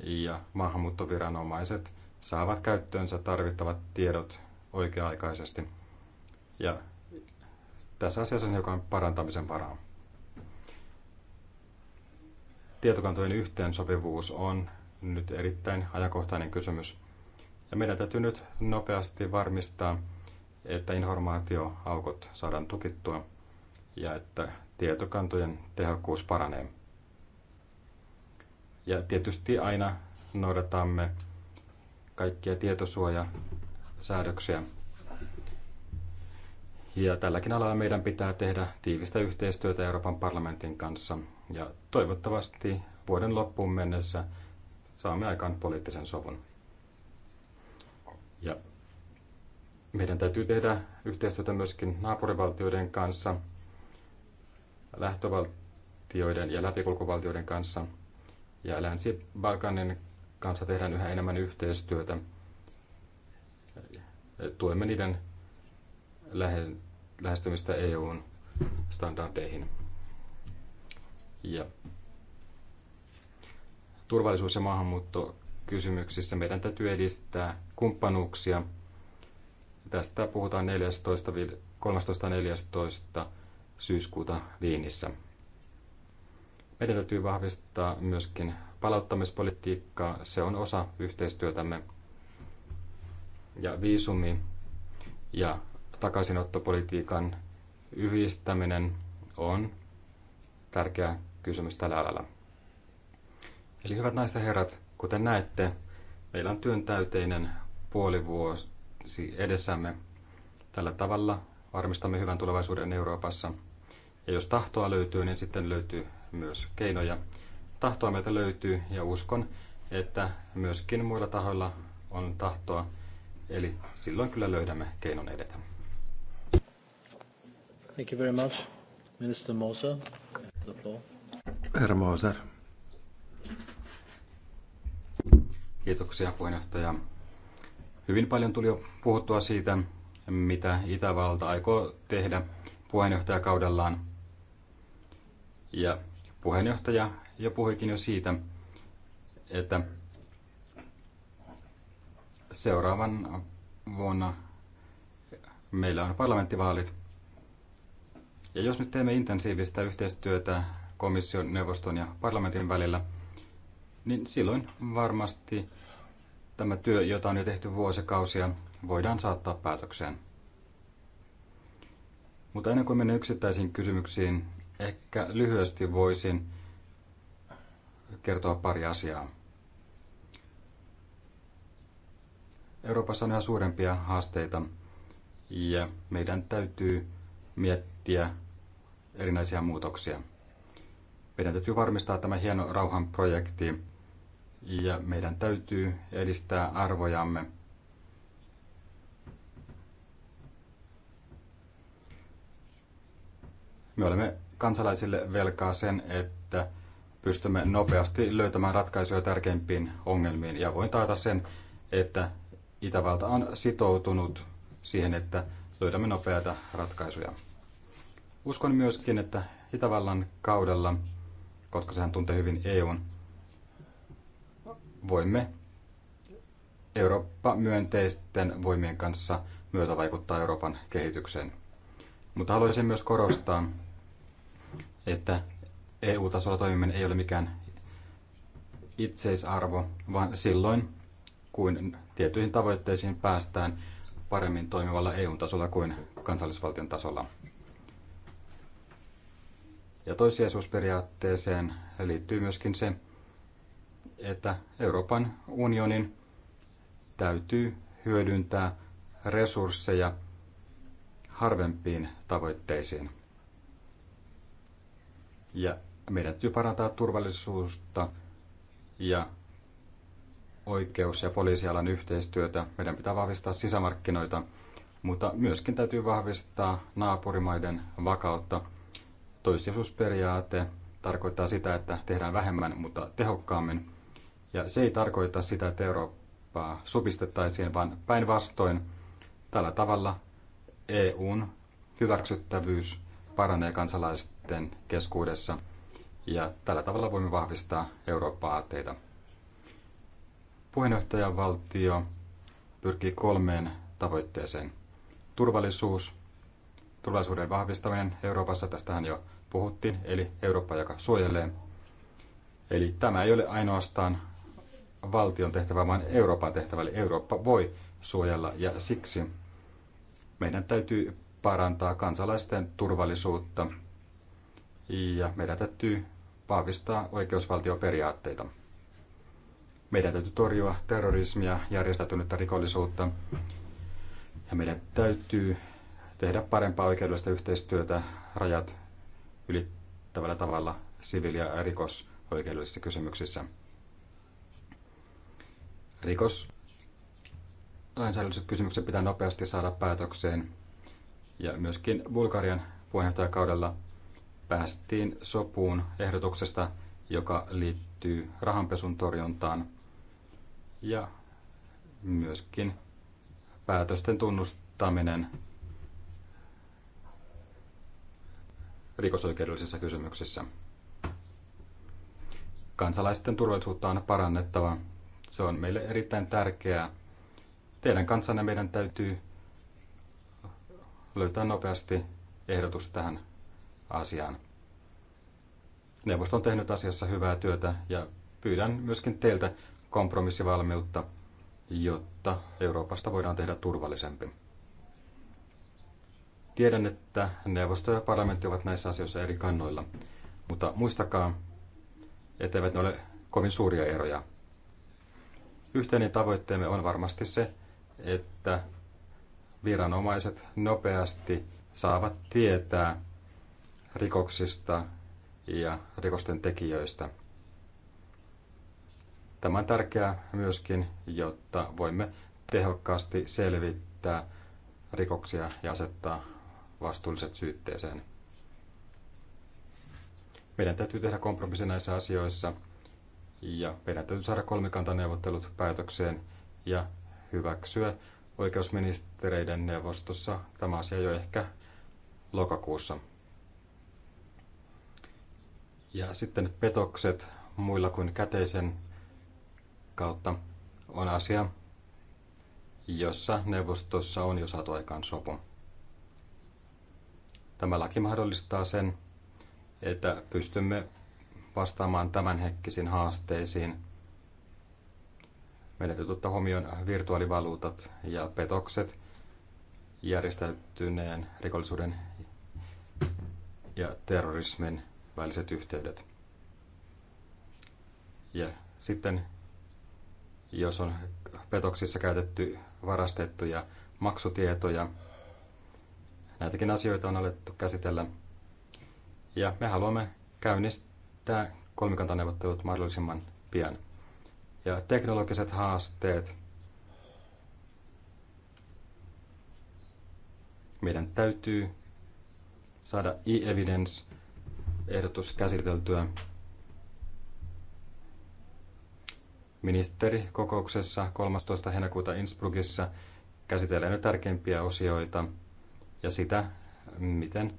ja maahanmuuttoviranomaiset saavat käyttöönsä tarvittavat tiedot oikea-aikaisesti. Ja tässä asiassa on hiukan parantamisen varaa. Tietokantojen yhteensopivuus on nyt erittäin ajankohtainen kysymys. Ja meidän täytyy nyt nopeasti varmistaa, että informaatioaukot saadaan tukittua ja että tietokantojen tehokkuus paranee. Ja tietysti aina noudatamme kaikkia tietosuojasäädöksiä, ja tälläkin alalla meidän pitää tehdä tiivistä yhteistyötä Euroopan parlamentin kanssa. Ja toivottavasti vuoden loppuun mennessä saamme aikaan poliittisen sovun. Ja meidän täytyy tehdä yhteistyötä myöskin naapurivaltioiden kanssa, lähtövaltioiden ja läpikulkuvaltioiden kanssa. Ja Länsi-Balkanin kanssa tehdään yhä enemmän yhteistyötä. Tuemme niiden lähe- lähestymistä EUn standardeihin. Ja turvallisuus- ja maahanmuuttokysymyksissä meidän täytyy edistää kumppanuuksia. Tästä puhutaan 13.14. syyskuuta Viinissä. Meidän täytyy vahvistaa myöskin palauttamispolitiikkaa. Se on osa yhteistyötämme. Ja viisumi ja takaisinottopolitiikan yhdistäminen on tärkeä kysymys tällä alalla. Eli hyvät naiset ja herrat, kuten näette, meillä on työntäyteinen puoli vuosi edessämme. Tällä tavalla varmistamme hyvän tulevaisuuden Euroopassa. Ja jos tahtoa löytyy, niin sitten löytyy myös keinoja. Tahtoa meiltä löytyy ja uskon, että myöskin muilla tahoilla on tahtoa. Eli silloin kyllä löydämme keinon edetä. Thank you very much. Minister Moser, the floor. Herra Moser. Kiitoksia puheenjohtaja. Hyvin paljon tuli jo puhuttua siitä, mitä Itävalta aikoo tehdä puheenjohtajakaudellaan. Ja puheenjohtaja jo puhuikin jo siitä, että seuraavan vuonna meillä on parlamenttivaalit ja jos nyt teemme intensiivistä yhteistyötä komission, neuvoston ja parlamentin välillä, niin silloin varmasti tämä työ, jota on jo tehty vuosikausia, voidaan saattaa päätökseen. Mutta ennen kuin menen yksittäisiin kysymyksiin, ehkä lyhyesti voisin kertoa pari asiaa. Euroopassa on yhä suurempia haasteita ja meidän täytyy miettiä erinäisiä muutoksia. Meidän täytyy varmistaa tämä hieno rauhanprojekti ja meidän täytyy edistää arvojamme. Me olemme kansalaisille velkaa sen, että pystymme nopeasti löytämään ratkaisuja tärkeimpiin ongelmiin ja voin taata sen, että Itävalta on sitoutunut siihen, että löydämme nopeita ratkaisuja. Uskon myöskin, että Itävallan kaudella, koska sehän tuntee hyvin EUn, voimme Eurooppa-myönteisten voimien kanssa myötä vaikuttaa Euroopan kehitykseen. Mutta haluaisin myös korostaa, että EU-tasolla toimiminen ei ole mikään itseisarvo, vaan silloin, kun tiettyihin tavoitteisiin päästään paremmin toimivalla EU-tasolla kuin kansallisvaltion tasolla. Ja toissijaisuusperiaatteeseen liittyy myöskin se, että Euroopan unionin täytyy hyödyntää resursseja harvempiin tavoitteisiin. Ja meidän täytyy parantaa turvallisuutta ja oikeus- ja poliisialan yhteistyötä. Meidän pitää vahvistaa sisämarkkinoita, mutta myöskin täytyy vahvistaa naapurimaiden vakautta – Toissijaisuusperiaate tarkoittaa sitä, että tehdään vähemmän, mutta tehokkaammin. Ja se ei tarkoita sitä, että Eurooppaa supistettaisiin, vaan päinvastoin tällä tavalla EUn hyväksyttävyys paranee kansalaisten keskuudessa ja tällä tavalla voimme vahvistaa Eurooppaa aatteita Puheenjohtajavaltio pyrkii kolmeen tavoitteeseen. Turvallisuus, turvallisuuden vahvistaminen Euroopassa, tästähän jo puhuttiin, eli Eurooppa, joka suojelee. Eli tämä ei ole ainoastaan valtion tehtävä, vaan Euroopan tehtävä, eli Eurooppa voi suojella, ja siksi meidän täytyy parantaa kansalaisten turvallisuutta, ja meidän täytyy vahvistaa oikeusvaltioperiaatteita. Meidän täytyy torjua terrorismia, järjestäytynyttä rikollisuutta, ja meidän täytyy tehdä parempaa oikeudellista yhteistyötä rajat ylittävällä tavalla siviili- ja rikosoikeudellisissa kysymyksissä. Rikos lainsäädännölliset kysymykset pitää nopeasti saada päätökseen. Ja myöskin Bulgarian puheenjohtajakaudella päästiin sopuun ehdotuksesta, joka liittyy rahanpesun torjuntaan ja myöskin päätösten tunnustaminen rikosoikeudellisissa kysymyksissä. Kansalaisten turvallisuutta on parannettava. Se on meille erittäin tärkeää. Teidän kanssanne meidän täytyy löytää nopeasti ehdotus tähän asiaan. Neuvosto on tehnyt asiassa hyvää työtä ja pyydän myöskin teiltä kompromissivalmiutta, jotta Euroopasta voidaan tehdä turvallisempi. Tiedän, että neuvosto ja parlamentti ovat näissä asioissa eri kannoilla, mutta muistakaa, etteivät ne ole kovin suuria eroja. Yhteinen tavoitteemme on varmasti se, että viranomaiset nopeasti saavat tietää rikoksista ja rikosten tekijöistä. Tämä on tärkeää myöskin, jotta voimme tehokkaasti selvittää rikoksia ja asettaa vastuulliset syytteeseen. Meidän täytyy tehdä kompromissi näissä asioissa ja meidän täytyy saada kolmikantaneuvottelut päätökseen ja hyväksyä oikeusministereiden neuvostossa tämä asia jo ehkä lokakuussa. Ja sitten petokset muilla kuin käteisen kautta on asia, jossa neuvostossa on jo saatu aikaan sopu. Tämä laki mahdollistaa sen, että pystymme vastaamaan tämänhetkisiin haasteisiin. Meidän täytyy ottaa huomioon virtuaalivaluutat ja petokset, järjestäytyneen rikollisuuden ja terrorismin väliset yhteydet. Ja sitten, jos on petoksissa käytetty varastettuja maksutietoja, Näitäkin asioita on alettu käsitellä. Ja me haluamme käynnistää kolmikantaneuvottelut mahdollisimman pian. Ja teknologiset haasteet. Meidän täytyy saada e-evidence-ehdotus käsiteltyä ministerikokouksessa 13. heinäkuuta Innsbruckissa käsitellään jo tärkeimpiä osioita – ja sitä, miten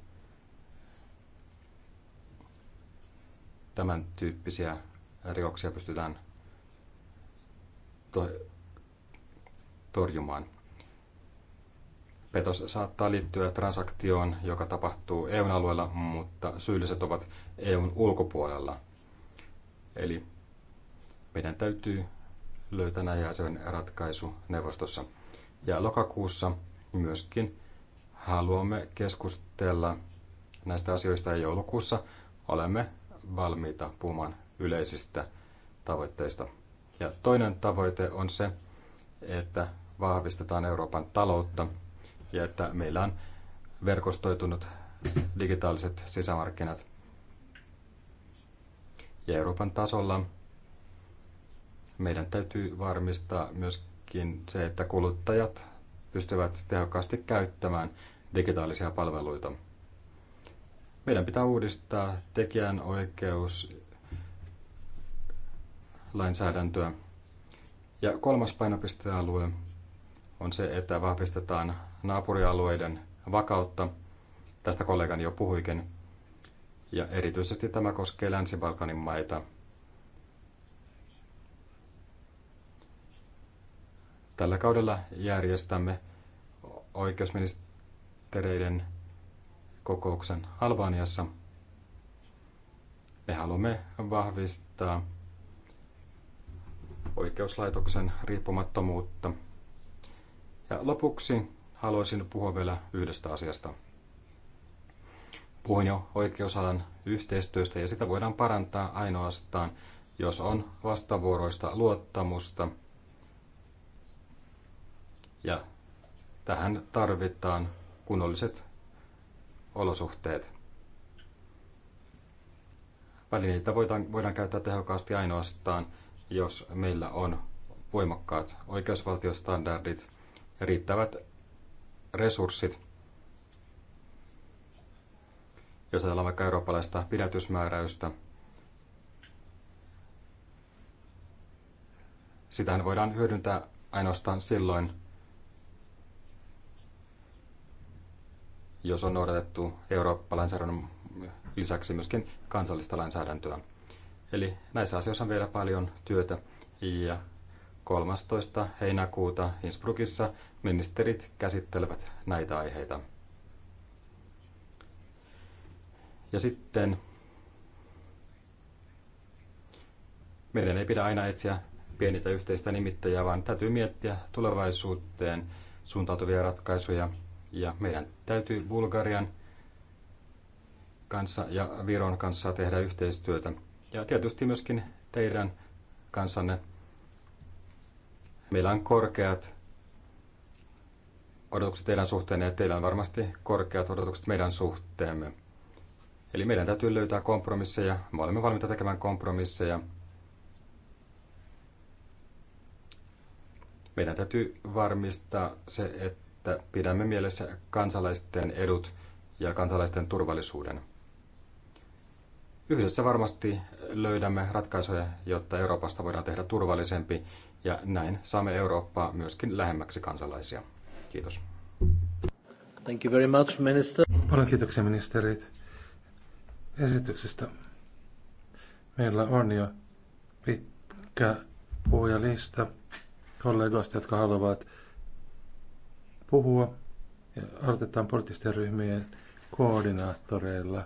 tämän tyyppisiä rikoksia pystytään to- torjumaan. Petos saattaa liittyä transaktioon, joka tapahtuu EUn alueella, mutta syylliset ovat EUn ulkopuolella. Eli meidän täytyy löytää näihin asioihin ratkaisu neuvostossa. Ja lokakuussa myöskin haluamme keskustella näistä asioista joulukuussa, olemme valmiita puhumaan yleisistä tavoitteista. Ja toinen tavoite on se, että vahvistetaan Euroopan taloutta ja että meillä on verkostoitunut digitaaliset sisämarkkinat. Ja Euroopan tasolla meidän täytyy varmistaa myöskin se, että kuluttajat pystyvät tehokkaasti käyttämään digitaalisia palveluita. Meidän pitää uudistaa tekijänoikeus lainsäädäntöä. Ja kolmas painopistealue on se, että vahvistetaan naapurialueiden vakautta. Tästä kollegani jo puhuikin. Ja erityisesti tämä koskee Länsi-Balkanin maita. Tällä kaudella järjestämme oikeusministeriön ministereiden kokouksen Albaniassa. Me haluamme vahvistaa oikeuslaitoksen riippumattomuutta. Ja lopuksi haluaisin puhua vielä yhdestä asiasta. Puhun jo oikeusalan yhteistyöstä ja sitä voidaan parantaa ainoastaan, jos on vastavuoroista luottamusta. Ja tähän tarvitaan kunnolliset olosuhteet. Välineitä voidaan, voidaan käyttää tehokkaasti ainoastaan, jos meillä on voimakkaat oikeusvaltiostandardit ja riittävät resurssit. Jos ajatellaan vaikka eurooppalaista pidätysmääräystä, sitähän voidaan hyödyntää ainoastaan silloin, jos on noudatettu Eurooppa-lainsäädännön lisäksi myöskin kansallista lainsäädäntöä. Eli näissä asioissa on vielä paljon työtä ja 13. heinäkuuta Innsbruckissa ministerit käsittelevät näitä aiheita. Ja sitten meidän ei pidä aina etsiä pienitä yhteistä nimittäjää, vaan täytyy miettiä tulevaisuuteen suuntautuvia ratkaisuja – ja meidän täytyy Bulgarian kanssa ja Viron kanssa tehdä yhteistyötä. Ja tietysti myöskin teidän kanssanne. Meillä on korkeat odotukset teidän suhteen ja teillä on varmasti korkeat odotukset meidän suhteemme. Eli meidän täytyy löytää kompromisseja. Me olemme valmiita tekemään kompromisseja. Meidän täytyy varmistaa se, että että pidämme mielessä kansalaisten edut ja kansalaisten turvallisuuden. Yhdessä varmasti löydämme ratkaisuja, jotta Euroopasta voidaan tehdä turvallisempi ja näin saamme Eurooppaa myöskin lähemmäksi kansalaisia. Kiitos. Thank you very much, minister. Paljon kiitoksia ministerit esityksestä. Meillä on jo pitkä puhujalista kollegoista, jotka haluavat puhua. Ja aloitetaan poliittisten ryhmien koordinaattoreilla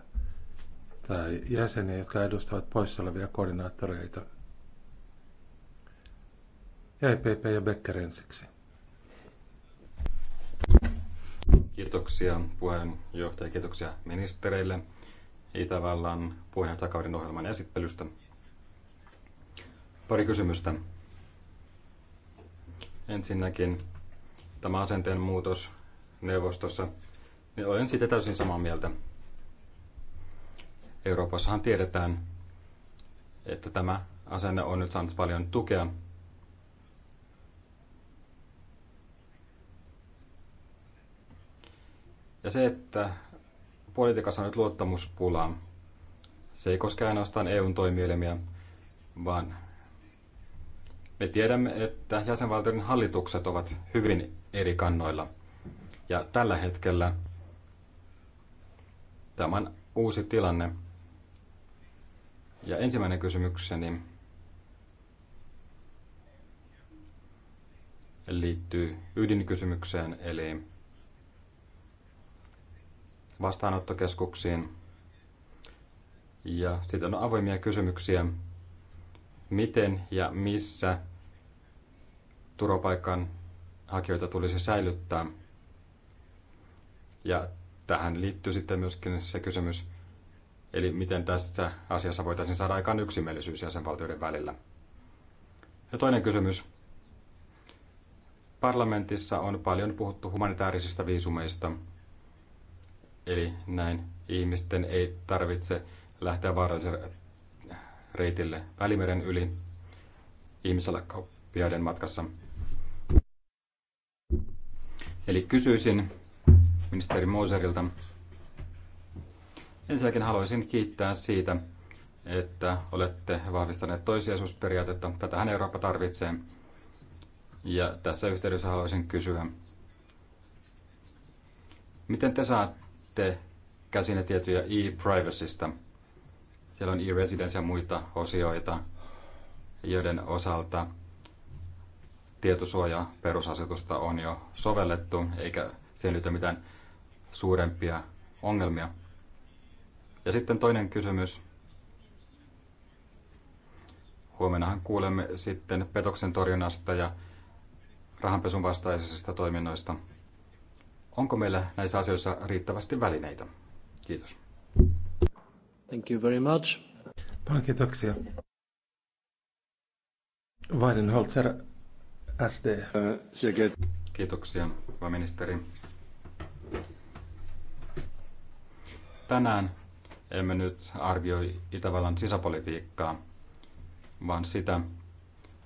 tai jäseniä, jotka edustavat poissa olevia koordinaattoreita. Ja EPP ja Becker ensiksi. Kiitoksia puheenjohtaja, kiitoksia ministereille Itävallan puheenjohtajakauden ohjelman esittelystä. Pari kysymystä. Ensinnäkin tämä asenteen muutos neuvostossa, niin olen siitä täysin samaa mieltä. Euroopassahan tiedetään, että tämä asenne on nyt saanut paljon tukea. Ja se, että politiikassa on nyt luottamuspulaa, se ei koske ainoastaan EUn toimielimiä, vaan me tiedämme, että jäsenvaltioiden hallitukset ovat hyvin eri kannoilla. Ja tällä hetkellä tämä on uusi tilanne. Ja ensimmäinen kysymykseni liittyy ydinkysymykseen, eli vastaanottokeskuksiin. Ja sitten on avoimia kysymyksiä, miten ja missä turvapaikan hakijoita tulisi säilyttää. Ja tähän liittyy sitten myöskin se kysymys, eli miten tässä asiassa voitaisiin saada aikaan yksimielisyys jäsenvaltioiden välillä. Ja toinen kysymys. Parlamentissa on paljon puhuttu humanitaarisista viisumeista, eli näin ihmisten ei tarvitse lähteä vaaralliselle reitille Välimeren yli ihmisellä kauppiaiden matkassa. Eli kysyisin ministeri Moiserilta. Ensinnäkin haluaisin kiittää siitä, että olette vahvistaneet toisiasuusperiaatetta. Tätähän Eurooppa tarvitsee. Ja tässä yhteydessä haluaisin kysyä, miten te saatte käsinne tietoja e-privacysta? Siellä on e-residence ja muita osioita, joiden osalta Tietosuojaa perusasetusta on jo sovellettu, eikä siihen liity mitään suurempia ongelmia. Ja sitten toinen kysymys. Huomennahan kuulemme sitten petoksen torjunnasta ja rahanpesun vastaisista toiminnoista. Onko meillä näissä asioissa riittävästi välineitä? Kiitos. Thank you very much. Paljon kiitoksia. Weidenholzer SD. Kiitoksia, hyvä ministeri. Tänään emme nyt arvioi Itävallan sisäpolitiikkaa, vaan sitä,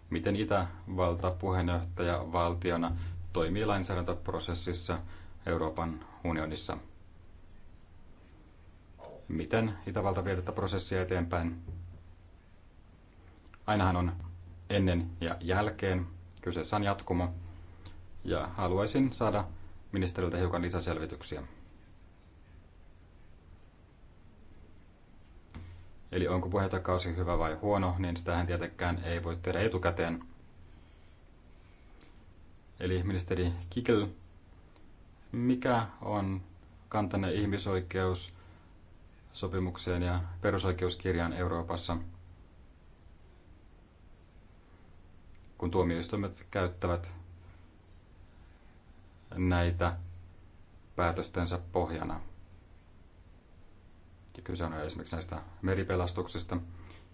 miten Itävalta puheenjohtaja valtiona toimii lainsäädäntöprosessissa Euroopan unionissa. Miten Itävalta vie tätä prosessia eteenpäin? Ainahan on ennen ja jälkeen Kyseessä on jatkumo ja haluaisin saada ministeriltä hiukan lisäselvityksiä. Eli onko puheenjohtajakausi hyvä vai huono, niin sitähän tietenkään ei voi tehdä etukäteen. Eli ministeri Kikel, mikä on kantanne ihmisoikeus sopimukseen ja perusoikeuskirjaan Euroopassa – kun tuomioistuimet käyttävät näitä päätöstensä pohjana. Ja kyse on esimerkiksi näistä meripelastuksista.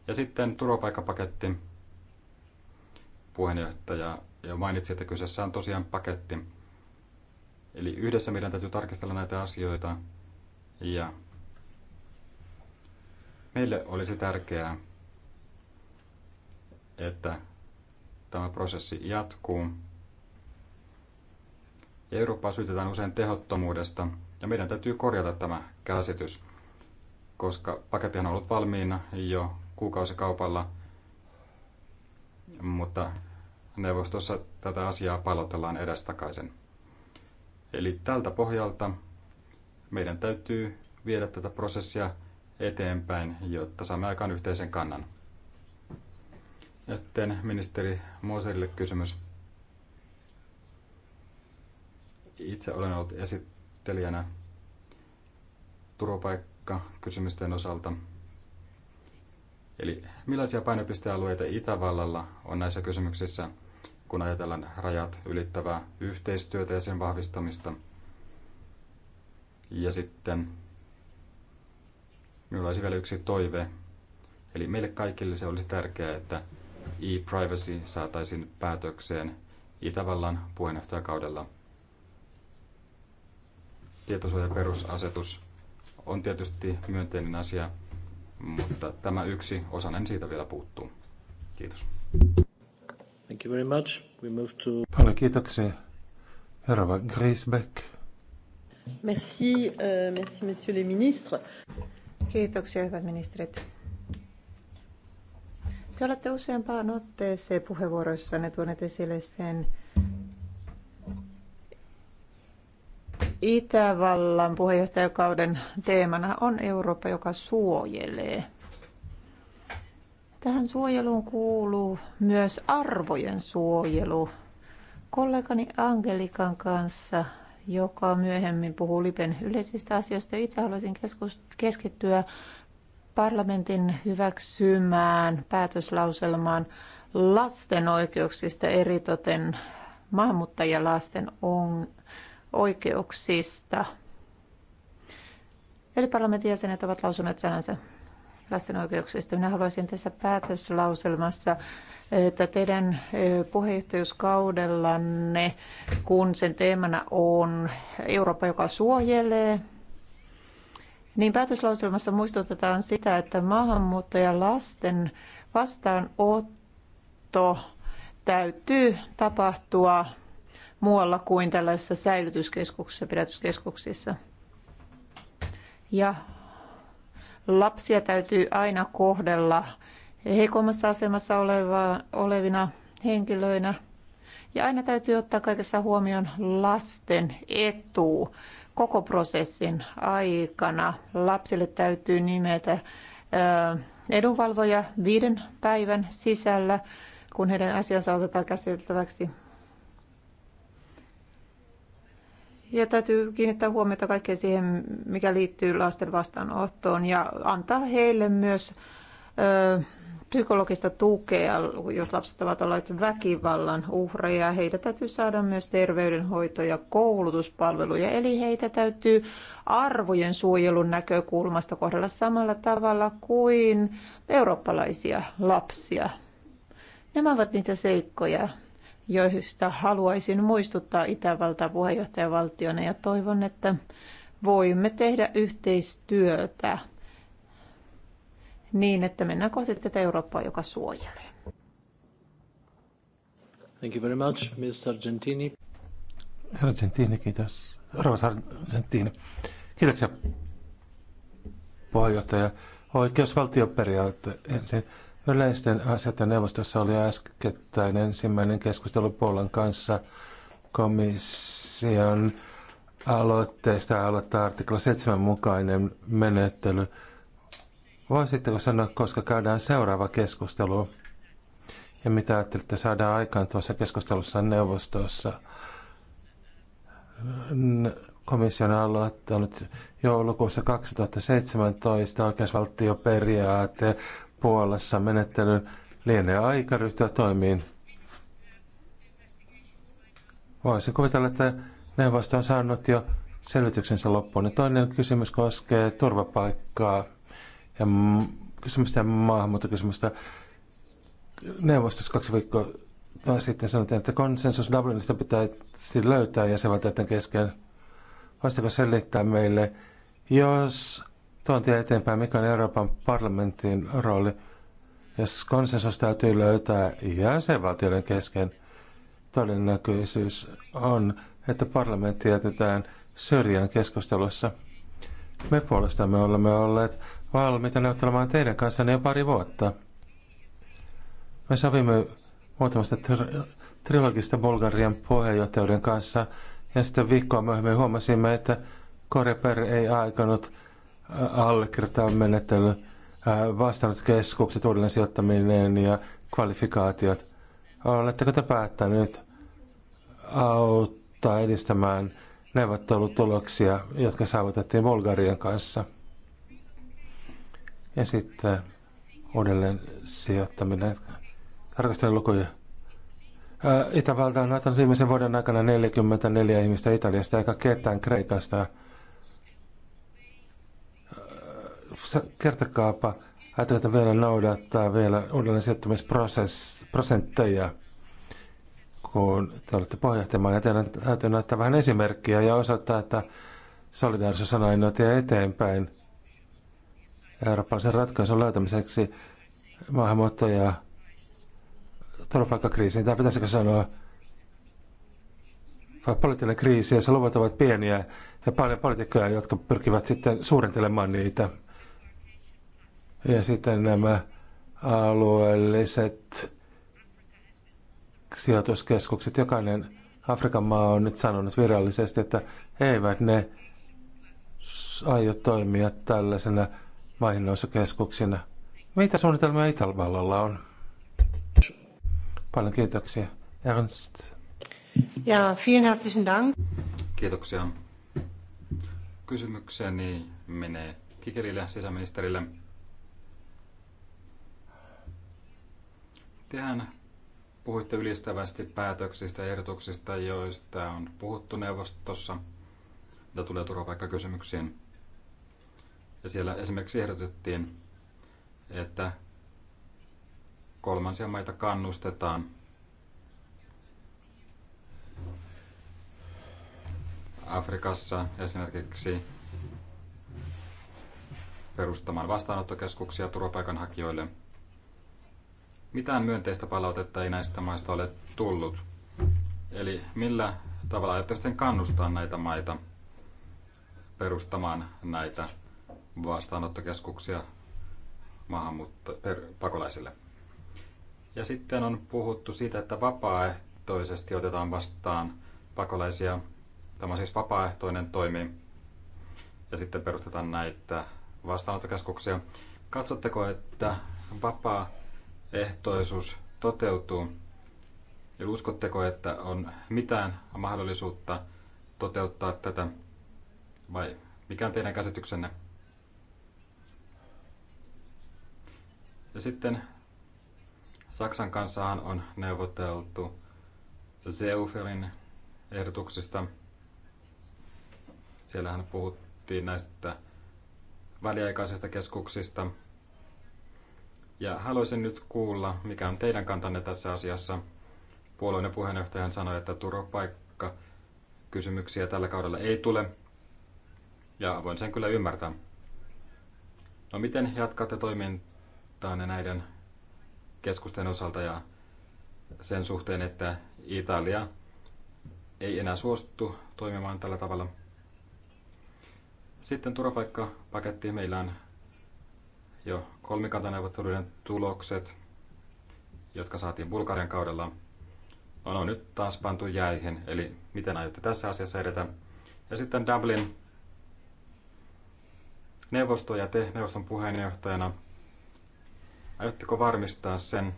Ja sitten turvapaikkapaketti. Puheenjohtaja jo mainitsi, että kyseessä on tosiaan paketti. Eli yhdessä meidän täytyy tarkistella näitä asioita. Ja meille olisi tärkeää, että tämä prosessi jatkuu. Ja Eurooppaa syytetään usein tehottomuudesta, ja meidän täytyy korjata tämä käsitys, koska pakettihan on ollut valmiina jo kuukausikaupalla, mutta neuvostossa tätä asiaa palotellaan edestakaisin. Eli tältä pohjalta meidän täytyy viedä tätä prosessia eteenpäin, jotta saamme aikaan yhteisen kannan. Ja sitten ministeri Moserille kysymys. Itse olen ollut esittelijänä turvapaikkakysymysten osalta. Eli millaisia painopistealueita Itävallalla on näissä kysymyksissä, kun ajatellaan rajat ylittävää yhteistyötä ja sen vahvistamista? Ja sitten minulla olisi vielä yksi toive. Eli meille kaikille se olisi tärkeää, että e-privacy saataisiin päätökseen Itävallan puheenjohtajakaudella. Tietosuojaperusasetus on tietysti myönteinen asia, mutta tämä yksi osanen siitä vielä puuttuu. Kiitos. Thank you very much. We move to... Paljon kiitoksia. Herra Grisbeck. Merci, uh, merci, monsieur le ministre. Kiitoksia, hyvät ministerit. Te olette useampaan otteeseen puheenvuoroissanne tuoneet esille sen Itävallan puheenjohtajakauden teemana on Eurooppa, joka suojelee. Tähän suojeluun kuuluu myös arvojen suojelu. Kollegani Angelikan kanssa, joka myöhemmin puhuu Lipen yleisistä asioista, itse haluaisin keskittyä parlamentin hyväksymään päätöslauselmaan lasten oikeuksista, eritoten maahanmuuttajalasten on, oikeuksista. Eli parlamentin jäsenet ovat lausuneet sanansa lasten oikeuksista. Minä haluaisin tässä päätöslauselmassa, että teidän puheenjohtajuuskaudellanne, kun sen teemana on Eurooppa, joka suojelee, niin päätöslauselmassa muistutetaan sitä, että maahanmuuttajalasten vastaanotto täytyy tapahtua muualla kuin tällaisissa säilytyskeskuksissa, pidätyskeskuksissa. Ja lapsia täytyy aina kohdella heikommassa asemassa oleva, olevina henkilöinä. Ja aina täytyy ottaa kaikessa huomioon lasten etu koko prosessin aikana. Lapsille täytyy nimetä edunvalvoja viiden päivän sisällä, kun heidän asiansa otetaan käsiteltäväksi. Ja täytyy kiinnittää huomiota kaikkeen siihen, mikä liittyy lasten vastaanottoon ja antaa heille myös psykologista tukea, jos lapset ovat olleet väkivallan uhreja. Heitä täytyy saada myös terveydenhoito- ja koulutuspalveluja, eli heitä täytyy arvojen suojelun näkökulmasta kohdella samalla tavalla kuin eurooppalaisia lapsia. Nämä ovat niitä seikkoja, joista haluaisin muistuttaa Itävaltaa puheenjohtajavaltiona ja toivon, että voimme tehdä yhteistyötä niin, että mennäänkö sitten tätä Eurooppaa, joka suojelee. Thank you very much, Ms. Argentini. Argentini, kiitos. Arvoisa Argentini. Kiitoksia, puheenjohtaja. Oikeusvaltioperiaate ensin. Yleisten ja neuvostossa oli äskettäin ensimmäinen keskustelu Puolan kanssa komission aloitteesta aloittaa artikla 7 mukainen menettely – Voisitteko sanoa, koska käydään seuraava keskustelu? Ja mitä ajattelette saada aikaan tuossa keskustelussa neuvostossa? Komission on aloittanut joulukuussa 2017 oikeusvaltioperiaate Puolassa menettelyn lienee aika ryhtyä toimiin. Voisi kuvitella, että neuvosto on saanut jo selvityksensä loppuun. Ja toinen kysymys koskee turvapaikkaa ja kysymystä ja maahanmuuttokysymystä. Neuvostossa kaksi viikkoa sitten sanottiin, että konsensus Dublinista pitäisi löytää jäsenvaltioiden kesken. Voisitko selittää meille, jos tuontia eteenpäin, mikä on Euroopan parlamentin rooli, jos konsensus täytyy löytää jäsenvaltioiden kesken, todennäköisyys on, että parlamentti jätetään syrjään keskustelussa. Me puolestamme olemme olleet valmiita neuvottelemaan teidän kanssanne jo pari vuotta. Me sovimme muutamasta trilogista Bulgarian puheenjohtajuuden kanssa ja sitten viikkoa myöhemmin huomasimme, että Koreper ei aikonut äh, allekirjoittaa menettely äh, vastannut keskukset, uudelleen sijoittaminen ja kvalifikaatiot. Oletteko te päättäneet auttaa edistämään neuvottelutuloksia, jotka saavutettiin Bulgarian kanssa? Ja sitten uudelleen sijoittaminen. Tarkastelen lukuja. Itävalta on näyttänyt viimeisen vuoden aikana 44 ihmistä Italiasta eikä ketään Kreikasta. Kertokaapa, että vielä noudattaa vielä uudelleen sijoittamisprosentteja, kun te olette puheenjohtajamaa ja teidän täytyy näyttää vähän esimerkkiä ja osoittaa, että solidaarisuus on ainoa tie eteenpäin – eurooppalaisen ratkaisun löytämiseksi ja turvapaikkakriisiin, tai pitäisikö sanoa vai poliittinen kriisi, jossa luvut ovat pieniä ja paljon poliitikkoja, jotka pyrkivät sitten suurentelemaan niitä. Ja sitten nämä alueelliset sijoituskeskukset. Jokainen Afrikan maa on nyt sanonut virallisesti, että eivät ne aio toimia tällaisena mainoskeskuksina. Mitä suunnitelmia Itävallalla on? Paljon kiitoksia. Ernst. Ja, vielen herzlichen Dank. Kiitoksia. Kysymykseni menee Kikelille, sisäministerille. Tehän puhuitte ylistävästi päätöksistä ja ehdotuksista, joista on puhuttu neuvostossa, mitä tulee turvapaikkakysymyksiin. Ja siellä esimerkiksi ehdotettiin, että kolmansia maita kannustetaan Afrikassa esimerkiksi perustamaan vastaanottokeskuksia turvapaikanhakijoille. Mitään myönteistä palautetta ei näistä maista ole tullut. Eli millä tavalla aiotte kannustaa näitä maita perustamaan näitä vastaanottokeskuksia pakolaisille. Ja sitten on puhuttu siitä, että vapaaehtoisesti otetaan vastaan pakolaisia. Tämä on siis vapaaehtoinen toimi. Ja sitten perustetaan näitä vastaanottokeskuksia. Katsotteko, että vapaaehtoisuus toteutuu? Ja uskotteko, että on mitään mahdollisuutta toteuttaa tätä? Vai mikä on teidän käsityksenne? Ja sitten Saksan kanssahan on neuvoteltu Zeufelin ehdotuksista. Siellähän puhuttiin näistä väliaikaisista keskuksista. Ja haluaisin nyt kuulla, mikä on teidän kantanne tässä asiassa. Puolueen puheenjohtaja sanoi, että turvapaikka kysymyksiä tällä kaudella ei tule. Ja voin sen kyllä ymmärtää. No miten jatkatte toimintaa? ne näiden keskusten osalta ja sen suhteen, että Italia ei enää suostu toimimaan tällä tavalla. Sitten turvapaikkapaketti. Meillä on jo kolmikantaneuvotteluiden tulokset, jotka saatiin Bulgarian kaudella. on nyt taas pantu jäihin, eli miten aiotte tässä asiassa edetä. Ja sitten Dublin neuvosto ja te neuvoston puheenjohtajana Aiotteko varmistaa sen,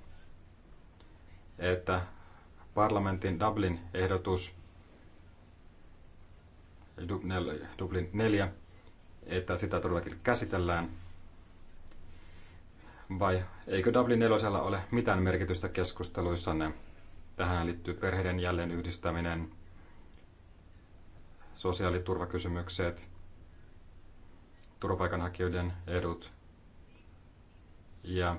että parlamentin Dublin-ehdotus, Dublin 4, että sitä todellakin käsitellään? Vai eikö Dublin 4 ole mitään merkitystä keskusteluissanne? Tähän liittyy perheiden jälleen yhdistäminen, sosiaaliturvakysymykset, turvapaikanhakijoiden edut ja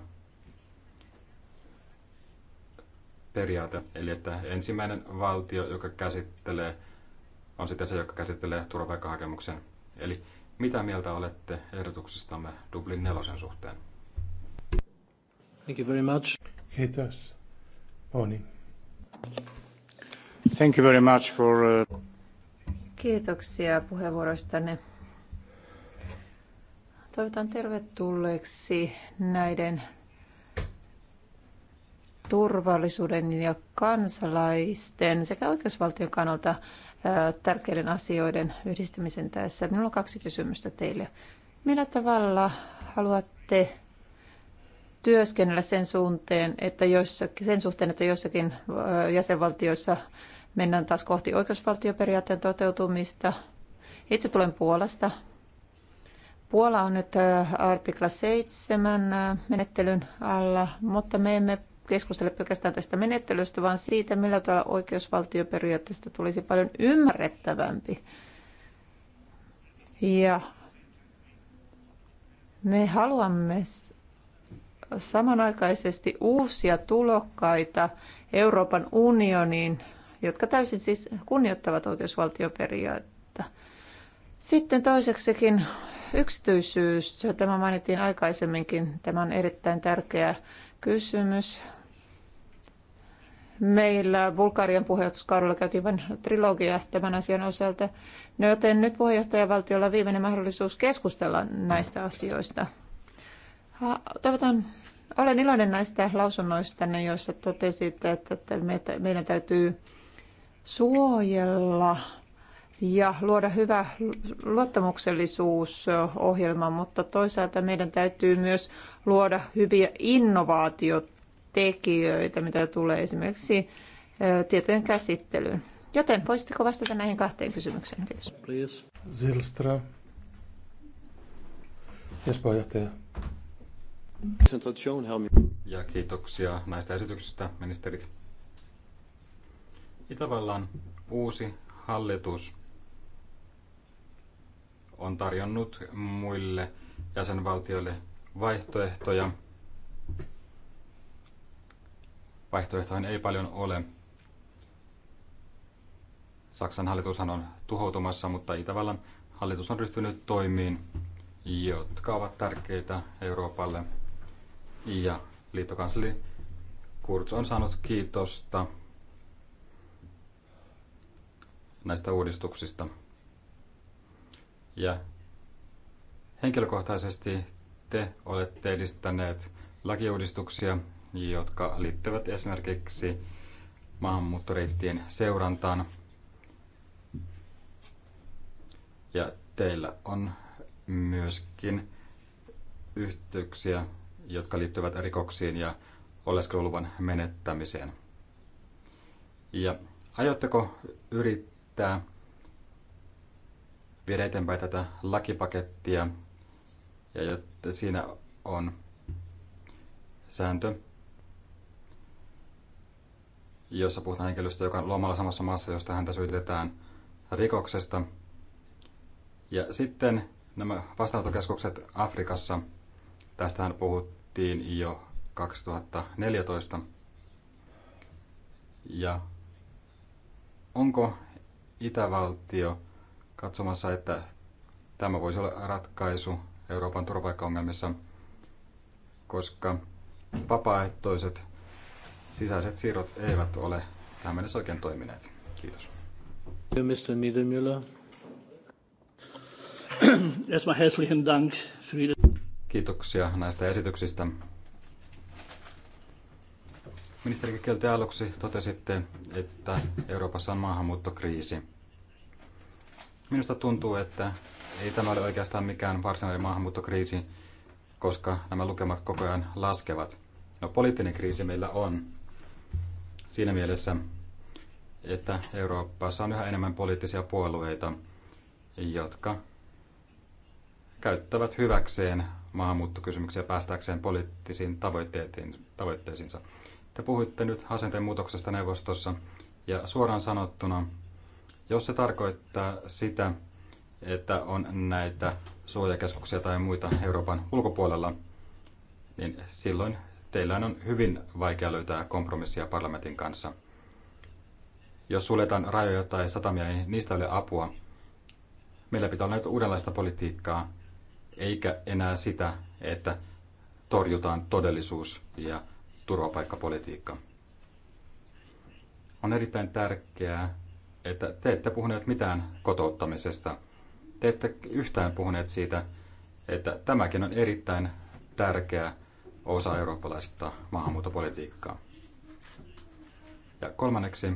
periaate, eli että ensimmäinen valtio, joka käsittelee, on sitten se, joka käsittelee turvapaikkahakemuksen. Eli mitä mieltä olette ehdotuksistamme Dublin nelosen suhteen? Thank you very much. Kiitos. Oni. Thank you very much for... Uh, Kiitoksia puheenvuoroistanne. Toivotan tervetulleeksi näiden turvallisuuden ja kansalaisten sekä oikeusvaltion kannalta tärkeiden asioiden yhdistämisen tässä. Minulla on kaksi kysymystä teille. Millä tavalla haluatte työskennellä sen, suunteen, että jossakin, sen suhteen, että jossakin jäsenvaltioissa mennään taas kohti oikeusvaltioperiaatteen toteutumista? Itse tulen Puolasta. Puola on nyt artikla 7 menettelyn alla, mutta me emme keskustele pelkästään tästä menettelystä, vaan siitä, millä tavalla oikeusvaltioperiaatteesta tulisi paljon ymmärrettävämpi. Ja me haluamme samanaikaisesti uusia tulokkaita Euroopan unioniin, jotka täysin siis kunnioittavat oikeusvaltioperiaatetta. Sitten toiseksikin yksityisyys. Tämä mainittiin aikaisemminkin. Tämä on erittäin tärkeä kysymys. Meillä Bulgarian puheenjohtajuuskaudella käytiin vain trilogia tämän asian osalta. No, joten nyt puheenjohtajavaltiolla on viimeinen mahdollisuus keskustella näistä asioista. Toivotan, olen iloinen näistä lausunnoista, joissa totesit, että meidän täytyy suojella ja luoda hyvä luottamuksellisuusohjelma, mutta toisaalta meidän täytyy myös luoda hyviä innovaatiot tekijöitä, mitä tulee esimerkiksi tietojen käsittelyyn. Joten voisitteko vastata näihin kahteen kysymykseen? Kiitos. Please. Zilstra. Yes, puheenjohtaja. Ja kiitoksia näistä esityksistä, ministerit. Itävallan uusi hallitus on tarjonnut muille jäsenvaltioille vaihtoehtoja – Vaihtoehtoja ei paljon ole. Saksan hallitushan on tuhoutumassa, mutta Itävallan hallitus on ryhtynyt toimiin, jotka ovat tärkeitä Euroopalle. Ja liittokansli Kurz on saanut kiitosta näistä uudistuksista. Ja henkilökohtaisesti te olette edistäneet lakiuudistuksia, jotka liittyvät esimerkiksi maahanmuuttoreittien seurantaan. Ja teillä on myöskin yhteyksiä, jotka liittyvät rikoksiin ja oleskeluluvan menettämiseen. Ja aiotteko yrittää viedä eteenpäin tätä lakipakettia, ja jotta siinä on sääntö, jossa puhutaan henkilöstä, joka on lomalla samassa maassa, josta häntä syytetään rikoksesta. Ja sitten nämä vastaanottokeskukset Afrikassa, tästähän puhuttiin jo 2014. Ja onko Itävaltio katsomassa, että tämä voisi olla ratkaisu Euroopan turvapaikkaongelmissa, koska vapaaehtoiset sisäiset siirrot eivät ole tähän mennessä oikein toimineet. Kiitos. Mr. Niedermüller. Dank Kiitoksia näistä esityksistä. Ministeri Kiel, aluksi totesitte, että Euroopassa on maahanmuuttokriisi. Minusta tuntuu, että ei tämä ole oikeastaan mikään varsinainen maahanmuuttokriisi, koska nämä lukemat koko ajan laskevat. No poliittinen kriisi meillä on, siinä mielessä, että Euroopassa on yhä enemmän poliittisia puolueita, jotka käyttävät hyväkseen maahanmuuttokysymyksiä päästäkseen poliittisiin tavoitteisiinsa. Te puhuitte nyt asenteen muutoksesta neuvostossa, ja suoraan sanottuna, jos se tarkoittaa sitä, että on näitä suojakeskuksia tai muita Euroopan ulkopuolella, niin silloin teillä on hyvin vaikea löytää kompromissia parlamentin kanssa. Jos suljetaan rajoja tai satamia, niin niistä ei ole apua. Meillä pitää olla nyt uudenlaista politiikkaa, eikä enää sitä, että torjutaan todellisuus ja turvapaikkapolitiikka. On erittäin tärkeää, että te ette puhuneet mitään kotouttamisesta. Te ette yhtään puhuneet siitä, että tämäkin on erittäin tärkeä osa eurooppalaista maahanmuuttopolitiikkaa. Ja kolmanneksi,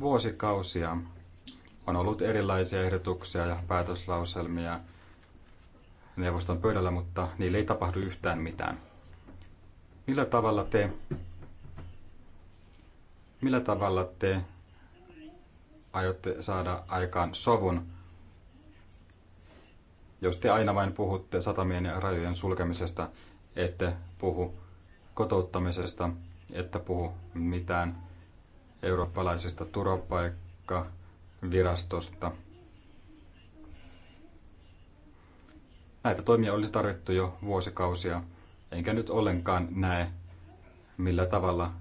vuosikausia on ollut erilaisia ehdotuksia ja päätöslauselmia neuvoston pöydällä, mutta niille ei tapahdu yhtään mitään. Millä tavalla te, millä tavalla te aiotte saada aikaan sovun, jos te aina vain puhutte satamien ja rajojen sulkemisesta ette puhu kotouttamisesta, ette puhu mitään eurooppalaisesta turvapaikkavirastosta. Näitä toimia olisi tarvittu jo vuosikausia, enkä nyt ollenkaan näe, millä tavalla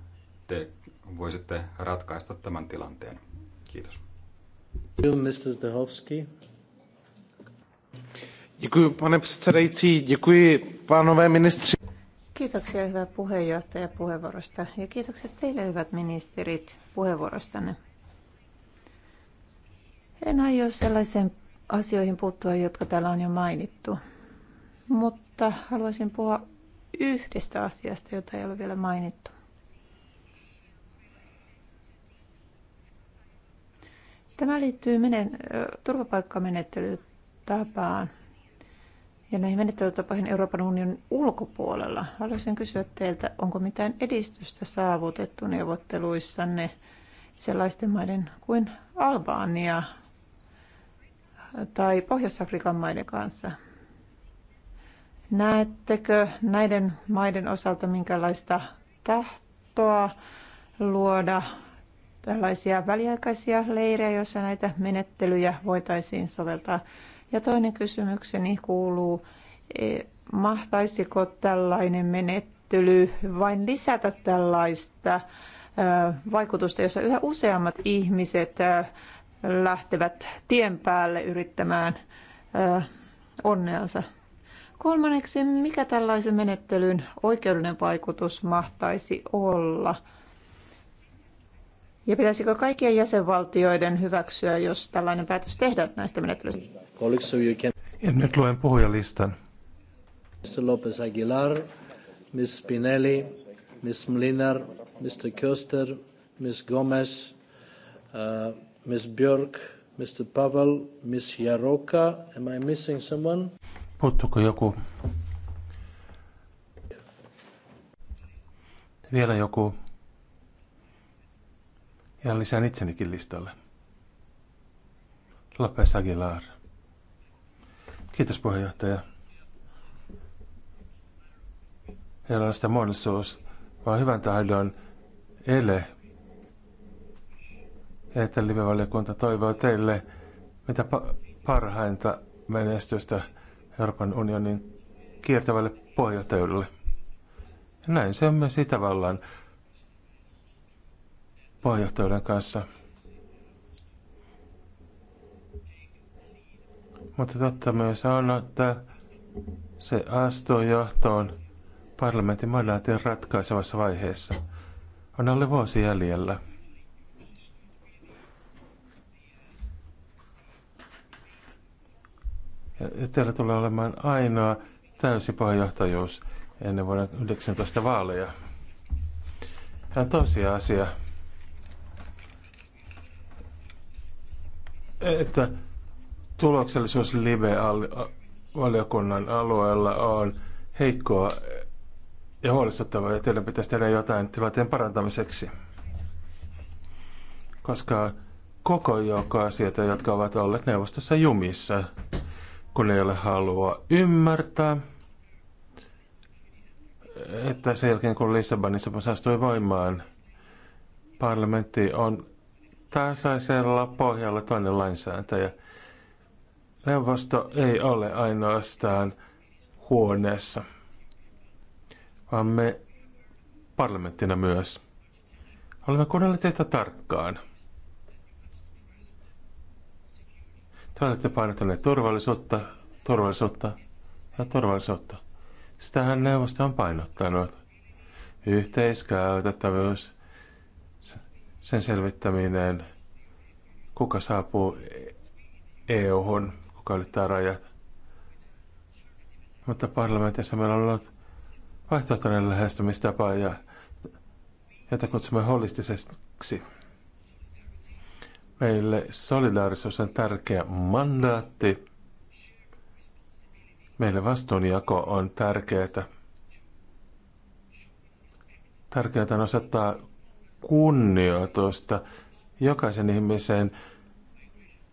te voisitte ratkaista tämän tilanteen. Kiitos. Mr. Děkuji, pane předsedající, děkuji pánové ministři. Kiitoksia hyvä puheenjohtaja puheenvuorosta ja kiitokset teille hyvät ministerit puheenvuorostanne. En aio sellaisen asioihin puuttua, jotka täällä on jo mainittu, mutta haluaisin puhua yhdestä asiasta, jota ei ole vielä mainittu. Tämä liittyy menen, turvapaikkamenettelytapaan ja näihin menettelytapoihin Euroopan unionin ulkopuolella. Haluaisin kysyä teiltä, onko mitään edistystä saavutettu neuvotteluissanne sellaisten maiden kuin Albania tai Pohjois-Afrikan maiden kanssa? Näettekö näiden maiden osalta minkälaista tahtoa luoda tällaisia väliaikaisia leirejä, joissa näitä menettelyjä voitaisiin soveltaa ja toinen kysymykseni kuuluu, e, mahtaisiko tällainen menettely vain lisätä tällaista e, vaikutusta, jossa yhä useammat ihmiset e, lähtevät tien päälle yrittämään onneansa. Kolmanneksi, mikä tällaisen menettelyn oikeudellinen vaikutus mahtaisi olla? Ja pitäisikö kaikkien jäsenvaltioiden hyväksyä, jos tällainen päätös tehdään näistä menettelyistä? Ja nyt luen puhujalistan. Mr. Lopez Aguilar, Ms. Spinelli, Ms. Mlinar, Mr. Köster, Ms. Gomez, uh, Ms. Björk, Mr. Pavel, Ms. Jaroka. Am I missing someone? Puuttuuko joku? Vielä joku? Ja lisään itsenikin listalle. Lopes Aguilar. Kiitos puheenjohtaja. Ei ole sitä mahdollisuus, vaan hyvän tahdon ele. Että live-valiokunta toivoo teille mitä parhainta menestystä Euroopan unionin kiertävälle puheenjohtajuudelle. Näin se on myös Itävallan puheenjohtajuuden kanssa. Mutta totta myös on, että se astuu johtoon parlamentin mandaatin ratkaisevassa vaiheessa. On alle vuosi jäljellä. Ja teillä tulee olemaan ainoa täysi puheenjohtajuus ennen vuoden 19 vaaleja. Tämä on asia. että tuloksellisuus Live-valiokunnan alueella on heikkoa ja huolestuttavaa, ja teidän pitäisi tehdä jotain tilanteen parantamiseksi. Koska koko joukko asioita, jotka ovat olleet neuvostossa jumissa, kun ei ole halua ymmärtää, että sen jälkeen kun Lissabonin sopimus astui voimaan, parlamentti on tasaisella pohjalla toinen lainsäätäjä. Neuvosto ei ole ainoastaan huoneessa, vaan me parlamenttina myös. Olemme kuunnelleet teitä tarkkaan. Te olette painottaneet turvallisuutta, turvallisuutta ja turvallisuutta. Sitähän neuvosto on painottanut. Yhteiskäytettävyys, sen selvittäminen, kuka saapuu EU-hun, kuka ylittää rajat. Mutta parlamentissa meillä on ollut vaihtoehtoinen lähestymistapa, ja, jota kutsumme holistiseksi. Meille solidaarisuus on tärkeä mandaatti. Meille vastuunjako on tärkeää. Tärkeää on osoittaa kunnioitusta jokaisen ihmisen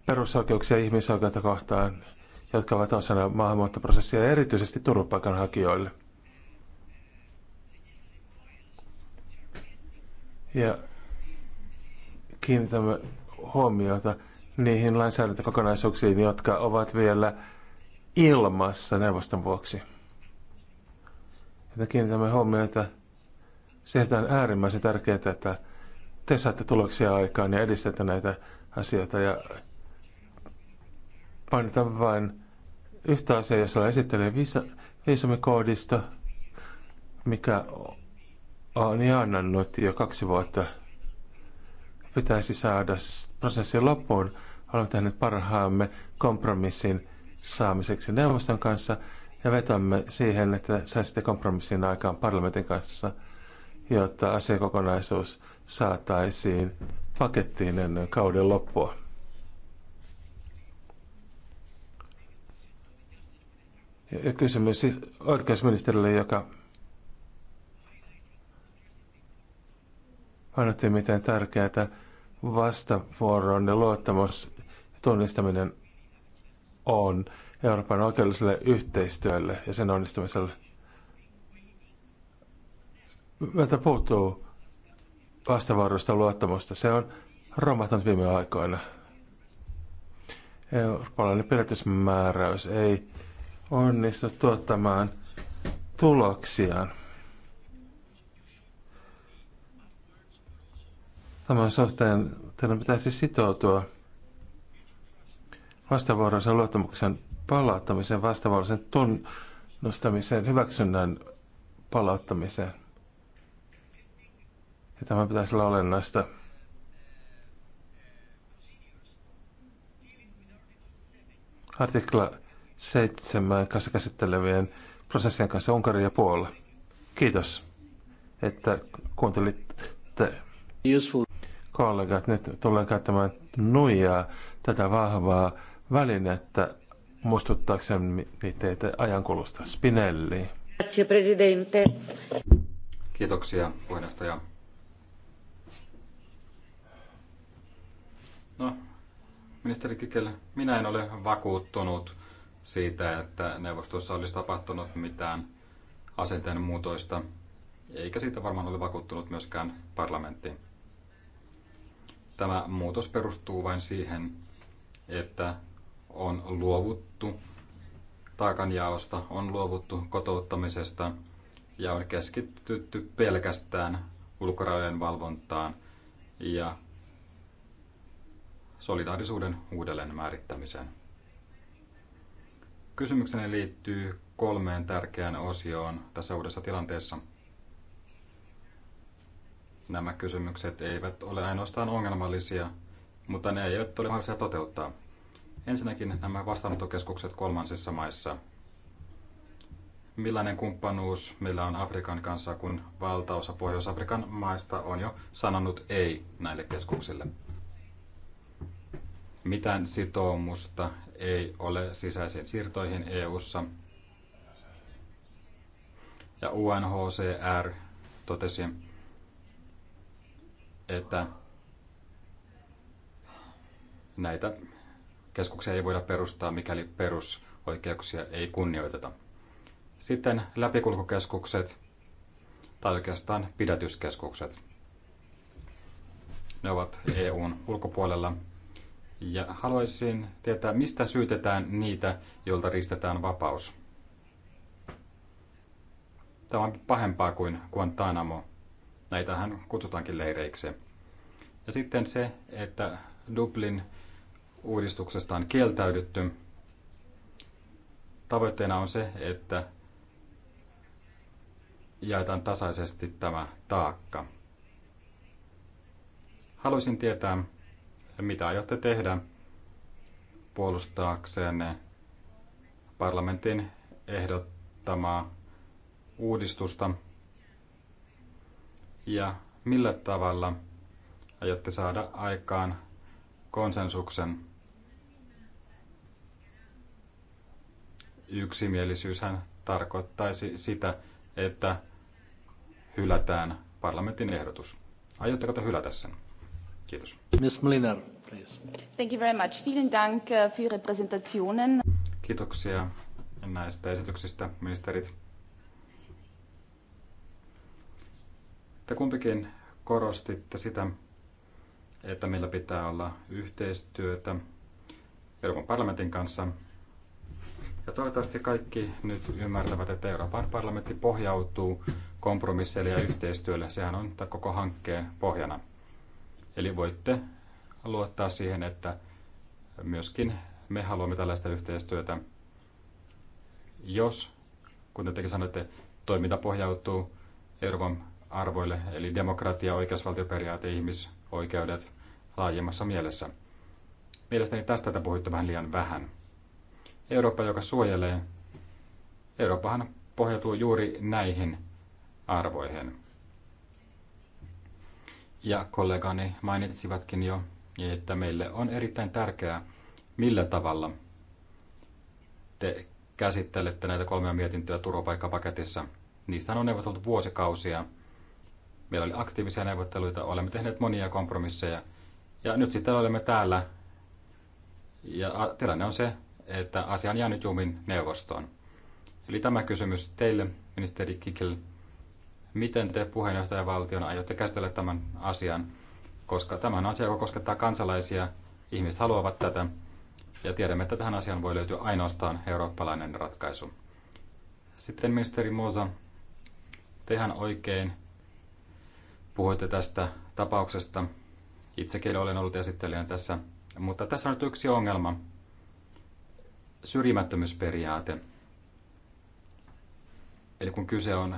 perusoikeuksia ihmisoikeutta kohtaan, jotka ovat osana maahanmuuttoprosessia ja erityisesti turvapaikanhakijoille. Ja kiinnitämme huomiota niihin lainsäädäntökokonaisuuksiin, jotka ovat vielä ilmassa neuvoston vuoksi. Että kiinnitämme huomiota Sieltä on äärimmäisen tärkeää, että te saatte tuloksia aikaan ja edistätte näitä asioita. Ja painetaan vain yhtä asiaa, jossa esittelee viisa, viisumikoodista, mikä on jaannannut jo kaksi vuotta. Pitäisi saada prosessin loppuun. Olemme tehneet parhaamme kompromissin saamiseksi neuvoston kanssa ja vetämme siihen, että saisitte kompromissin aikaan parlamentin kanssa – jotta asiakokonaisuus saataisiin pakettiin ennen kauden loppua. Ja kysymys oikeusministerille, joka painotti, miten tärkeää vastavuoroon ja luottamus ja tunnistaminen on Euroopan oikeudelliselle yhteistyölle ja sen onnistumiselle meiltä puuttuu vastavuoroista luottamusta. Se on romahtanut viime aikoina. Eurooppalainen pidätysmääräys ei onnistu tuottamaan tuloksiaan. Tämän suhteen teidän pitäisi sitoutua vastavuoroisen luottamuksen palauttamiseen, vastavuoroisen tunnustamiseen, hyväksynnän palauttamiseen. Ja tämä pitäisi olla olennaista. Artikla 7 kanssa käsittelevien prosessien kanssa Unkari ja Puola. Kiitos, että kuuntelitte. Useful. Kollegat, nyt tullaan käyttämään nuijaa tätä vahvaa välinettä muistuttaakseni teitä ajankulusta Spinelli. Kiitoksia puheenjohtaja. No, ministeri Kikel, minä en ole vakuuttunut siitä, että neuvostossa olisi tapahtunut mitään asenteen muutoista, eikä siitä varmaan ole vakuuttunut myöskään parlamentti. Tämä muutos perustuu vain siihen, että on luovuttu taakanjaosta, on luovuttu kotouttamisesta ja on keskitytty pelkästään ulkorajojen valvontaan ja solidaarisuuden uudelleen määrittämiseen. Kysymykseni liittyy kolmeen tärkeään osioon tässä uudessa tilanteessa. Nämä kysymykset eivät ole ainoastaan ongelmallisia, mutta ne eivät ole mahdollisia toteuttaa. Ensinnäkin nämä vastaanottokeskukset kolmansissa maissa. Millainen kumppanuus meillä on Afrikan kanssa, kun valtaosa Pohjois-Afrikan maista on jo sanonut ei näille keskuksille? Mitään sitoumusta ei ole sisäisiin siirtoihin EU:ssa. Ja UNHCR totesi, että näitä keskuksia ei voida perustaa, mikäli perusoikeuksia ei kunnioiteta. Sitten läpikulkukeskukset tai oikeastaan pidätyskeskukset. Ne ovat EUn ulkopuolella ja haluaisin tietää, mistä syytetään niitä, joilta riistetään vapaus. Tämä on pahempaa kuin Guantanamo. Näitähän kutsutaankin leireiksi. Ja sitten se, että Dublin uudistuksesta on kieltäydytty. Tavoitteena on se, että jaetaan tasaisesti tämä taakka. Haluaisin tietää, ja mitä aiotte tehdä puolustaaksenne parlamentin ehdottamaa uudistusta? Ja millä tavalla aiotte saada aikaan konsensuksen? Yksimielisyyshän tarkoittaisi sitä, että hylätään parlamentin ehdotus. Aiotteko te hylätä sen? Kiitos. Ms. Mlinar, please. Thank you very much. Vielen Dank äh, für Ihre Präsentationen. Kiitoksia näistä esityksistä, ministerit. Te kumpikin korostitte sitä, että meillä pitää olla yhteistyötä Euroopan parlamentin kanssa. Ja toivottavasti kaikki nyt ymmärtävät, että Euroopan parlamentti pohjautuu kompromisseille ja yhteistyölle. Sehän on koko hankkeen pohjana. Eli voitte luottaa siihen, että myöskin me haluamme tällaista yhteistyötä. Jos, kuten tekin sanoitte, toiminta pohjautuu Euroopan arvoille, eli demokratia, oikeusvaltioperiaate, ihmisoikeudet laajemmassa mielessä. Mielestäni tästä te puhuitte vähän liian vähän. Eurooppa, joka suojelee, Eurooppahan pohjautuu juuri näihin arvoihin ja kollegani mainitsivatkin jo, että meille on erittäin tärkeää, millä tavalla te käsittelette näitä kolmea mietintöä turvapaikkapaketissa. Niistä on neuvoteltu vuosikausia. Meillä oli aktiivisia neuvotteluita, olemme tehneet monia kompromisseja. Ja nyt sitten olemme täällä. Ja tilanne on se, että asia on jäänyt jumin neuvostoon. Eli tämä kysymys teille, ministeri Kikkel miten te puheenjohtajavaltiona aiotte käsitellä tämän asian, koska tämä on asia, joka koskettaa kansalaisia, ihmiset haluavat tätä, ja tiedämme, että tähän asiaan voi löytyä ainoastaan eurooppalainen ratkaisu. Sitten ministeri Moza tehän oikein puhuitte tästä tapauksesta. Itsekin olen ollut esittelijänä tässä, mutta tässä on nyt yksi ongelma, syrjimättömyysperiaate. Eli kun kyse on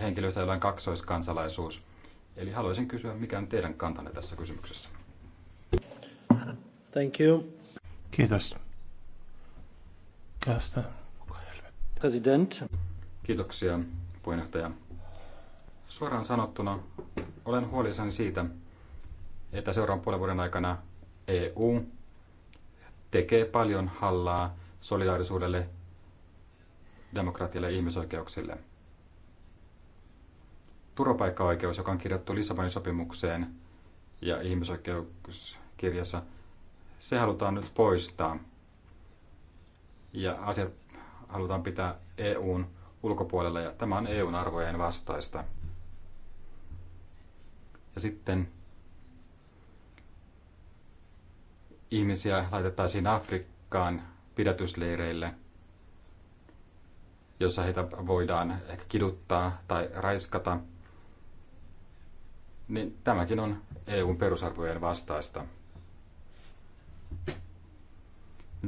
henkilöistä, joilla on kaksoiskansalaisuus. Eli haluaisin kysyä, mikä on teidän kantanne tässä kysymyksessä? Thank you. Kiitos. Kästä. President. Kiitoksia, puheenjohtaja. Suoraan sanottuna olen huolissani siitä, että seuraavan puolen vuoden aikana EU tekee paljon hallaa solidaarisuudelle, demokratialle ja ihmisoikeuksille – turvapaikkaoikeus, joka on kirjattu Lissabonin sopimukseen ja ihmisoikeuskirjassa, se halutaan nyt poistaa. Ja asiat halutaan pitää EUn ulkopuolella ja tämä on EUn arvojen vastaista. Ja sitten ihmisiä laitettaisiin Afrikkaan pidätysleireille, jossa heitä voidaan ehkä kiduttaa tai raiskata – niin tämäkin on EUn perusarvojen vastaista.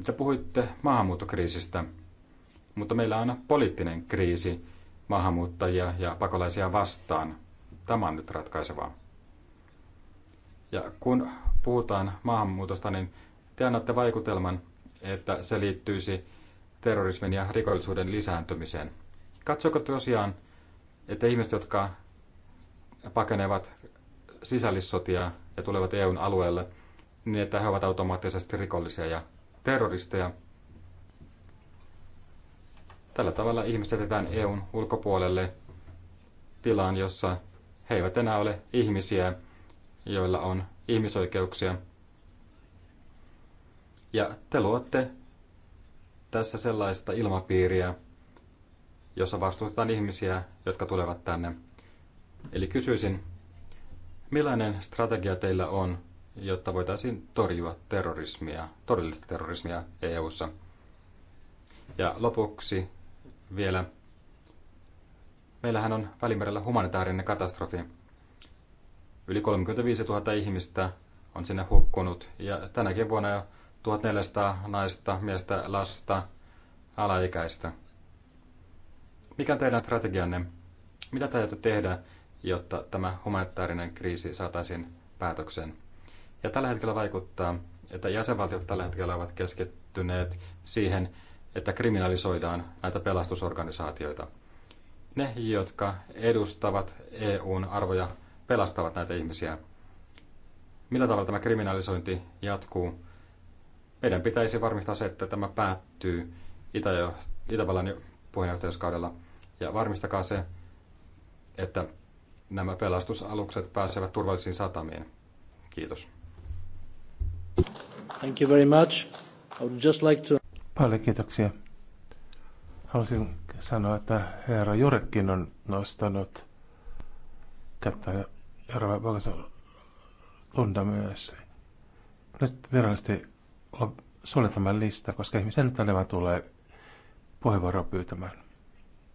Te puhuitte maahanmuuttokriisistä, mutta meillä on poliittinen kriisi maahanmuuttajia ja pakolaisia vastaan. Tämä on nyt ratkaisevaa. Ja kun puhutaan maahanmuutosta, niin te annatte vaikutelman, että se liittyisi terrorismin ja rikollisuuden lisääntymiseen. Katsoiko tosiaan, että ihmiset, jotka pakenevat sisällissotia ja tulevat EUn alueelle, niin että he ovat automaattisesti rikollisia ja terroristeja. Tällä tavalla ihmiset jätetään EUn ulkopuolelle tilaan, jossa he eivät enää ole ihmisiä, joilla on ihmisoikeuksia. Ja te luotte tässä sellaista ilmapiiriä, jossa vastustetaan ihmisiä, jotka tulevat tänne. Eli kysyisin, Millainen strategia teillä on, jotta voitaisiin torjua terrorismia, todellista terrorismia EU:ssa? Ja lopuksi vielä, meillähän on Välimerellä humanitaarinen katastrofi. Yli 35 000 ihmistä on sinne hukkunut ja tänäkin vuonna jo 1400 naista, miestä, lasta, alaikäistä. Mikä on teidän strategianne? Mitä te aiotte tehdä, jotta tämä humanitaarinen kriisi saataisiin päätökseen. Ja tällä hetkellä vaikuttaa, että jäsenvaltiot tällä hetkellä ovat keskittyneet siihen, että kriminalisoidaan näitä pelastusorganisaatioita. Ne, jotka edustavat EUn arvoja, pelastavat näitä ihmisiä. Millä tavalla tämä kriminalisointi jatkuu? Meidän pitäisi varmistaa se, että tämä päättyy Itä- ja Itävallan puheenjohtajuuskaudella. Ja varmistakaa se, että nämä pelastusalukset pääsevät turvallisiin satamiin. Kiitos. Thank you very much. I would just like to... Paljon kiitoksia. Haluaisin sanoa, että herra Jurekin on nostanut kättä Jarva Tunda myös. Nyt virallisesti tämän lista, koska ihmisen nyt tulee puheenvuoroa pyytämään.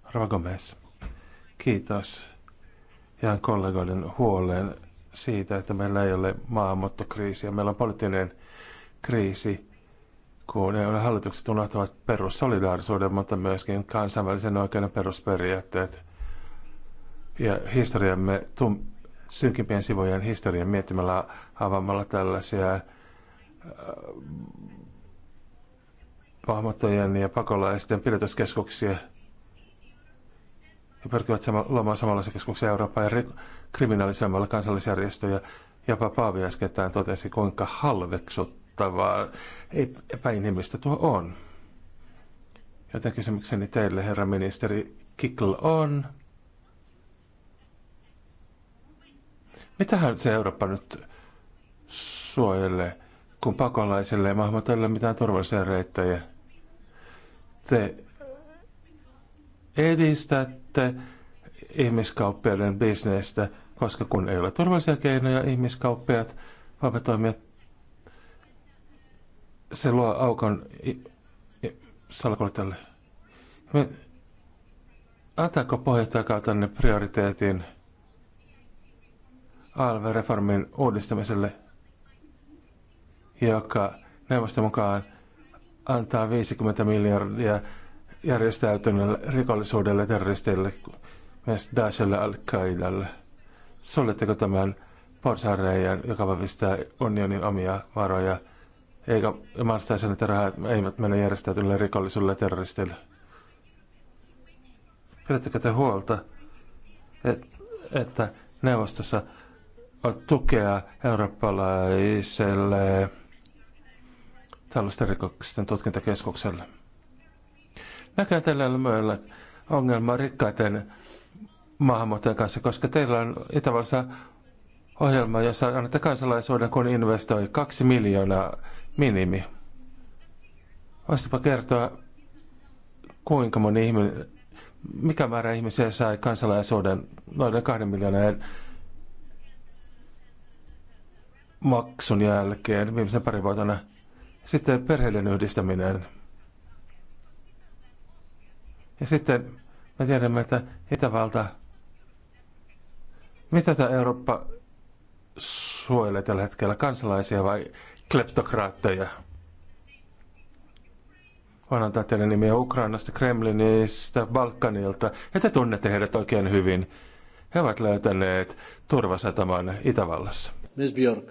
Rava Gomez, kiitos jaan kollegoiden huoleen siitä, että meillä ei ole maahanmuuttokriisiä. Meillä on poliittinen kriisi, kun ei ole hallitukset unohtavat perussolidaarisuuden, mutta myöskin kansainvälisen oikeuden perusperiaatteet. Ja historiamme, tum, synkimpien sivujen historian miettimällä avaamalla tällaisia äh, ja pakolaisten pidätyskeskuksia – he pyrkivät sama, luomaan samanlaisia keskuksia Eurooppaan ja ri- kriminalisoimalla kansallisjärjestöjä. Jopa Paavi äskettäin totesi, kuinka halveksuttavaa epäinhimillistä tuo on. Joten kysymykseni teille, herra ministeri Kikl, on... Mitähän se Eurooppa nyt suojelee, kun pakolaisille ei maahanmuuttajille mitään turvallisia reittejä? Te edistätte ihmiskauppiaiden bisnestä, koska kun ei ole turvallisia keinoja, ihmiskauppiaat voivat toimia. Se luo aukon salakuljettajalle. tälle. Me, antaako puheenjohtajakautanne prioriteetin ALV-reformin uudistamiselle, joka neuvoston mukaan antaa 50 miljardia järjestäytyneelle rikollisuudelle, terroristeille, myös Daeshille, Al-Qaidalle. Suljetteko tämän porsareijan, joka vahvistaa unionin omia varoja, eikä maasta sen, että rahat eivät mene järjestäytyneelle rikollisuudelle ja terroristeille? Pidättekö te huolta, et, että neuvostossa on tukea eurooppalaiselle tällaisten rikoksisten tutkintakeskukselle? näkää tällä myöllä ongelmaa rikkaiden maahanmuuttajien kanssa, koska teillä on Itävallassa ohjelma, jossa annatte kansalaisuuden, kun investoi kaksi miljoonaa minimi. Voisitpa kertoa, kuinka moni ihminen, mikä määrä ihmisiä sai kansalaisuuden noiden kahden miljoonan maksun jälkeen viimeisen parin vuotena. Sitten perheiden yhdistäminen. Ja sitten me tiedämme, että Itävalta, mitä tämä Eurooppa suojelee tällä hetkellä, kansalaisia vai kleptokraatteja? Voin antaa teille nimiä Ukrainasta, Kremlinistä, Balkanilta, ja te tunnette heidät oikein hyvin. He ovat löytäneet turvasataman Itävallassa. Miss Björk.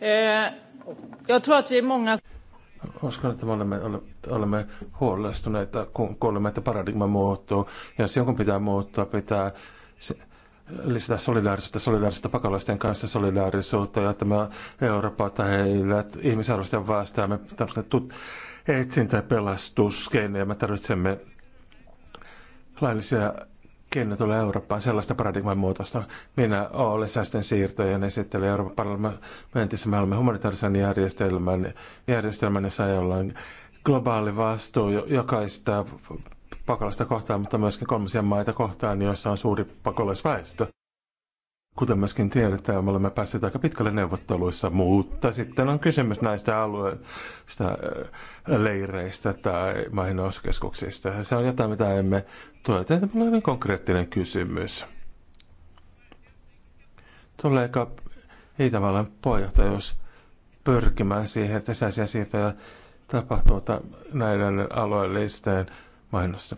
Eh, jag tror att vi är många... Uskon, että me olemme, olemme huolestuneita, kun kuulemme, että paradigma muuttuu. Ja jos jonkun pitää muuttua, pitää lisätä solidaarisuutta, solidaarisuutta pakolaisten kanssa, solidaarisuutta, jotta me Eurooppa tai heille ihmisarvoista vastaan. Me tarvitsemme etsintä- ja pelastuskeinoja. Me tarvitsemme laillisia Kenellä tulee Eurooppaan sellaista paradigman muutosta? Minä olen säästen siirtojen esittely Euroopan parlamentissa. Me olemme humanitaarisen järjestelmän, järjestelmän jossa ei globaali vastuu jokaista pakolaista kohtaan, mutta myöskin kolmisia maita kohtaan, joissa on suuri pakolaisväestö. Kuten myöskin tiedetään, me olemme päässeet aika pitkälle neuvotteluissa, mutta sitten on kysymys näistä alueista, leireistä tai maihin Se on jotain, mitä emme Tuo teiltä on hyvin konkreettinen kysymys. Tuleeko Itävallan puheenjohtajuus pyrkimään siihen, että sisäisiä siirtoja tapahtuu näiden alueellisten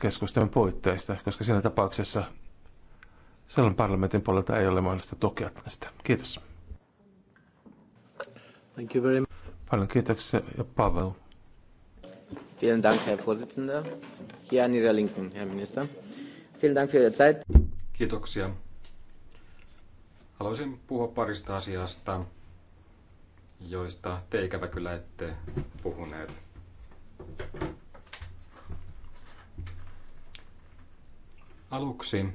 keskustelun puitteista, koska siinä tapauksessa silloin parlamentin puolelta ei ole mahdollista tukea tästä. Kiitos. Thank you very much. Paljon kiitoksia ja Pavel. Vielen Dank, Herr Vorsitzender. Hier an Ihrer Linken, Herr Minister. Vielen Dank für Ihre Zeit. Kiitoksia. Haluaisin puhua parista asiasta, joista te ikävä kyllä ette puhuneet. Aluksi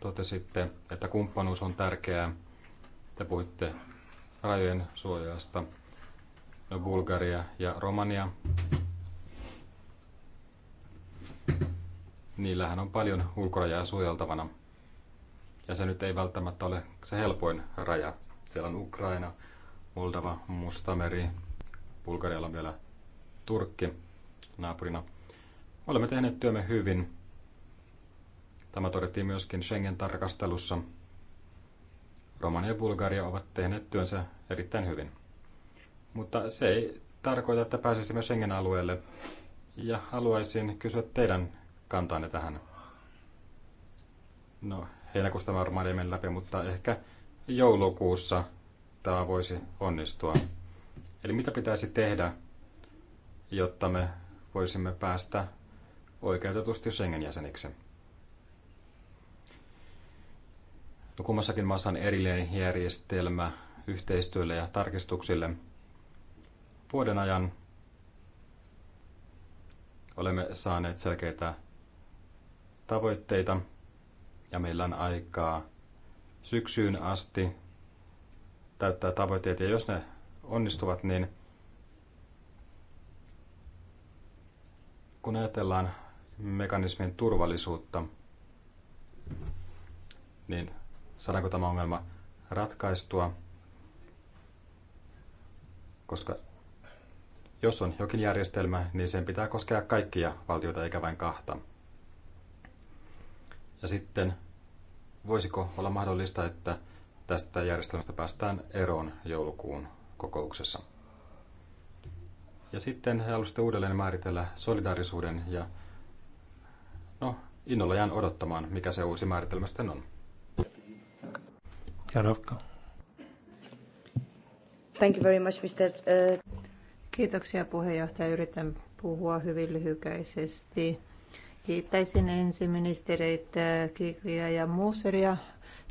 totesitte, että kumppanuus on tärkeää. Te puhuitte rajojen suojasta. No Bulgaria ja Romania niillähän on paljon ulkorajaa suojeltavana. Ja se nyt ei välttämättä ole se helpoin raja. Siellä on Ukraina, Moldova, Mustameri, Bulgarialla on vielä Turkki naapurina. Olemme tehneet työmme hyvin. Tämä todettiin myöskin Schengen-tarkastelussa. Romania ja Bulgaria ovat tehneet työnsä erittäin hyvin. Mutta se ei tarkoita, että pääsisimme Schengen-alueelle. Ja haluaisin kysyä teidän Kantaa ne tähän? No, heinäkuusta varmaan ei mene läpi, mutta ehkä joulukuussa tämä voisi onnistua. Eli mitä pitäisi tehdä, jotta me voisimme päästä oikeutetusti Schengen-jäseniksi? No, kummassakin maassa on erillinen järjestelmä yhteistyölle ja tarkistuksille. Vuoden ajan olemme saaneet selkeitä tavoitteita ja meillä on aikaa syksyyn asti täyttää tavoitteet ja jos ne onnistuvat, niin kun ajatellaan mekanismin turvallisuutta, niin saadaanko tämä ongelma ratkaistua, koska jos on jokin järjestelmä, niin sen pitää koskea kaikkia valtioita eikä vain kahta. Ja sitten voisiko olla mahdollista, että tästä järjestelmästä päästään eroon joulukuun kokouksessa. Ja sitten he halusivat uudelleen määritellä solidaarisuuden ja no, innolla jään odottamaan, mikä se uusi määritelmä sitten on. Jarovka. Thank you very much, Mr. Uh, Kiitoksia puheenjohtaja. Yritän puhua hyvin lyhykäisesti. Kiittäisin ensin ministereitä Kikriä ja Muuseria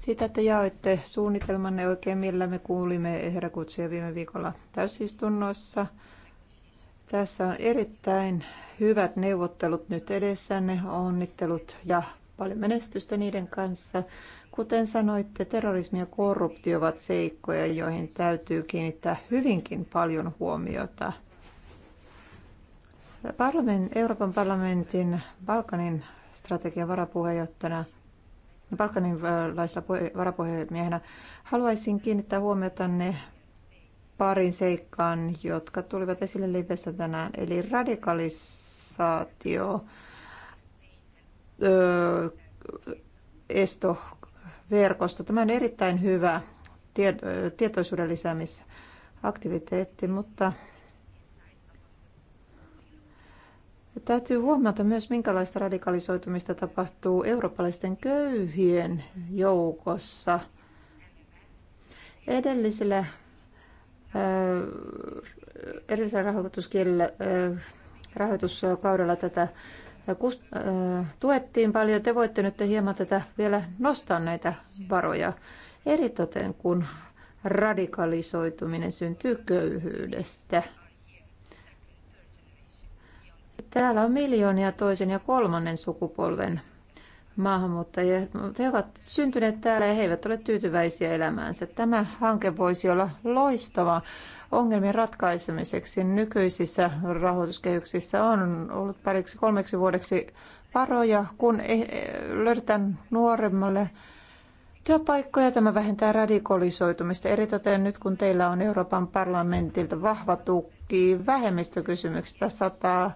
siitä, että jaoitte suunnitelmanne oikein, millä me kuulimme herra viime viikolla täysistunnossa. Tässä on erittäin hyvät neuvottelut nyt edessänne, onnittelut ja paljon menestystä niiden kanssa. Kuten sanoitte, terrorismi ja korruptio ovat seikkoja, joihin täytyy kiinnittää hyvinkin paljon huomiota. Parlament, Euroopan parlamentin Balkanin strategian varapuheenjohtajana balkanilaisella äh, varapuheenjohtajana haluaisin kiinnittää huomiota ne parin seikkaan, jotka tulivat esille livessä tänään, eli radikalisaatio, öö, esto, verkosto. Tämä on erittäin hyvä tietoisuuden lisäämisaktiviteetti, mutta Täytyy huomata myös, minkälaista radikalisoitumista tapahtuu eurooppalaisten köyhien joukossa. Edellisellä, edellisellä rahoituskielellä, rahoituskaudella tätä tuettiin paljon. Te voitte nyt hieman tätä vielä nostaa näitä varoja. Eritoten kun radikalisoituminen syntyy köyhyydestä. Täällä on miljoonia toisen ja kolmannen sukupolven maahanmuuttajia. He ovat syntyneet täällä ja he eivät ole tyytyväisiä elämäänsä. Tämä hanke voisi olla loistava ongelmien ratkaisemiseksi. Nykyisissä rahoituskehyksissä on ollut pariksi kolmeksi vuodeksi varoja, kun e- e- löydetään nuoremmalle työpaikkoja. Tämä vähentää radikalisoitumista. Eritoten nyt kun teillä on Euroopan parlamentilta vahva tuki vähemmistökysymyksistä 100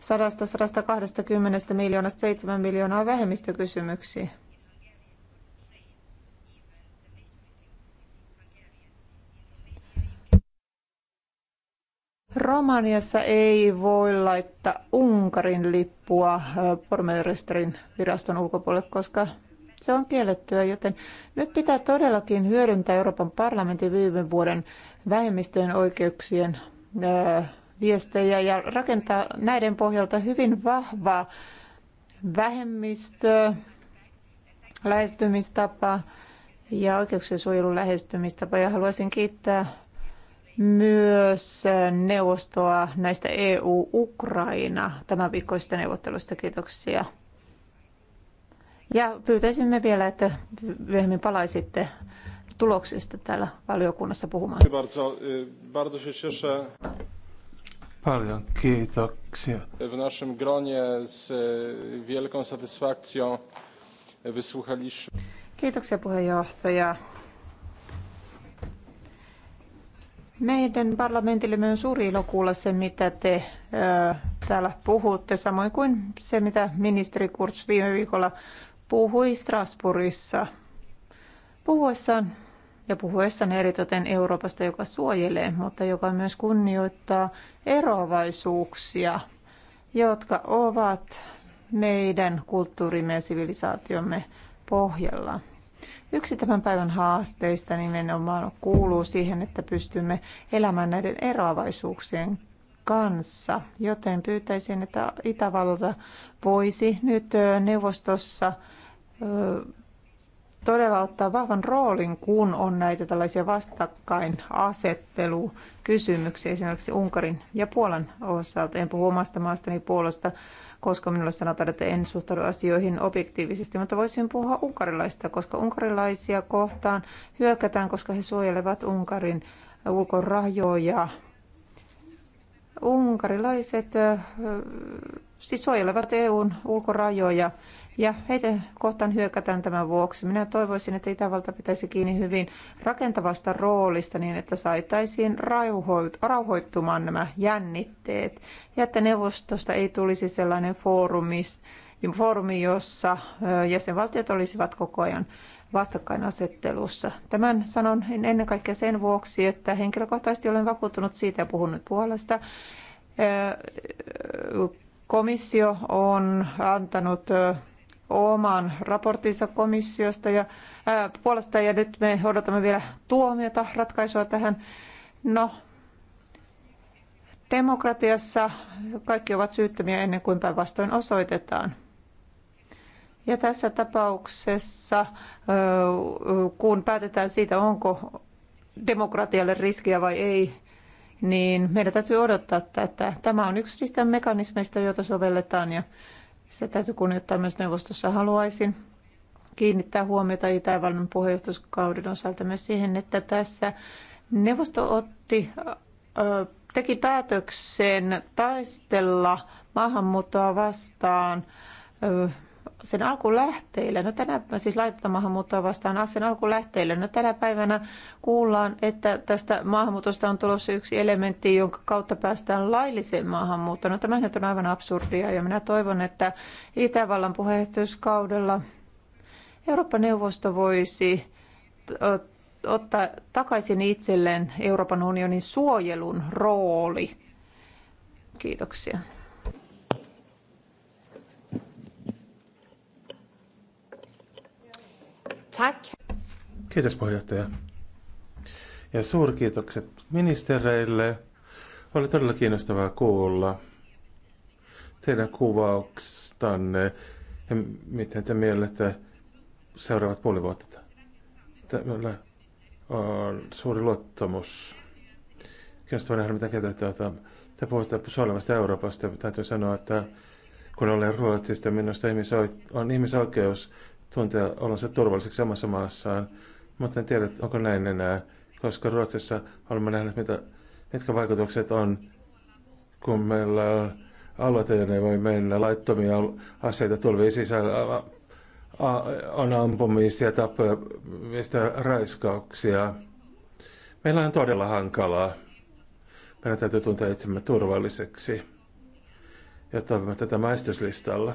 100-120 miljoonasta 7 miljoonaa vähemmistökysymyksiä. Romaniassa ei voi laittaa Unkarin lippua pormestarin viraston ulkopuolelle, koska se on kiellettyä, joten nyt pitää todellakin hyödyntää Euroopan parlamentin viime vuoden vähemmistöjen oikeuksien viestejä ja rakentaa näiden pohjalta hyvin vahva vähemmistö, lähestymistapa ja oikeuksien suojelun lähestymistapa. Ja haluaisin kiittää myös neuvostoa näistä EU-Ukraina tämän viikkoista neuvotteluista. Kiitoksia. Ja pyytäisimme vielä, että myöhemmin palaisitte tuloksista täällä valiokunnassa puhumaan. Paljon kiitoksia. W naszym gronie z e, wielką satysfakcją wysłuchaliśmy. Kiitoksia puheenjohtaja. Meidän parlamentille on suuri ilo kuulla se, mitä te ö, e, täällä puhutte, samoin kuin se, mitä ministeri Kurz viime viikolla puhui Strasbourgissa. Puhuessaan ja puhuessaan eritoten Euroopasta, joka suojelee, mutta joka myös kunnioittaa eroavaisuuksia, jotka ovat meidän kulttuurimme ja sivilisaatiomme pohjalla. Yksi tämän päivän haasteista nimenomaan kuuluu siihen, että pystymme elämään näiden eroavaisuuksien kanssa, joten pyytäisin, että Itävalta voisi nyt neuvostossa todella ottaa vahvan roolin, kun on näitä tällaisia vastakkainasettelukysymyksiä esimerkiksi Unkarin ja Puolan osalta. En puhu omasta maastani Puolasta, koska minulle sanotaan, että en suhtaudu asioihin objektiivisesti, mutta voisin puhua unkarilaista, koska unkarilaisia kohtaan hyökätään, koska he suojelevat Unkarin ulkorajoja. Unkarilaiset siis suojelevat EUn ulkorajoja ja heitä kohtaan hyökätään tämän vuoksi. Minä toivoisin, että Itävalta pitäisi kiinni hyvin rakentavasta roolista niin, että saitaisiin rauhoittumaan nämä jännitteet ja että neuvostosta ei tulisi sellainen foorumis, foorumi, jossa jäsenvaltiot olisivat koko ajan vastakkainasettelussa. Tämän sanon ennen kaikkea sen vuoksi, että henkilökohtaisesti olen vakuuttunut siitä ja puhunut puolesta. Komissio on antanut oman raporttinsa komissiosta ja ää, puolesta ja nyt me odotamme vielä tuomiota, ratkaisua tähän. No, demokratiassa kaikki ovat syyttömiä ennen kuin päinvastoin osoitetaan. Ja tässä tapauksessa, kun päätetään siitä, onko demokratialle riskiä vai ei, niin meidän täytyy odottaa tätä. Tämä on yksi niistä mekanismeista, joita sovelletaan ja sitä täytyy kunnioittaa myös neuvostossa. Haluaisin kiinnittää huomiota Itävallan puheenjohtajuuskauden osalta myös siihen, että tässä neuvosto otti, teki päätöksen taistella maahanmuuttoa vastaan sen alkulähteillä, no tänä, siis laitetaan maahanmuuttoa vastaan sen alkulähteillä, no tänä päivänä kuullaan, että tästä maahanmuutosta on tulossa yksi elementti, jonka kautta päästään lailliseen maahanmuuttoon. No tämä nyt on aivan absurdia ja minä toivon, että Itävallan puheenjohtajuuskaudella Eurooppa-neuvosto voisi ottaa takaisin itselleen Euroopan unionin suojelun rooli. Kiitoksia. Tack. Kiitos puheenjohtaja. Ja suurkiitokset ministereille. Oli todella kiinnostavaa kuulla teidän kuvaukstanne ja miten te mielette seuraavat puoli vuotta. Tämä on suuri luottamus. Kiinnostavaa nähdä, mitä ketä tuota. te puhutte suolemasta Euroopasta. Täytyy sanoa, että kun olen Ruotsista, minusta ihmisoikeus, on ihmisoikeus tuntea olonsa turvalliseksi omassa maassaan, mutta en tiedä, onko näin enää, koska Ruotsissa olemme nähneet, mitä, mitkä vaikutukset on, kun meillä on alueita, jonne voi mennä laittomia aseita tulviin sisällä, on ampumisia, mistä raiskauksia. Meillä on todella hankalaa. Meidän täytyy tuntea itsemme turvalliseksi, jotta me tätä maistuslistalla.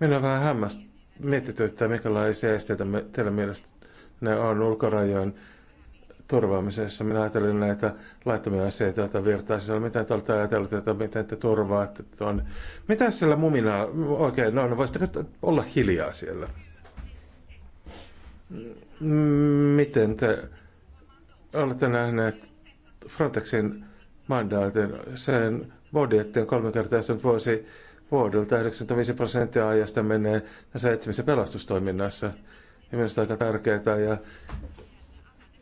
Minä vähän hämmästä mietityttää, minkälaisia esteitä me, teillä mielestä ne on ulkorajojen turvaamisessa. Minä ajattelin näitä laittomia aseita, joita virtaa sisällä. Mitä te olette ajatelleet, että miten te turvaatte tuon? Mitä siellä mumina oikein no, no Voisitteko olla hiljaa siellä? Miten te olette nähneet Frontexin mandaatin, sen budjettien kolmekertaisen vuosi vuodelta 95 prosenttia ajasta menee tässä etsimis- ja pelastustoiminnassa. Ja minusta aika tärkeää ja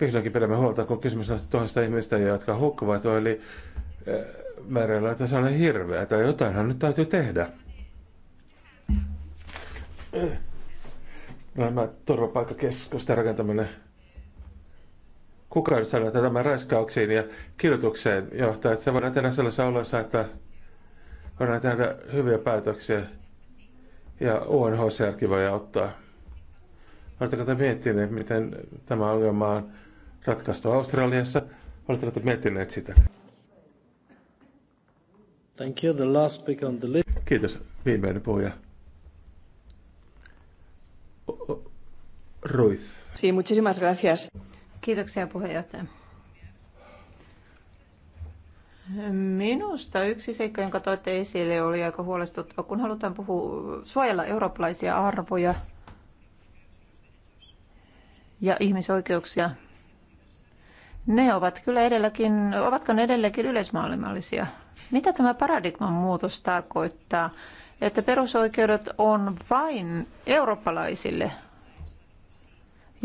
vihdoinkin pidämme huolta, kun kysymys on tuhansista ihmistä, jotka hukkuvat, eli eh, merellä, että se on hirveä, tai jotainhan nyt täytyy tehdä. Nämä turvapaikkakeskusten rakentaminen. Kukaan sanoo, että tämä raiskauksiin ja kirjoitukseen johtaa, että se voidaan tehdä sellaisessa oloissa, että voidaan tehdä hyviä päätöksiä ja UNHCRkin voi auttaa. Oletteko te miettineet, miten tämä ongelma on ratkaistu Australiassa? Oletteko te miettineet sitä? Thank you. The last pick on the list. Kiitos. Viimeinen puhuja. Ruiz. Sí, muchísimas gracias. Kiitoksia puheenjohtaja. Minusta yksi seikka, jonka toitte esille, oli aika huolestuttava, kun halutaan puhua, suojella eurooppalaisia arvoja ja ihmisoikeuksia. Ne ovat kyllä edelläkin, ovatko ne edelläkin yleismaailmallisia? Mitä tämä paradigman muutos tarkoittaa? Että perusoikeudet on vain eurooppalaisille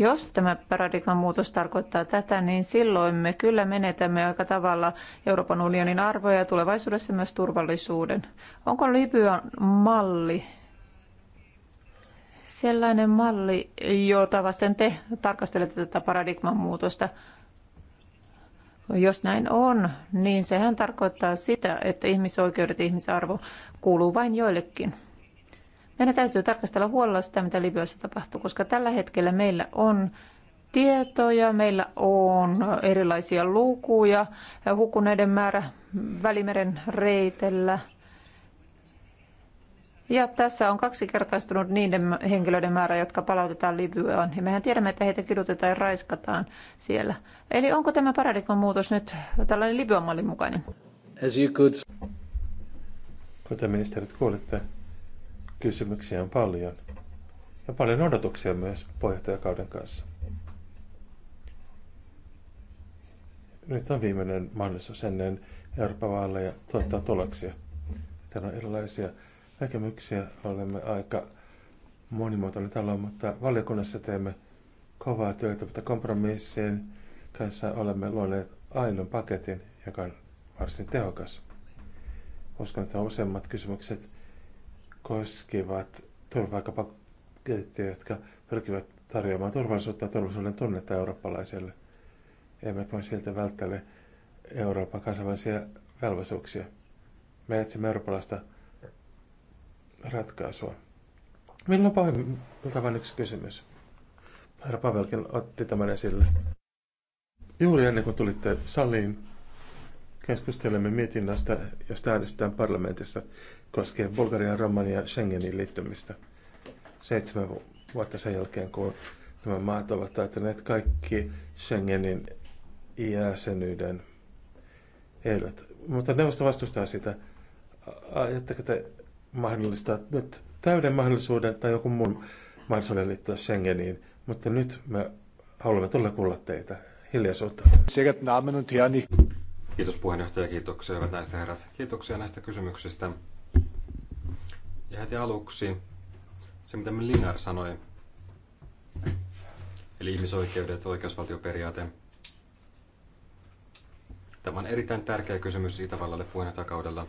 jos tämä paradigman muutos tarkoittaa tätä, niin silloin me kyllä menetämme aika tavalla Euroopan unionin arvoja ja tulevaisuudessa myös turvallisuuden. Onko Libyan malli sellainen malli, jota vasten te tarkastelette tätä paradigman muutosta? Jos näin on, niin sehän tarkoittaa sitä, että ihmisoikeudet ja ihmisarvo kuuluu vain joillekin. Meidän täytyy tarkastella huolella sitä, mitä Libyassa tapahtuu, koska tällä hetkellä meillä on tietoja, meillä on erilaisia lukuja, hukuneiden määrä Välimeren reitellä. Ja tässä on kaksinkertaistunut niiden henkilöiden määrä, jotka palautetaan Libyaan. Ja mehän tiedämme, että heitä kidutetaan ja raiskataan siellä. Eli onko tämä paradigman muutos nyt tällainen Libyan mallin mukainen? As you could. Kuten ministerit kuulette, Kysymyksiä on paljon. Ja paljon odotuksia myös puheenjohtajakauden kanssa. Nyt on viimeinen mahdollisuus ennen Euroopan vaaleja tuottaa tuloksia. Täällä on erilaisia näkemyksiä. Olemme aika monimuotoinen talo, mutta valiokunnassa teemme kovaa työtä, mutta kompromissien kanssa olemme luoneet ainoan paketin, joka on varsin tehokas. Uskon, että useimmat kysymykset koskevat turvapaikkapaketteja, jotka pyrkivät tarjoamaan turvallisuutta ja turvallisuuden tunnetta eurooppalaisille. Emmekä voi siltä välttele Euroopan kansainvälisiä velvollisuuksia. Me etsimme eurooppalaista ratkaisua. Meillä on pahimmiltaan vain yksi kysymys. Herra Pavelkin otti tämän esille. Juuri ennen kuin tulitte saliin, Keskustelemme mietinnöstä, josta äänestetään parlamentissa koskien Bulgarian, Romanian ja Schengenin liittymistä. Seitsemän vuotta sen jälkeen, kun nämä maat ovat täyttäneet kaikki Schengenin jäsenyyden ehdot. Mutta neuvosto vastustaa sitä. Ajatteko te mahdollistaa nyt täyden mahdollisuuden tai joku muun mahdollisuuden liittyä Schengeniin, mutta nyt me haluamme tulla kuulla teitä. Hiljaisuutta. Kiitos puheenjohtaja, kiitoksia hyvät näistä herrat. Kiitoksia näistä kysymyksistä. Ja heti aluksi se, mitä Linnar sanoi, eli ihmisoikeudet, oikeusvaltioperiaate. Tämä on erittäin tärkeä kysymys Itävallalle puheenjohtajakaudella.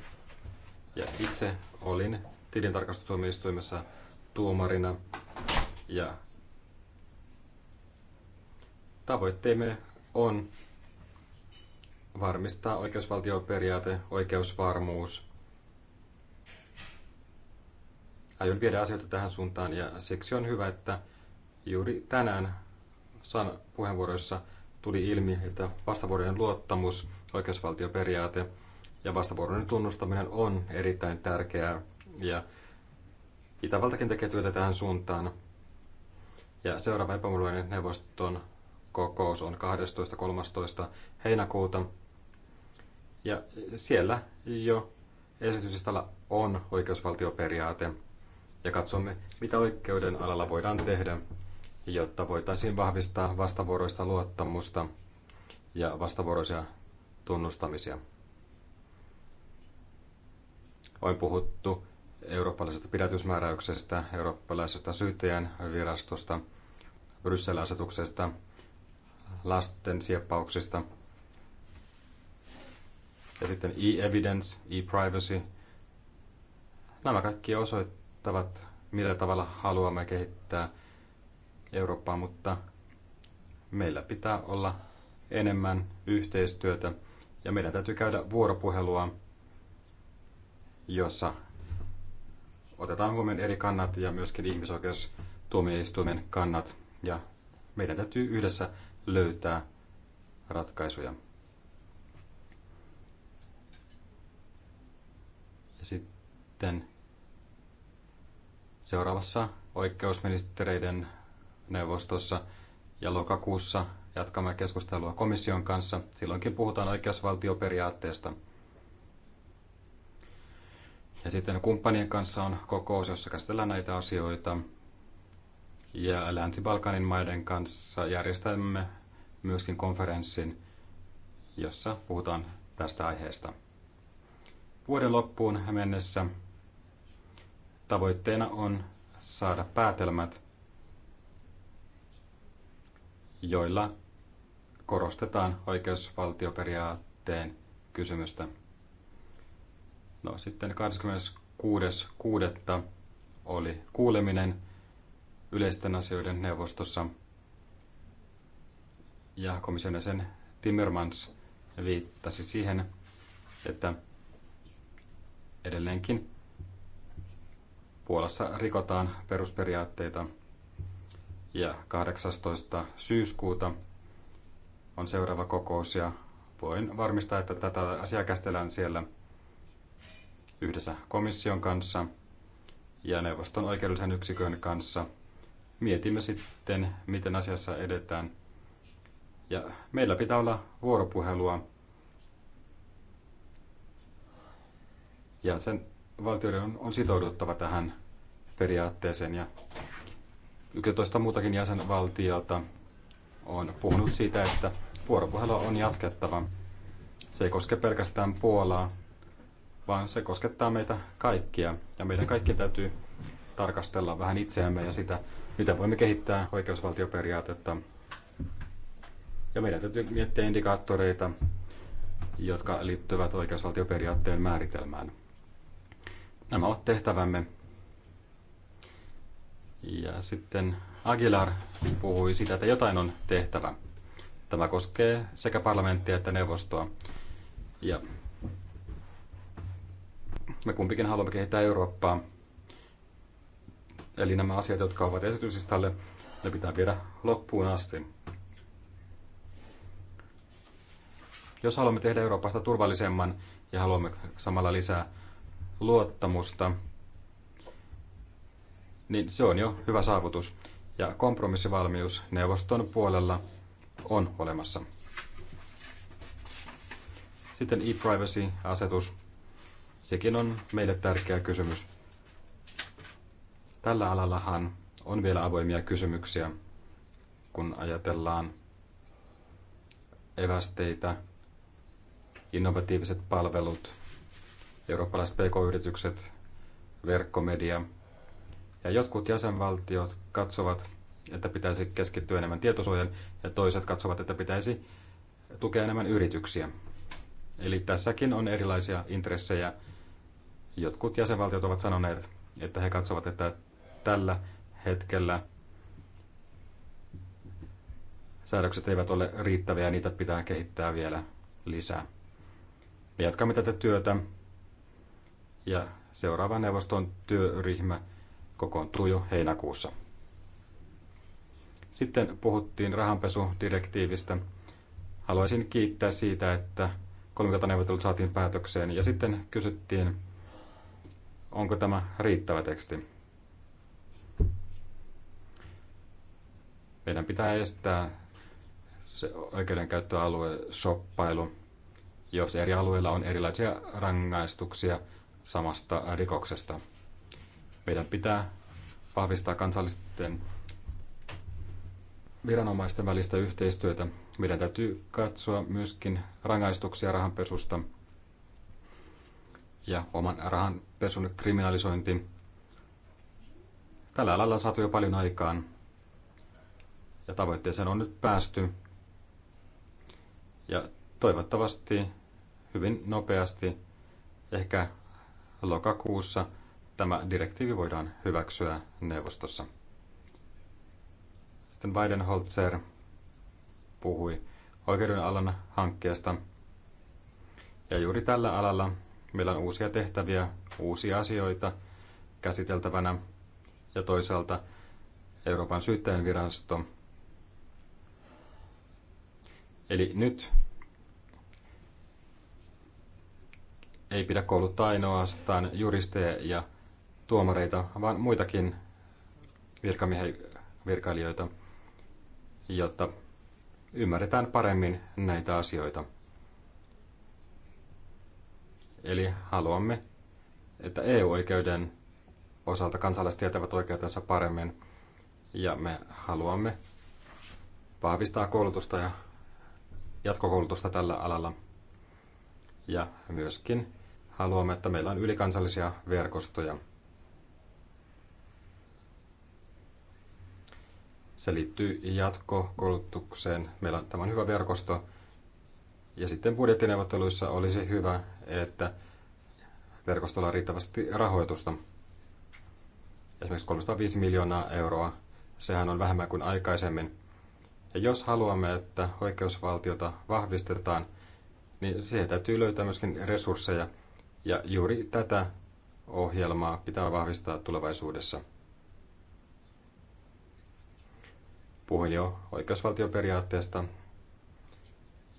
Ja itse olin tilintarkastustuomioistuimessa tuomarina ja tavoitteemme on varmistaa oikeusvaltioperiaate, oikeusvarmuus. Aion viedä asioita tähän suuntaan ja siksi on hyvä, että juuri tänään san puheenvuoroissa tuli ilmi, että vastavuoroinen luottamus, oikeusvaltioperiaate ja vastavuoroinen tunnustaminen on erittäin tärkeää ja Itävaltakin tekee työtä tähän suuntaan. Ja seuraava epämuodollinen neuvoston kokous on 12.13. heinäkuuta ja siellä jo esityslistalla on oikeusvaltioperiaate ja katsomme, mitä oikeuden alalla voidaan tehdä, jotta voitaisiin vahvistaa vastavuoroista luottamusta ja vastavuoroisia tunnustamisia. On puhuttu eurooppalaisesta pidätysmääräyksestä, eurooppalaisesta syyttäjän virastosta, Brysselin asetuksesta, lasten sieppauksista – ja sitten e-evidence, e-privacy. Nämä kaikki osoittavat, millä tavalla haluamme kehittää Eurooppaa, mutta meillä pitää olla enemmän yhteistyötä ja meidän täytyy käydä vuoropuhelua, jossa otetaan huomioon eri kannat ja myöskin ihmisoikeustuomioistuimen kannat ja meidän täytyy yhdessä löytää ratkaisuja. Ja sitten seuraavassa oikeusministereiden neuvostossa ja lokakuussa jatkamme keskustelua komission kanssa. Silloinkin puhutaan oikeusvaltioperiaatteesta. Ja sitten kumppanien kanssa on kokous, jossa käsitellään näitä asioita. Ja Länsi-Balkanin maiden kanssa järjestämme myöskin konferenssin, jossa puhutaan tästä aiheesta. Vuoden loppuun mennessä tavoitteena on saada päätelmät, joilla korostetaan oikeusvaltioperiaatteen kysymystä. No sitten 26.6. oli kuuleminen yleisten asioiden neuvostossa ja komission jäsen Timmermans viittasi siihen, että edelleenkin Puolassa rikotaan perusperiaatteita ja 18. syyskuuta on seuraava kokous ja voin varmistaa, että tätä asiaa käsitellään siellä yhdessä komission kanssa ja neuvoston oikeudellisen yksikön kanssa. Mietimme sitten, miten asiassa edetään. Ja meillä pitää olla vuoropuhelua ja sen valtioiden on, on sitouduttava tähän periaatteeseen ja 11 muutakin jäsenvaltiota on puhunut siitä, että vuoropuhelua on jatkettava. Se ei koske pelkästään Puolaa, vaan se koskettaa meitä kaikkia. Ja meidän kaikkien täytyy tarkastella vähän itseämme ja sitä, mitä voimme kehittää oikeusvaltioperiaatetta. Ja meidän täytyy miettiä indikaattoreita, jotka liittyvät oikeusvaltioperiaatteen määritelmään. Nämä ovat tehtävämme. Ja sitten Aguilar puhui siitä, että jotain on tehtävä. Tämä koskee sekä parlamenttia että neuvostoa. Ja me kumpikin haluamme kehittää Eurooppaa. Eli nämä asiat, jotka ovat esityslistalle, ne pitää viedä loppuun asti. Jos haluamme tehdä Euroopasta turvallisemman ja haluamme samalla lisää luottamusta, niin se on jo hyvä saavutus. Ja kompromissivalmius neuvoston puolella on olemassa. Sitten e-privacy-asetus. Sekin on meille tärkeä kysymys. Tällä alallahan on vielä avoimia kysymyksiä, kun ajatellaan evästeitä, innovatiiviset palvelut – eurooppalaiset pk-yritykset, verkkomedia. Ja jotkut jäsenvaltiot katsovat, että pitäisi keskittyä enemmän tietosuojan, ja toiset katsovat, että pitäisi tukea enemmän yrityksiä. Eli tässäkin on erilaisia intressejä. Jotkut jäsenvaltiot ovat sanoneet, että he katsovat, että tällä hetkellä säädökset eivät ole riittäviä ja niitä pitää kehittää vielä lisää. Me jatkamme tätä työtä ja seuraava neuvoston työryhmä kokoontuu jo heinäkuussa. Sitten puhuttiin rahanpesudirektiivistä. Haluaisin kiittää siitä, että kolmikantaneuvottelu saatiin päätökseen ja sitten kysyttiin, onko tämä riittävä teksti. Meidän pitää estää se oikeudenkäyttöalue shoppailu, jos eri alueilla on erilaisia rangaistuksia samasta rikoksesta. Meidän pitää vahvistaa kansallisten viranomaisten välistä yhteistyötä. Meidän täytyy katsoa myöskin rangaistuksia rahanpesusta ja oman rahanpesun kriminalisointi. Tällä alalla on saatu jo paljon aikaan ja tavoitteeseen on nyt päästy. Ja toivottavasti hyvin nopeasti, ehkä lokakuussa tämä direktiivi voidaan hyväksyä neuvostossa. Sitten Weidenholzer puhui oikeuden hankkeesta. Ja juuri tällä alalla meillä on uusia tehtäviä, uusia asioita käsiteltävänä ja toisaalta Euroopan syyttäjänvirasto. Eli nyt ei pidä kouluttaa ainoastaan juristeja ja tuomareita, vaan muitakin virkamiehiä, virkailijoita, jotta ymmärretään paremmin näitä asioita. Eli haluamme, että EU-oikeuden osalta kansalaiset tietävät oikeutensa paremmin, ja me haluamme vahvistaa koulutusta ja jatkokoulutusta tällä alalla, ja myöskin haluamme, että meillä on ylikansallisia verkostoja. Se liittyy jatkokoulutukseen. Meillä on tämän hyvä verkosto. Ja sitten budjettineuvotteluissa olisi hyvä, että verkostolla on riittävästi rahoitusta. Esimerkiksi 305 miljoonaa euroa. Sehän on vähemmän kuin aikaisemmin. Ja jos haluamme, että oikeusvaltiota vahvistetaan, niin siihen täytyy löytää myöskin resursseja – ja juuri tätä ohjelmaa pitää vahvistaa tulevaisuudessa. Puhuin jo oikeusvaltioperiaatteesta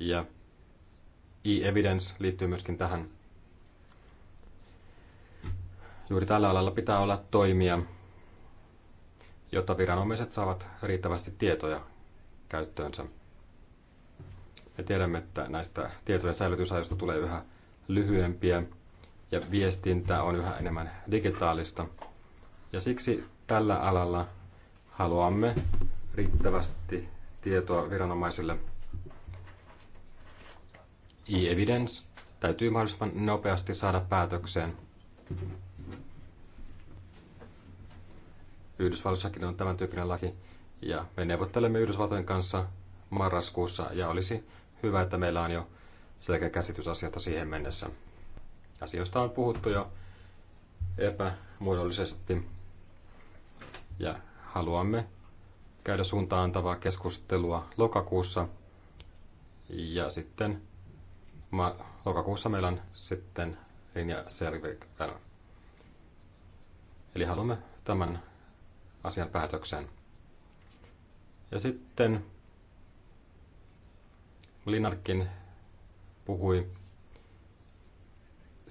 ja e-evidence liittyy myöskin tähän. Juuri tällä alalla pitää olla toimia, jotta viranomaiset saavat riittävästi tietoja käyttöönsä. Me tiedämme, että näistä tietojen säilytysajoista tulee yhä lyhyempiä ja viestintä on yhä enemmän digitaalista. Ja siksi tällä alalla haluamme riittävästi tietoa viranomaisille. E-evidence täytyy mahdollisimman nopeasti saada päätökseen. Yhdysvalloissakin on tämän tyyppinen laki, ja me neuvottelemme Yhdysvaltojen kanssa marraskuussa, ja olisi hyvä, että meillä on jo selkeä käsitys asiasta siihen mennessä. Asioista on puhuttu jo epämuodollisesti ja haluamme käydä suuntaan antavaa keskustelua lokakuussa. Ja sitten ma- lokakuussa meillä on sitten linja selvä. Eli haluamme tämän asian päätöksen Ja sitten Linarkin puhui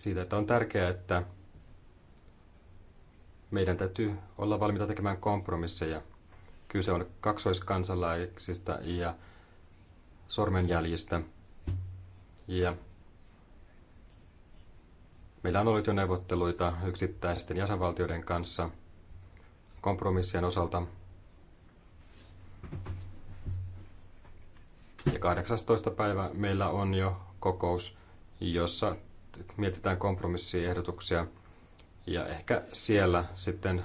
siitä, että on tärkeää, että meidän täytyy olla valmiita tekemään kompromisseja. Kyse on kaksoiskansalaisista ja sormenjäljistä. Ja meillä on ollut jo neuvotteluita yksittäisten jäsenvaltioiden kanssa kompromissien osalta. Ja 18. päivä meillä on jo kokous, jossa mietitään kompromissiehdotuksia ja ehkä siellä sitten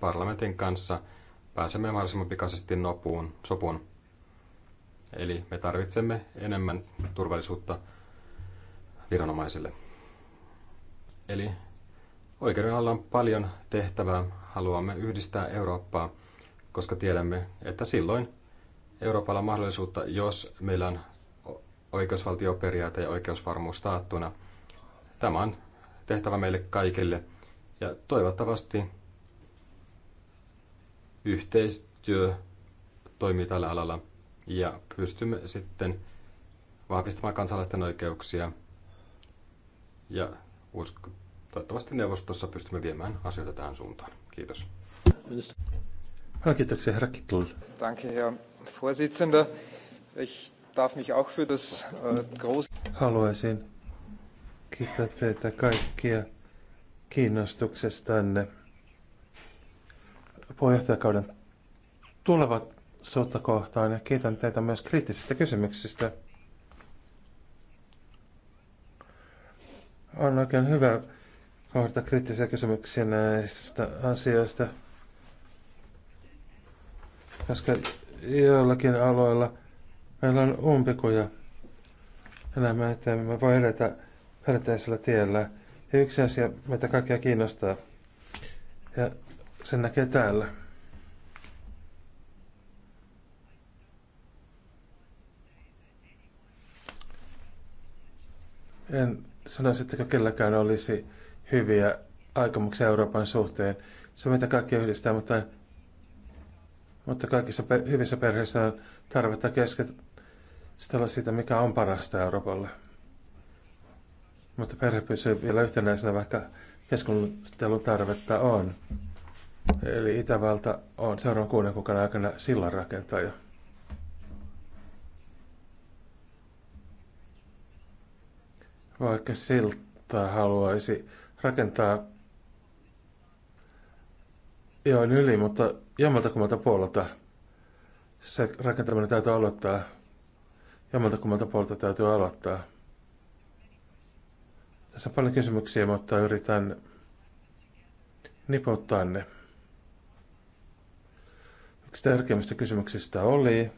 parlamentin kanssa pääsemme mahdollisimman pikaisesti nopuun, sopuun. Eli me tarvitsemme enemmän turvallisuutta viranomaisille. Eli oikeudenalalla on paljon tehtävää. Haluamme yhdistää Eurooppaa, koska tiedämme, että silloin Euroopalla on mahdollisuutta, jos meillä on oikeusvaltioperiaate ja oikeusvarmuus taattuna – Tämä on tehtävä meille kaikille ja toivottavasti yhteistyö toimii tällä alalla ja pystymme sitten vahvistamaan kansalaisten oikeuksia ja usko, toivottavasti neuvostossa pystymme viemään asioita tähän suuntaan. Kiitos. kiitoksia, herra Kittul. Danke, herr Vorsitzender. Ich darf mich auch für das äh, große... Haluaisin Kiitän teitä kaikkia kiinnostuksestanne. Puheenjohtajakauden tulevat sota kohtaan ja kiitän teitä myös kriittisistä kysymyksistä. On oikein hyvä kohdata kriittisiä kysymyksiä näistä asioista, koska joillakin aloilla meillä on umpikuja. Ja näemme, me voi edetä perinteisellä tiellä. Ja yksi asia meitä kaikkia kiinnostaa, ja sen näkee täällä. En sanoisi, että kelläkään olisi hyviä aikomuksia Euroopan suhteen. Se mitä kaikki yhdistää, mutta, mutta kaikissa hyvissä perheissä on tarvetta keskustella siitä, mikä on parasta Euroopalle. Mutta perhe pysyy vielä yhtenäisenä, vaikka keskustelun tarvetta on. Eli Itävalta on seuraavan kuuden kuukauden aikana sillanrakentaja. Vaikka siltaa haluaisi rakentaa joen yli, mutta jommalta kummalta puolelta se rakentaminen täytyy aloittaa. Jommalta kummalta puolelta täytyy aloittaa. Tässä on paljon kysymyksiä, mutta yritän nipottaa ne. Yksi tärkeimmistä kysymyksistä oli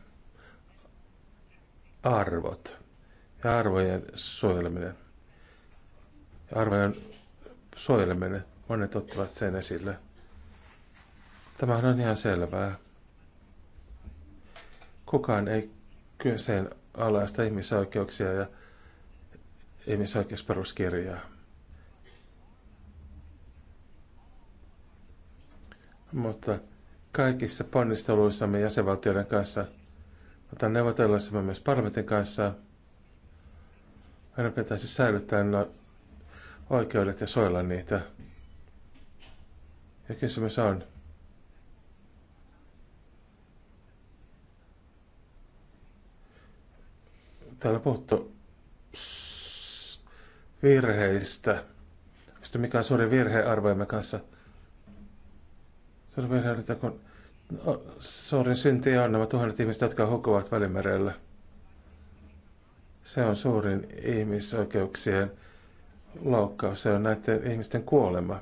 arvot ja arvojen suojeleminen. Ja arvojen suojeleminen, monet ottavat sen esille. Tämähän on ihan selvää. Kukaan ei kyseenalaista ihmisoikeuksia ja ihmisoikeusperuskirjaa. Mutta kaikissa ponnisteluissamme jäsenvaltioiden kanssa, mutta neuvotellessamme myös parlamentin kanssa, aina pitäisi säilyttää nuo oikeudet ja suojella niitä. Ja kysymys on, täällä puhuttu virheistä. Sitten mikä on suuri virhe arvojemme kanssa. Suuri virhe on, kun suurin synti on nämä tuhannet ihmiset, jotka hukuvat välimerellä. Se on suurin ihmisoikeuksien loukkaus. Se on näiden ihmisten kuolema.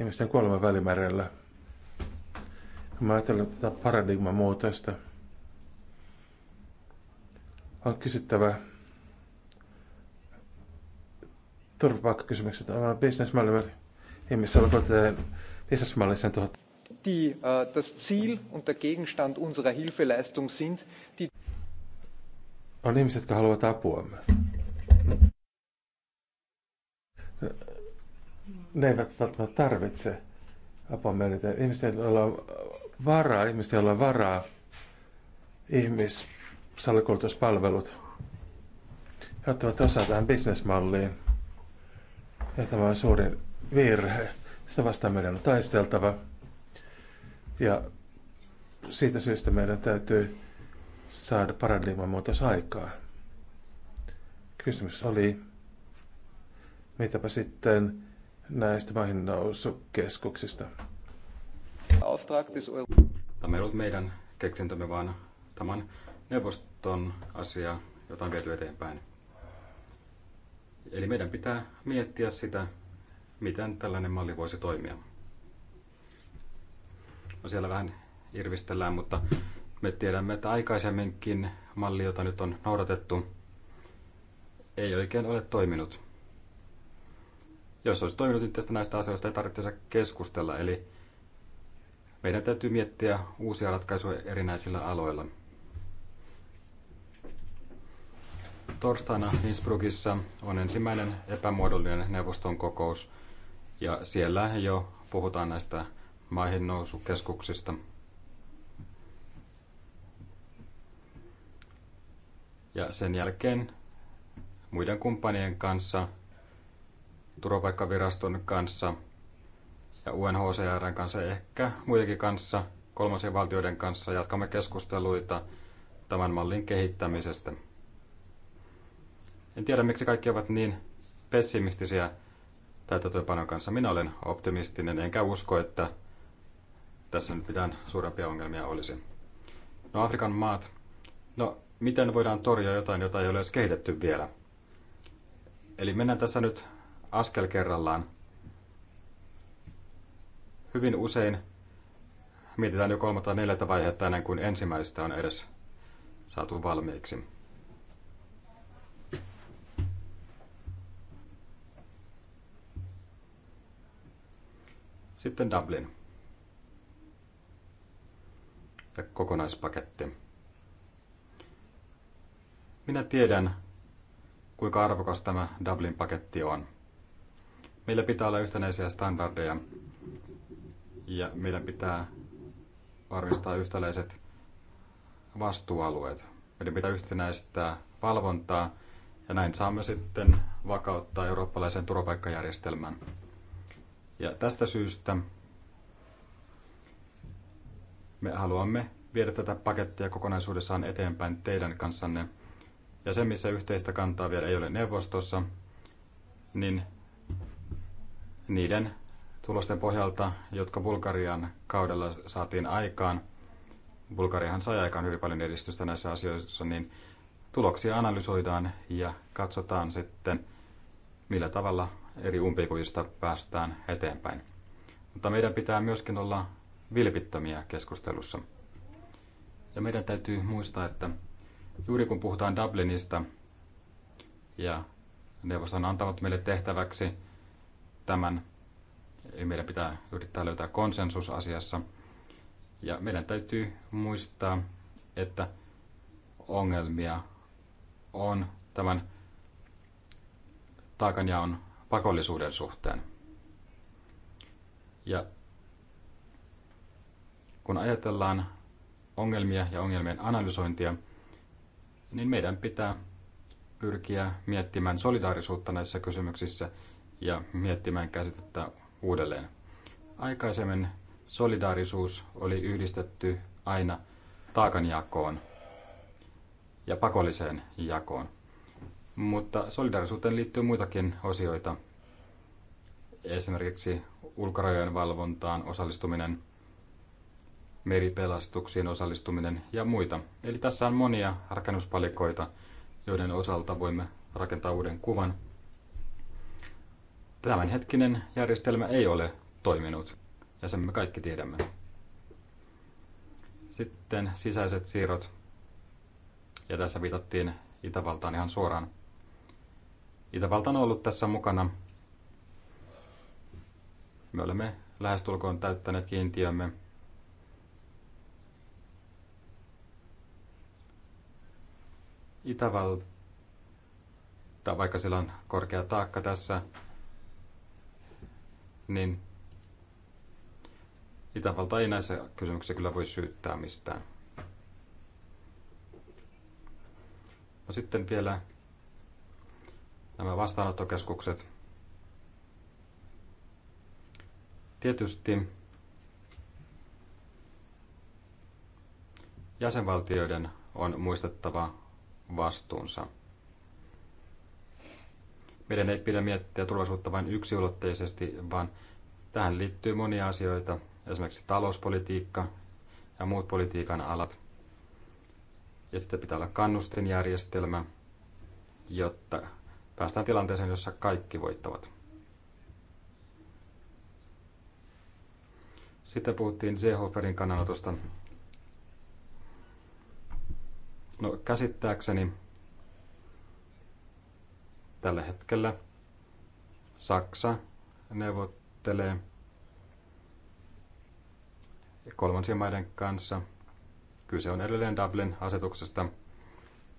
Ihmisten kuolema välimerellä. Mä ajattelen tätä paradigman muutosta. On kysyttävä, turvapaikkakysymykset Ihmissä on ihmisessä, kuten bisnesmallisen tuhat die uh, das Ziel und der Gegenstand unserer Hilfeleistung sind, die on ihmiset, jotka haluavat apuamme. Ne eivät välttämättä tarvitse apua meiltä. Ihmiset, joilla on varaa, ihmiset, joilla on varaa, ihmissalakuljetuspalvelut, he ottavat osaa tähän bisnesmalliin. Ja tämä on suuri virhe. Sitä vastaan meidän on taisteltava. Ja siitä syystä meidän täytyy saada paradigman muutos aikaa. Kysymys oli, mitäpä sitten näistä maihin nousukeskuksista? Tämä ei ollut meidän keksintömme, vaan tämän neuvoston asia, jota on viety eteenpäin. Eli meidän pitää miettiä sitä, miten tällainen malli voisi toimia. No siellä vähän irvistellään, mutta me tiedämme, että aikaisemminkin malli, jota nyt on noudatettu, ei oikein ole toiminut. Jos olisi toiminut, niin tästä näistä asioista ei tarvitse keskustella. Eli meidän täytyy miettiä uusia ratkaisuja erinäisillä aloilla – Torstaina Innsbruckissa on ensimmäinen epämuodollinen neuvoston kokous ja siellä jo puhutaan näistä maihin nousukeskuksista. Ja sen jälkeen muiden kumppanien kanssa, turvapaikkaviraston kanssa ja UNHCRn kanssa ehkä muidenkin kanssa, kolmansien valtioiden kanssa jatkamme keskusteluita tämän mallin kehittämisestä. En tiedä, miksi kaikki ovat niin pessimistisiä täytäntöönpanon kanssa. Minä olen optimistinen, enkä usko, että tässä nyt mitään suurempia ongelmia olisi. No Afrikan maat. No, miten voidaan torjua jotain, jota ei ole edes kehitetty vielä? Eli mennään tässä nyt askel kerrallaan. Hyvin usein mietitään jo kolmatta tai neljättä vaihetta ennen kuin ensimmäistä on edes saatu valmiiksi. Sitten Dublin. Ja kokonaispaketti. Minä tiedän, kuinka arvokas tämä Dublin-paketti on. Meillä pitää olla yhtenäisiä standardeja ja meidän pitää varmistaa yhtäläiset vastuualueet. Meidän pitää yhtenäistää valvontaa ja näin saamme sitten vakauttaa eurooppalaisen turvapaikkajärjestelmän. Ja tästä syystä me haluamme viedä tätä pakettia kokonaisuudessaan eteenpäin teidän kanssanne. Ja se, missä yhteistä kantaa vielä ei ole neuvostossa, niin niiden tulosten pohjalta, jotka Bulgarian kaudella saatiin aikaan, Bulgariahan sai aikaan hyvin paljon edistystä näissä asioissa, niin tuloksia analysoidaan ja katsotaan sitten, millä tavalla eri umpikujista päästään eteenpäin. Mutta meidän pitää myöskin olla vilpittömiä keskustelussa. Ja meidän täytyy muistaa, että juuri kun puhutaan Dublinista ja neuvosto on antanut meille tehtäväksi tämän, meidän pitää yrittää löytää konsensus asiassa. Ja meidän täytyy muistaa, että ongelmia on tämän taakanjaon pakollisuuden suhteen. Ja kun ajatellaan ongelmia ja ongelmien analysointia, niin meidän pitää pyrkiä miettimään solidaarisuutta näissä kysymyksissä ja miettimään käsitettä uudelleen. Aikaisemmin solidaarisuus oli yhdistetty aina taakanjakoon ja pakolliseen jakoon. Mutta solidarisuuteen liittyy muitakin osioita, esimerkiksi ulkorajojen valvontaan osallistuminen, meripelastuksiin osallistuminen ja muita. Eli tässä on monia rakennuspalikoita, joiden osalta voimme rakentaa uuden kuvan. Tämänhetkinen järjestelmä ei ole toiminut, ja sen me kaikki tiedämme. Sitten sisäiset siirrot, ja tässä viitattiin Itävaltaan ihan suoraan. Itävalta on ollut tässä mukana. Me olemme lähestulkoon täyttäneet kiintiömme. Itävalta, vaikka sillä on korkea taakka tässä, niin Itävalta ei näissä kysymyksissä kyllä voi syyttää mistään. No sitten vielä nämä vastaanottokeskukset. Tietysti jäsenvaltioiden on muistettava vastuunsa. Meidän ei pidä miettiä turvallisuutta vain yksiulotteisesti, vaan tähän liittyy monia asioita, esimerkiksi talouspolitiikka ja muut politiikan alat. Ja sitten pitää olla kannustinjärjestelmä, jotta päästään tilanteeseen, jossa kaikki voittavat. Sitten puhuttiin Seehoferin kannanotosta. No käsittääkseni tällä hetkellä Saksa neuvottelee kolmansien maiden kanssa. Kyse on edelleen Dublin-asetuksesta,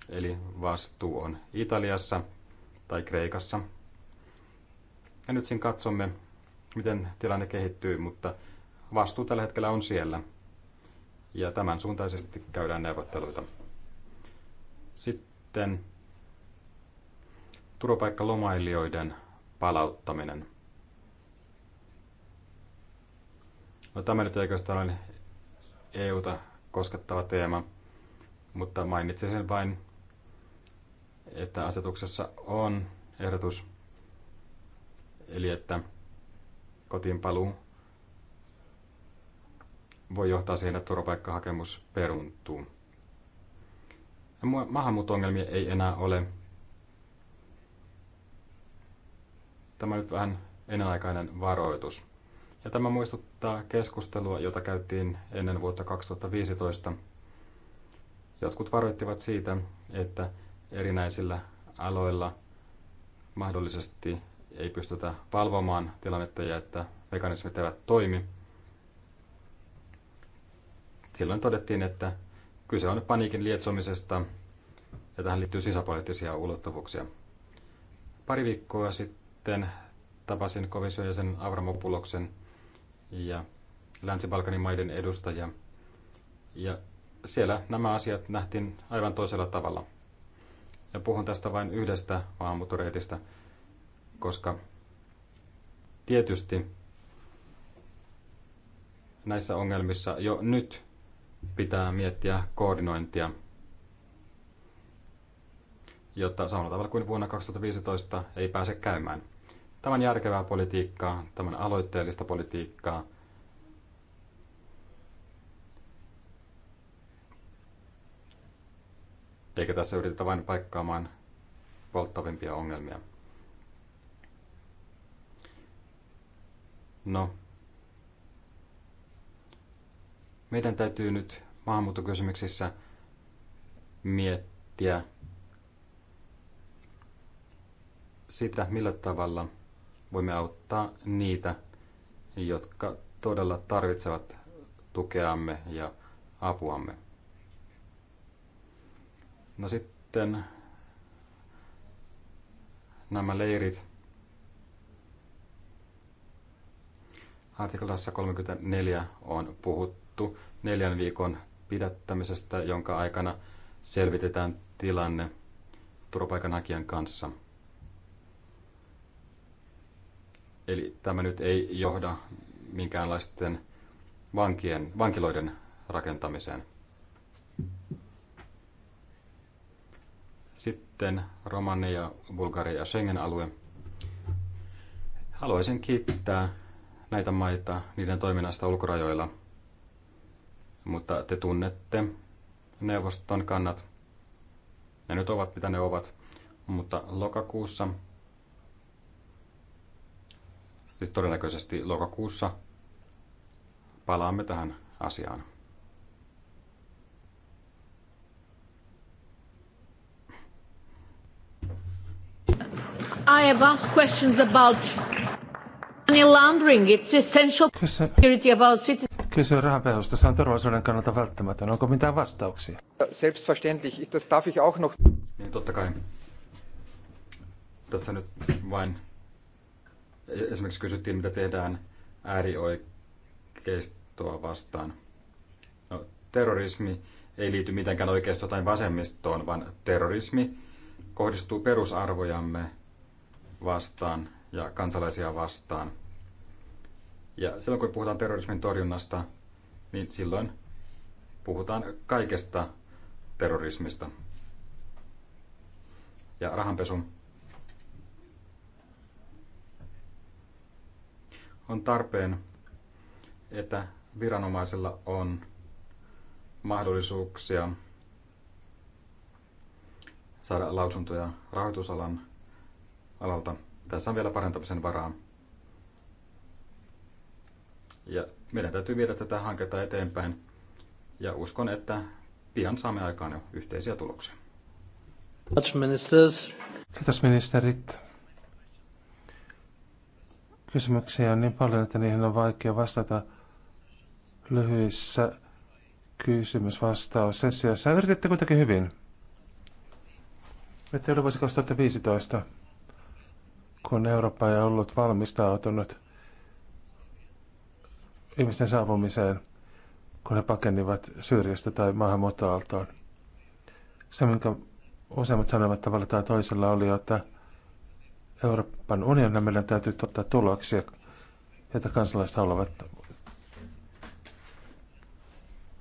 eli vastuu on Italiassa – tai Kreikassa. Ja nyt siinä katsomme, miten tilanne kehittyy, mutta vastuu tällä hetkellä on siellä. Ja tämän suuntaisesti käydään neuvotteluita. Sitten turvapaikkalomailijoiden palauttaminen. No, tämä nyt ei oikeastaan ole EUta koskettava teema, mutta mainitsen sen vain että asetuksessa on ehdotus, eli että kotiinpaluu voi johtaa siihen, että turvapaikkahakemus peruntuu. Maahanmuuttoongelmia ei enää ole. Tämä on nyt vähän ennenaikainen varoitus. Ja tämä muistuttaa keskustelua, jota käytiin ennen vuotta 2015. Jotkut varoittivat siitä, että erinäisillä aloilla mahdollisesti ei pystytä valvomaan tilannetta ja että mekanismit eivät toimi. Silloin todettiin, että kyse on paniikin lietsomisesta ja tähän liittyy sisäpoliittisia ulottuvuuksia. Pari viikkoa sitten tapasin komission jäsen Avramopuloksen ja Länsi-Balkanin maiden edustajia. Ja siellä nämä asiat nähtiin aivan toisella tavalla – ja puhun tästä vain yhdestä maahanmuuttoreitistä, koska tietysti näissä ongelmissa jo nyt pitää miettiä koordinointia, jotta samalla tavalla kuin vuonna 2015 ei pääse käymään. Tämän järkevää politiikkaa, tämän aloitteellista politiikkaa – eikä tässä yritetä vain paikkaamaan polttavimpia ongelmia. No, meidän täytyy nyt maahanmuuttokysymyksissä miettiä sitä, millä tavalla voimme auttaa niitä, jotka todella tarvitsevat tukeamme ja apuamme. No sitten nämä leirit. Artiklassa 34 on puhuttu neljän viikon pidättämisestä, jonka aikana selvitetään tilanne turvapaikanhakijan kanssa. Eli tämä nyt ei johda minkäänlaisten vankien, vankiloiden rakentamiseen. Sitten Romania, Bulgaria ja Schengen-alue. Haluaisin kiittää näitä maita niiden toiminnasta ulkorajoilla, mutta te tunnette neuvoston kannat. Ne nyt ovat mitä ne ovat, mutta lokakuussa, siis todennäköisesti lokakuussa, palaamme tähän asiaan. I have asked questions about money laundering. It's essential the security of our citizens. Kysy rahapehosta, Se on turvallisuuden kannalta välttämätön. Onko mitään vastauksia? Selbstverständlich. das darf ich auch noch. Niin, totta kai. Tässä nyt vain esimerkiksi kysyttiin, mitä tehdään äärioikeistoa vastaan. No, terrorismi ei liity mitenkään oikeistoon tai vasemmistoon, vaan terrorismi kohdistuu perusarvojamme vastaan ja kansalaisia vastaan. Ja silloin kun puhutaan terrorismin torjunnasta, niin silloin puhutaan kaikesta terrorismista. Ja rahanpesu on tarpeen, että viranomaisella on mahdollisuuksia saada lausuntoja rahoitusalan alalta. Tässä on vielä parantamisen varaa. Ja meidän täytyy viedä tätä hanketta eteenpäin ja uskon, että pian saamme aikaan jo yhteisiä tuloksia. Kiitos ministerit. Kysymyksiä on niin paljon, että niihin on vaikea vastata lyhyissä kysymysvastaussessioissa. Yrititte kuitenkin hyvin. oli vuosi 2015 kun Eurooppa ei ollut valmistautunut ihmisten saapumiseen, kun he pakenivat Syyriasta tai maahanmuuttoaaltoon. Se, minkä useimmat sanovat tavalla tai toisella, oli, että Euroopan unionin meidän täytyy ottaa tuloksia, joita kansalaiset haluavat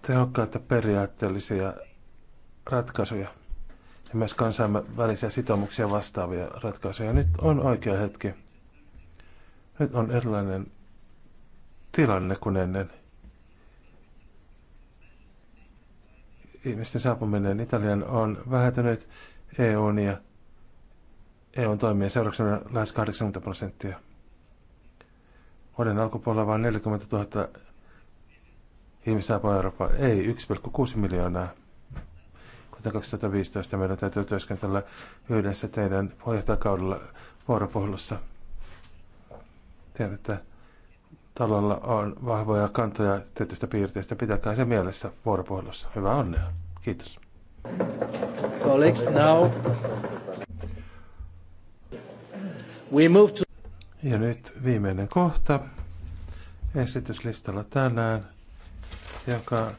tehokkaita periaatteellisia ratkaisuja ja myös kansainvälisiä sitoumuksia vastaavia ratkaisuja. Nyt on oikea hetki. Nyt on erilainen tilanne kuin ennen. Ihmisten saapuminen Italian on vähentynyt EUn ja EUn toimien seurauksena lähes 80 prosenttia. Vuoden alkupuolella vain 40 000 ihmistä saapui Eurooppaan, ei 1,6 miljoonaa. Kuten 2015 meillä täytyy työskentellä yhdessä teidän puheenjohtajakaudella vuoropuhelussa. Tiedän, että talolla on vahvoja kantoja tietystä piirteistä. Pitäkää se mielessä vuoropuhelussa. Hyvää onnea. Kiitos. Colleagues, now we move to... Ja nyt viimeinen kohta esityslistalla tänään, joka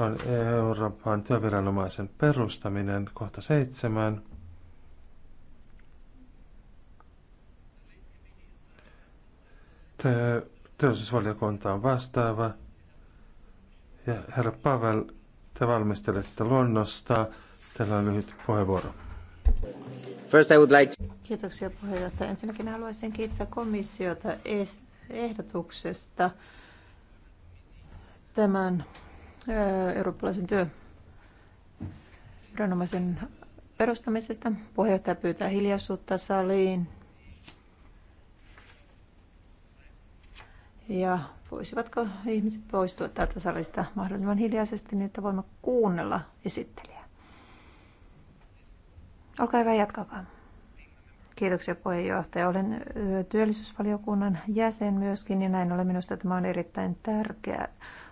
on Euroopan työviranomaisen perustaminen kohta seitsemän. Työllisyysvaliokunta on vastaava. Ja herra Pavel, te valmistelette luonnosta. Teillä on lyhyt puheenvuoro. First I would like... Kiitoksia puheenjohtaja. Ensinnäkin haluaisin kiittää komissiota ehdotuksesta tämän eurooppalaisen työviranomaisen perustamisesta. Puheenjohtaja pyytää hiljaisuutta saliin. Ja voisivatko ihmiset poistua täältä salista mahdollisimman hiljaisesti niin, että voimme kuunnella esittelijää. Olkaa hyvä, jatkakaa. Kiitoksia puheenjohtaja. Olen työllisyysvaliokunnan jäsen myöskin ja näin ole minusta tämä on erittäin tärkeä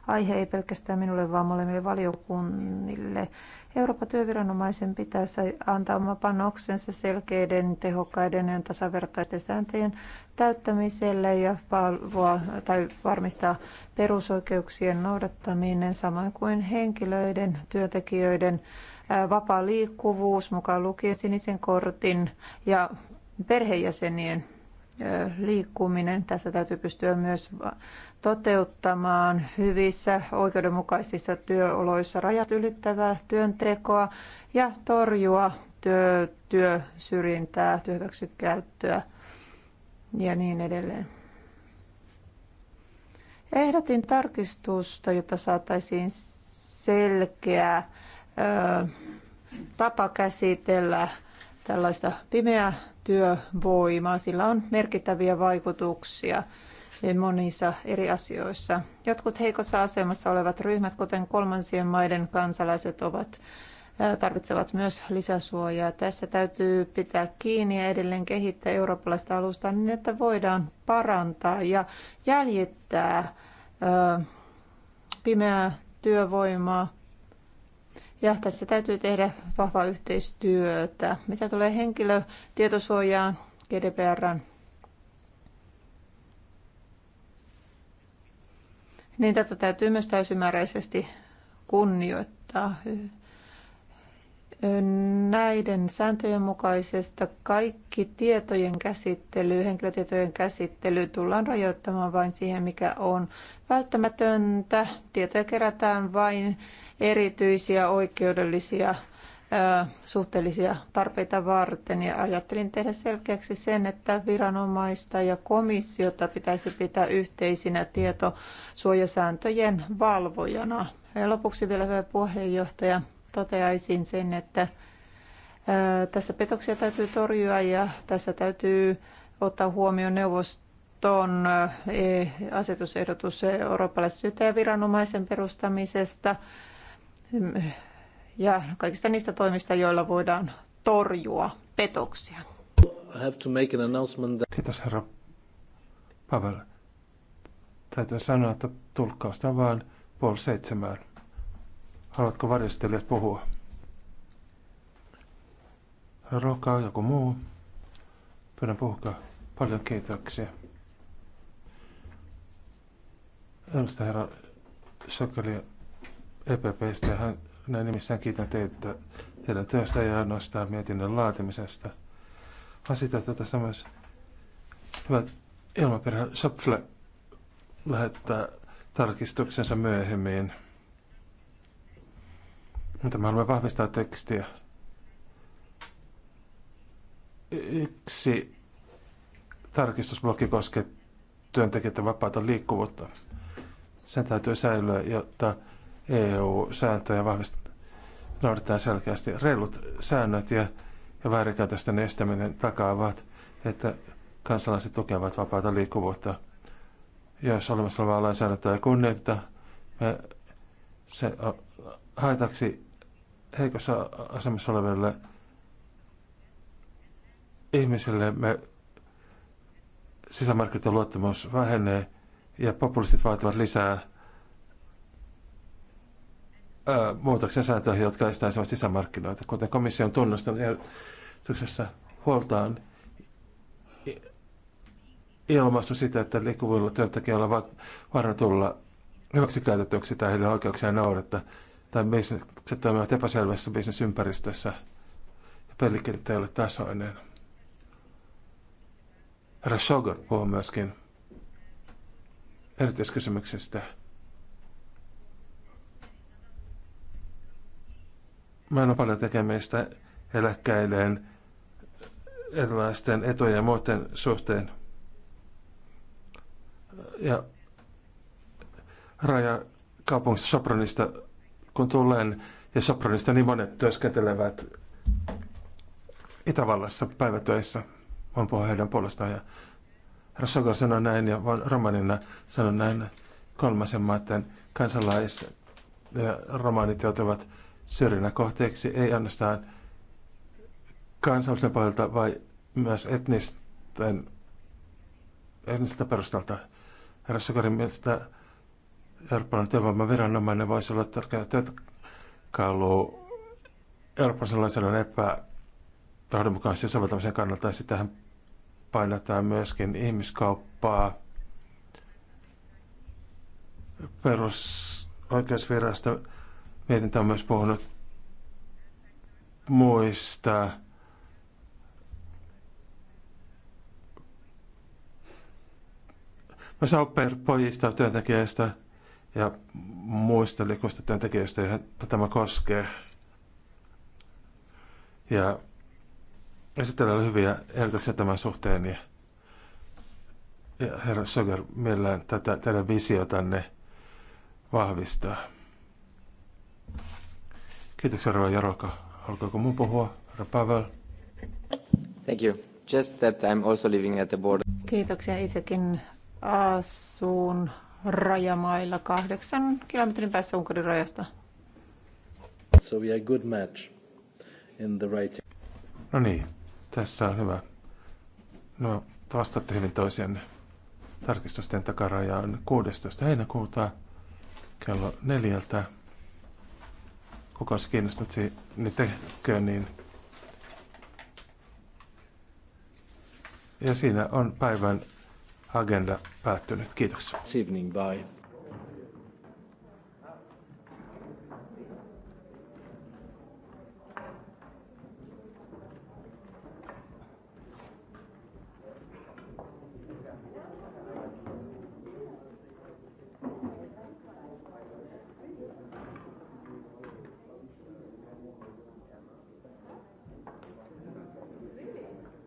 aihe ei pelkästään minulle, vaan molemmille valiokunnille. Euroopan työviranomaisen pitäisi antaa oma panoksensa selkeiden, tehokkaiden ja tasavertaisten sääntöjen täyttämiselle ja valvoa tai varmistaa perusoikeuksien noudattaminen, samoin kuin henkilöiden, työntekijöiden vapaa liikkuvuus, mukaan lukien sinisen kortin ja perheenjäsenien liikkuminen. Tässä täytyy pystyä myös toteuttamaan hyvissä oikeudenmukaisissa työoloissa rajat ylittävää työntekoa ja torjua työ, työsyrjintää, työhyväksikäyttöä ja niin edelleen. Ehdotin tarkistusta, jotta saataisiin selkeä ö, tapa käsitellä tällaista pimeää työvoimaa. Sillä on merkittäviä vaikutuksia monissa eri asioissa. Jotkut heikossa asemassa olevat ryhmät, kuten kolmansien maiden kansalaiset, ovat tarvitsevat myös lisäsuojaa. Tässä täytyy pitää kiinni ja edelleen kehittää eurooppalaista alusta niin, että voidaan parantaa ja jäljittää pimeää työvoimaa ja tässä täytyy tehdä vahvaa yhteistyötä. Mitä tulee henkilötietosuojaan, GDPRn, niin tätä täytyy myös täysimääräisesti kunnioittaa. Näiden sääntöjen mukaisesta kaikki tietojen käsittely, henkilötietojen käsittely tullaan rajoittamaan vain siihen, mikä on välttämätöntä. Tietoja kerätään vain erityisiä oikeudellisia suhteellisia tarpeita varten ja ajattelin tehdä selkeäksi sen, että viranomaista ja komissiota pitäisi pitää yhteisinä tietosuojasääntöjen valvojana. Ja lopuksi vielä hyvä puheenjohtaja toteaisin sen, että tässä petoksia täytyy torjua ja tässä täytyy ottaa huomioon neuvoston e, asetusehdotus eurooppalaisen viranomaisen perustamisesta ja kaikista niistä toimista, joilla voidaan torjua petoksia. I have to make an announcement that... Kiitos herra Pavel. Täytyy sanoa, että tulkkausta vaan puoli seitsemään. Haluatko varjostelijat puhua? Roka, joku muu. Pyydän puhukaa. Paljon kiitoksia. Elmasta herra Sokeli EPPstä. Hän näin nimissään kiitän teitä teidän työstä ja ainoastaan mietinnön laatimisesta. Mä sitä, että tässä myös hyvät ilmaperä Schöpfle lähettää tarkistuksensa myöhemmin. No, Mutta me haluamme vahvistaa tekstiä. Yksi tarkistusblokki koskee työntekijöiden vapaata liikkuvuutta. Sen täytyy säilyä, jotta EU-sääntöjä Noudatetaan selkeästi reilut säännöt ja, ja väärinkäytösten estäminen takaavat, että kansalaiset tukevat vapaata liikkuvuutta. Jos olemassa olevaa lainsäädäntöä ei kunnioiteta, me se haitaksi heikossa asemassa oleville ihmisille me sisämarkkinoiden luottamus vähenee ja populistit vaativat lisää muutoksen sääntöihin, jotka estäisivät sisämarkkinoita. Kuten komissio on tunnustanut ehdotuksessa huoltaan ilmaistu sitä, että liikkuvilla työntekijöillä on vaarana tulla hyväksikäytetyksi tai heidän oikeuksiaan noudattaa tai se toimivat epäselvässä bisnesympäristössä ja pelikenttä ei ole tasoinen. Herra Shogor puhuu myöskin erityiskysymyksistä. Mä en ole paljon tekemistä eläkkäilleen erilaisten etujen ja muiden suhteen. Ja raja kaupungista Sopranista kun tulen ja sopranista niin monet työskentelevät Itävallassa päivätöissä. on puhua heidän puolestaan. Ja herra sanoi näin ja romanina sanoi näin, kolmasen maiden kansalaiset ja romaanit joutuvat syrjinnän kohteeksi, ei ainoastaan kansallisen pohjalta, vai myös etnisten, etnisten perustalta. Herra mielestä Euroopan työvoimaviranomainen voisi olla tärkeä työkalu Euroopan lainsäädännön epätahdonmukaisen soveltamisen kannalta, ja sitähän painetaan myöskin ihmiskauppaa, perusoikeusvirasto mietintä on myös puhunut muista myös au pojista työntekijöistä – ja muista likoista työntekijöistä, joihin tämä koskee. Ja esitellään hyviä ehdotuksia tämän suhteen. Ja, ja herra Söger, millään tätä teidän visiotanne vahvistaa. Kiitoksia, Rova Jaroka. Haluaako minun puhua? Herra Pavel. Thank you. Just that I'm also living at the border. Kiitoksia. Itsekin asun rajamailla kahdeksan kilometrin päässä Unkarin rajasta. So we are good match in the right. No niin, tässä on hyvä. No, vastaatte hyvin toisianne. Tarkistusten takaraja on 16. heinäkuuta kello neljältä. Kuka olisi kiinnostunut, niin tekö niin. Ja siinä on päivän agenda päättynyt. Kiitoksia.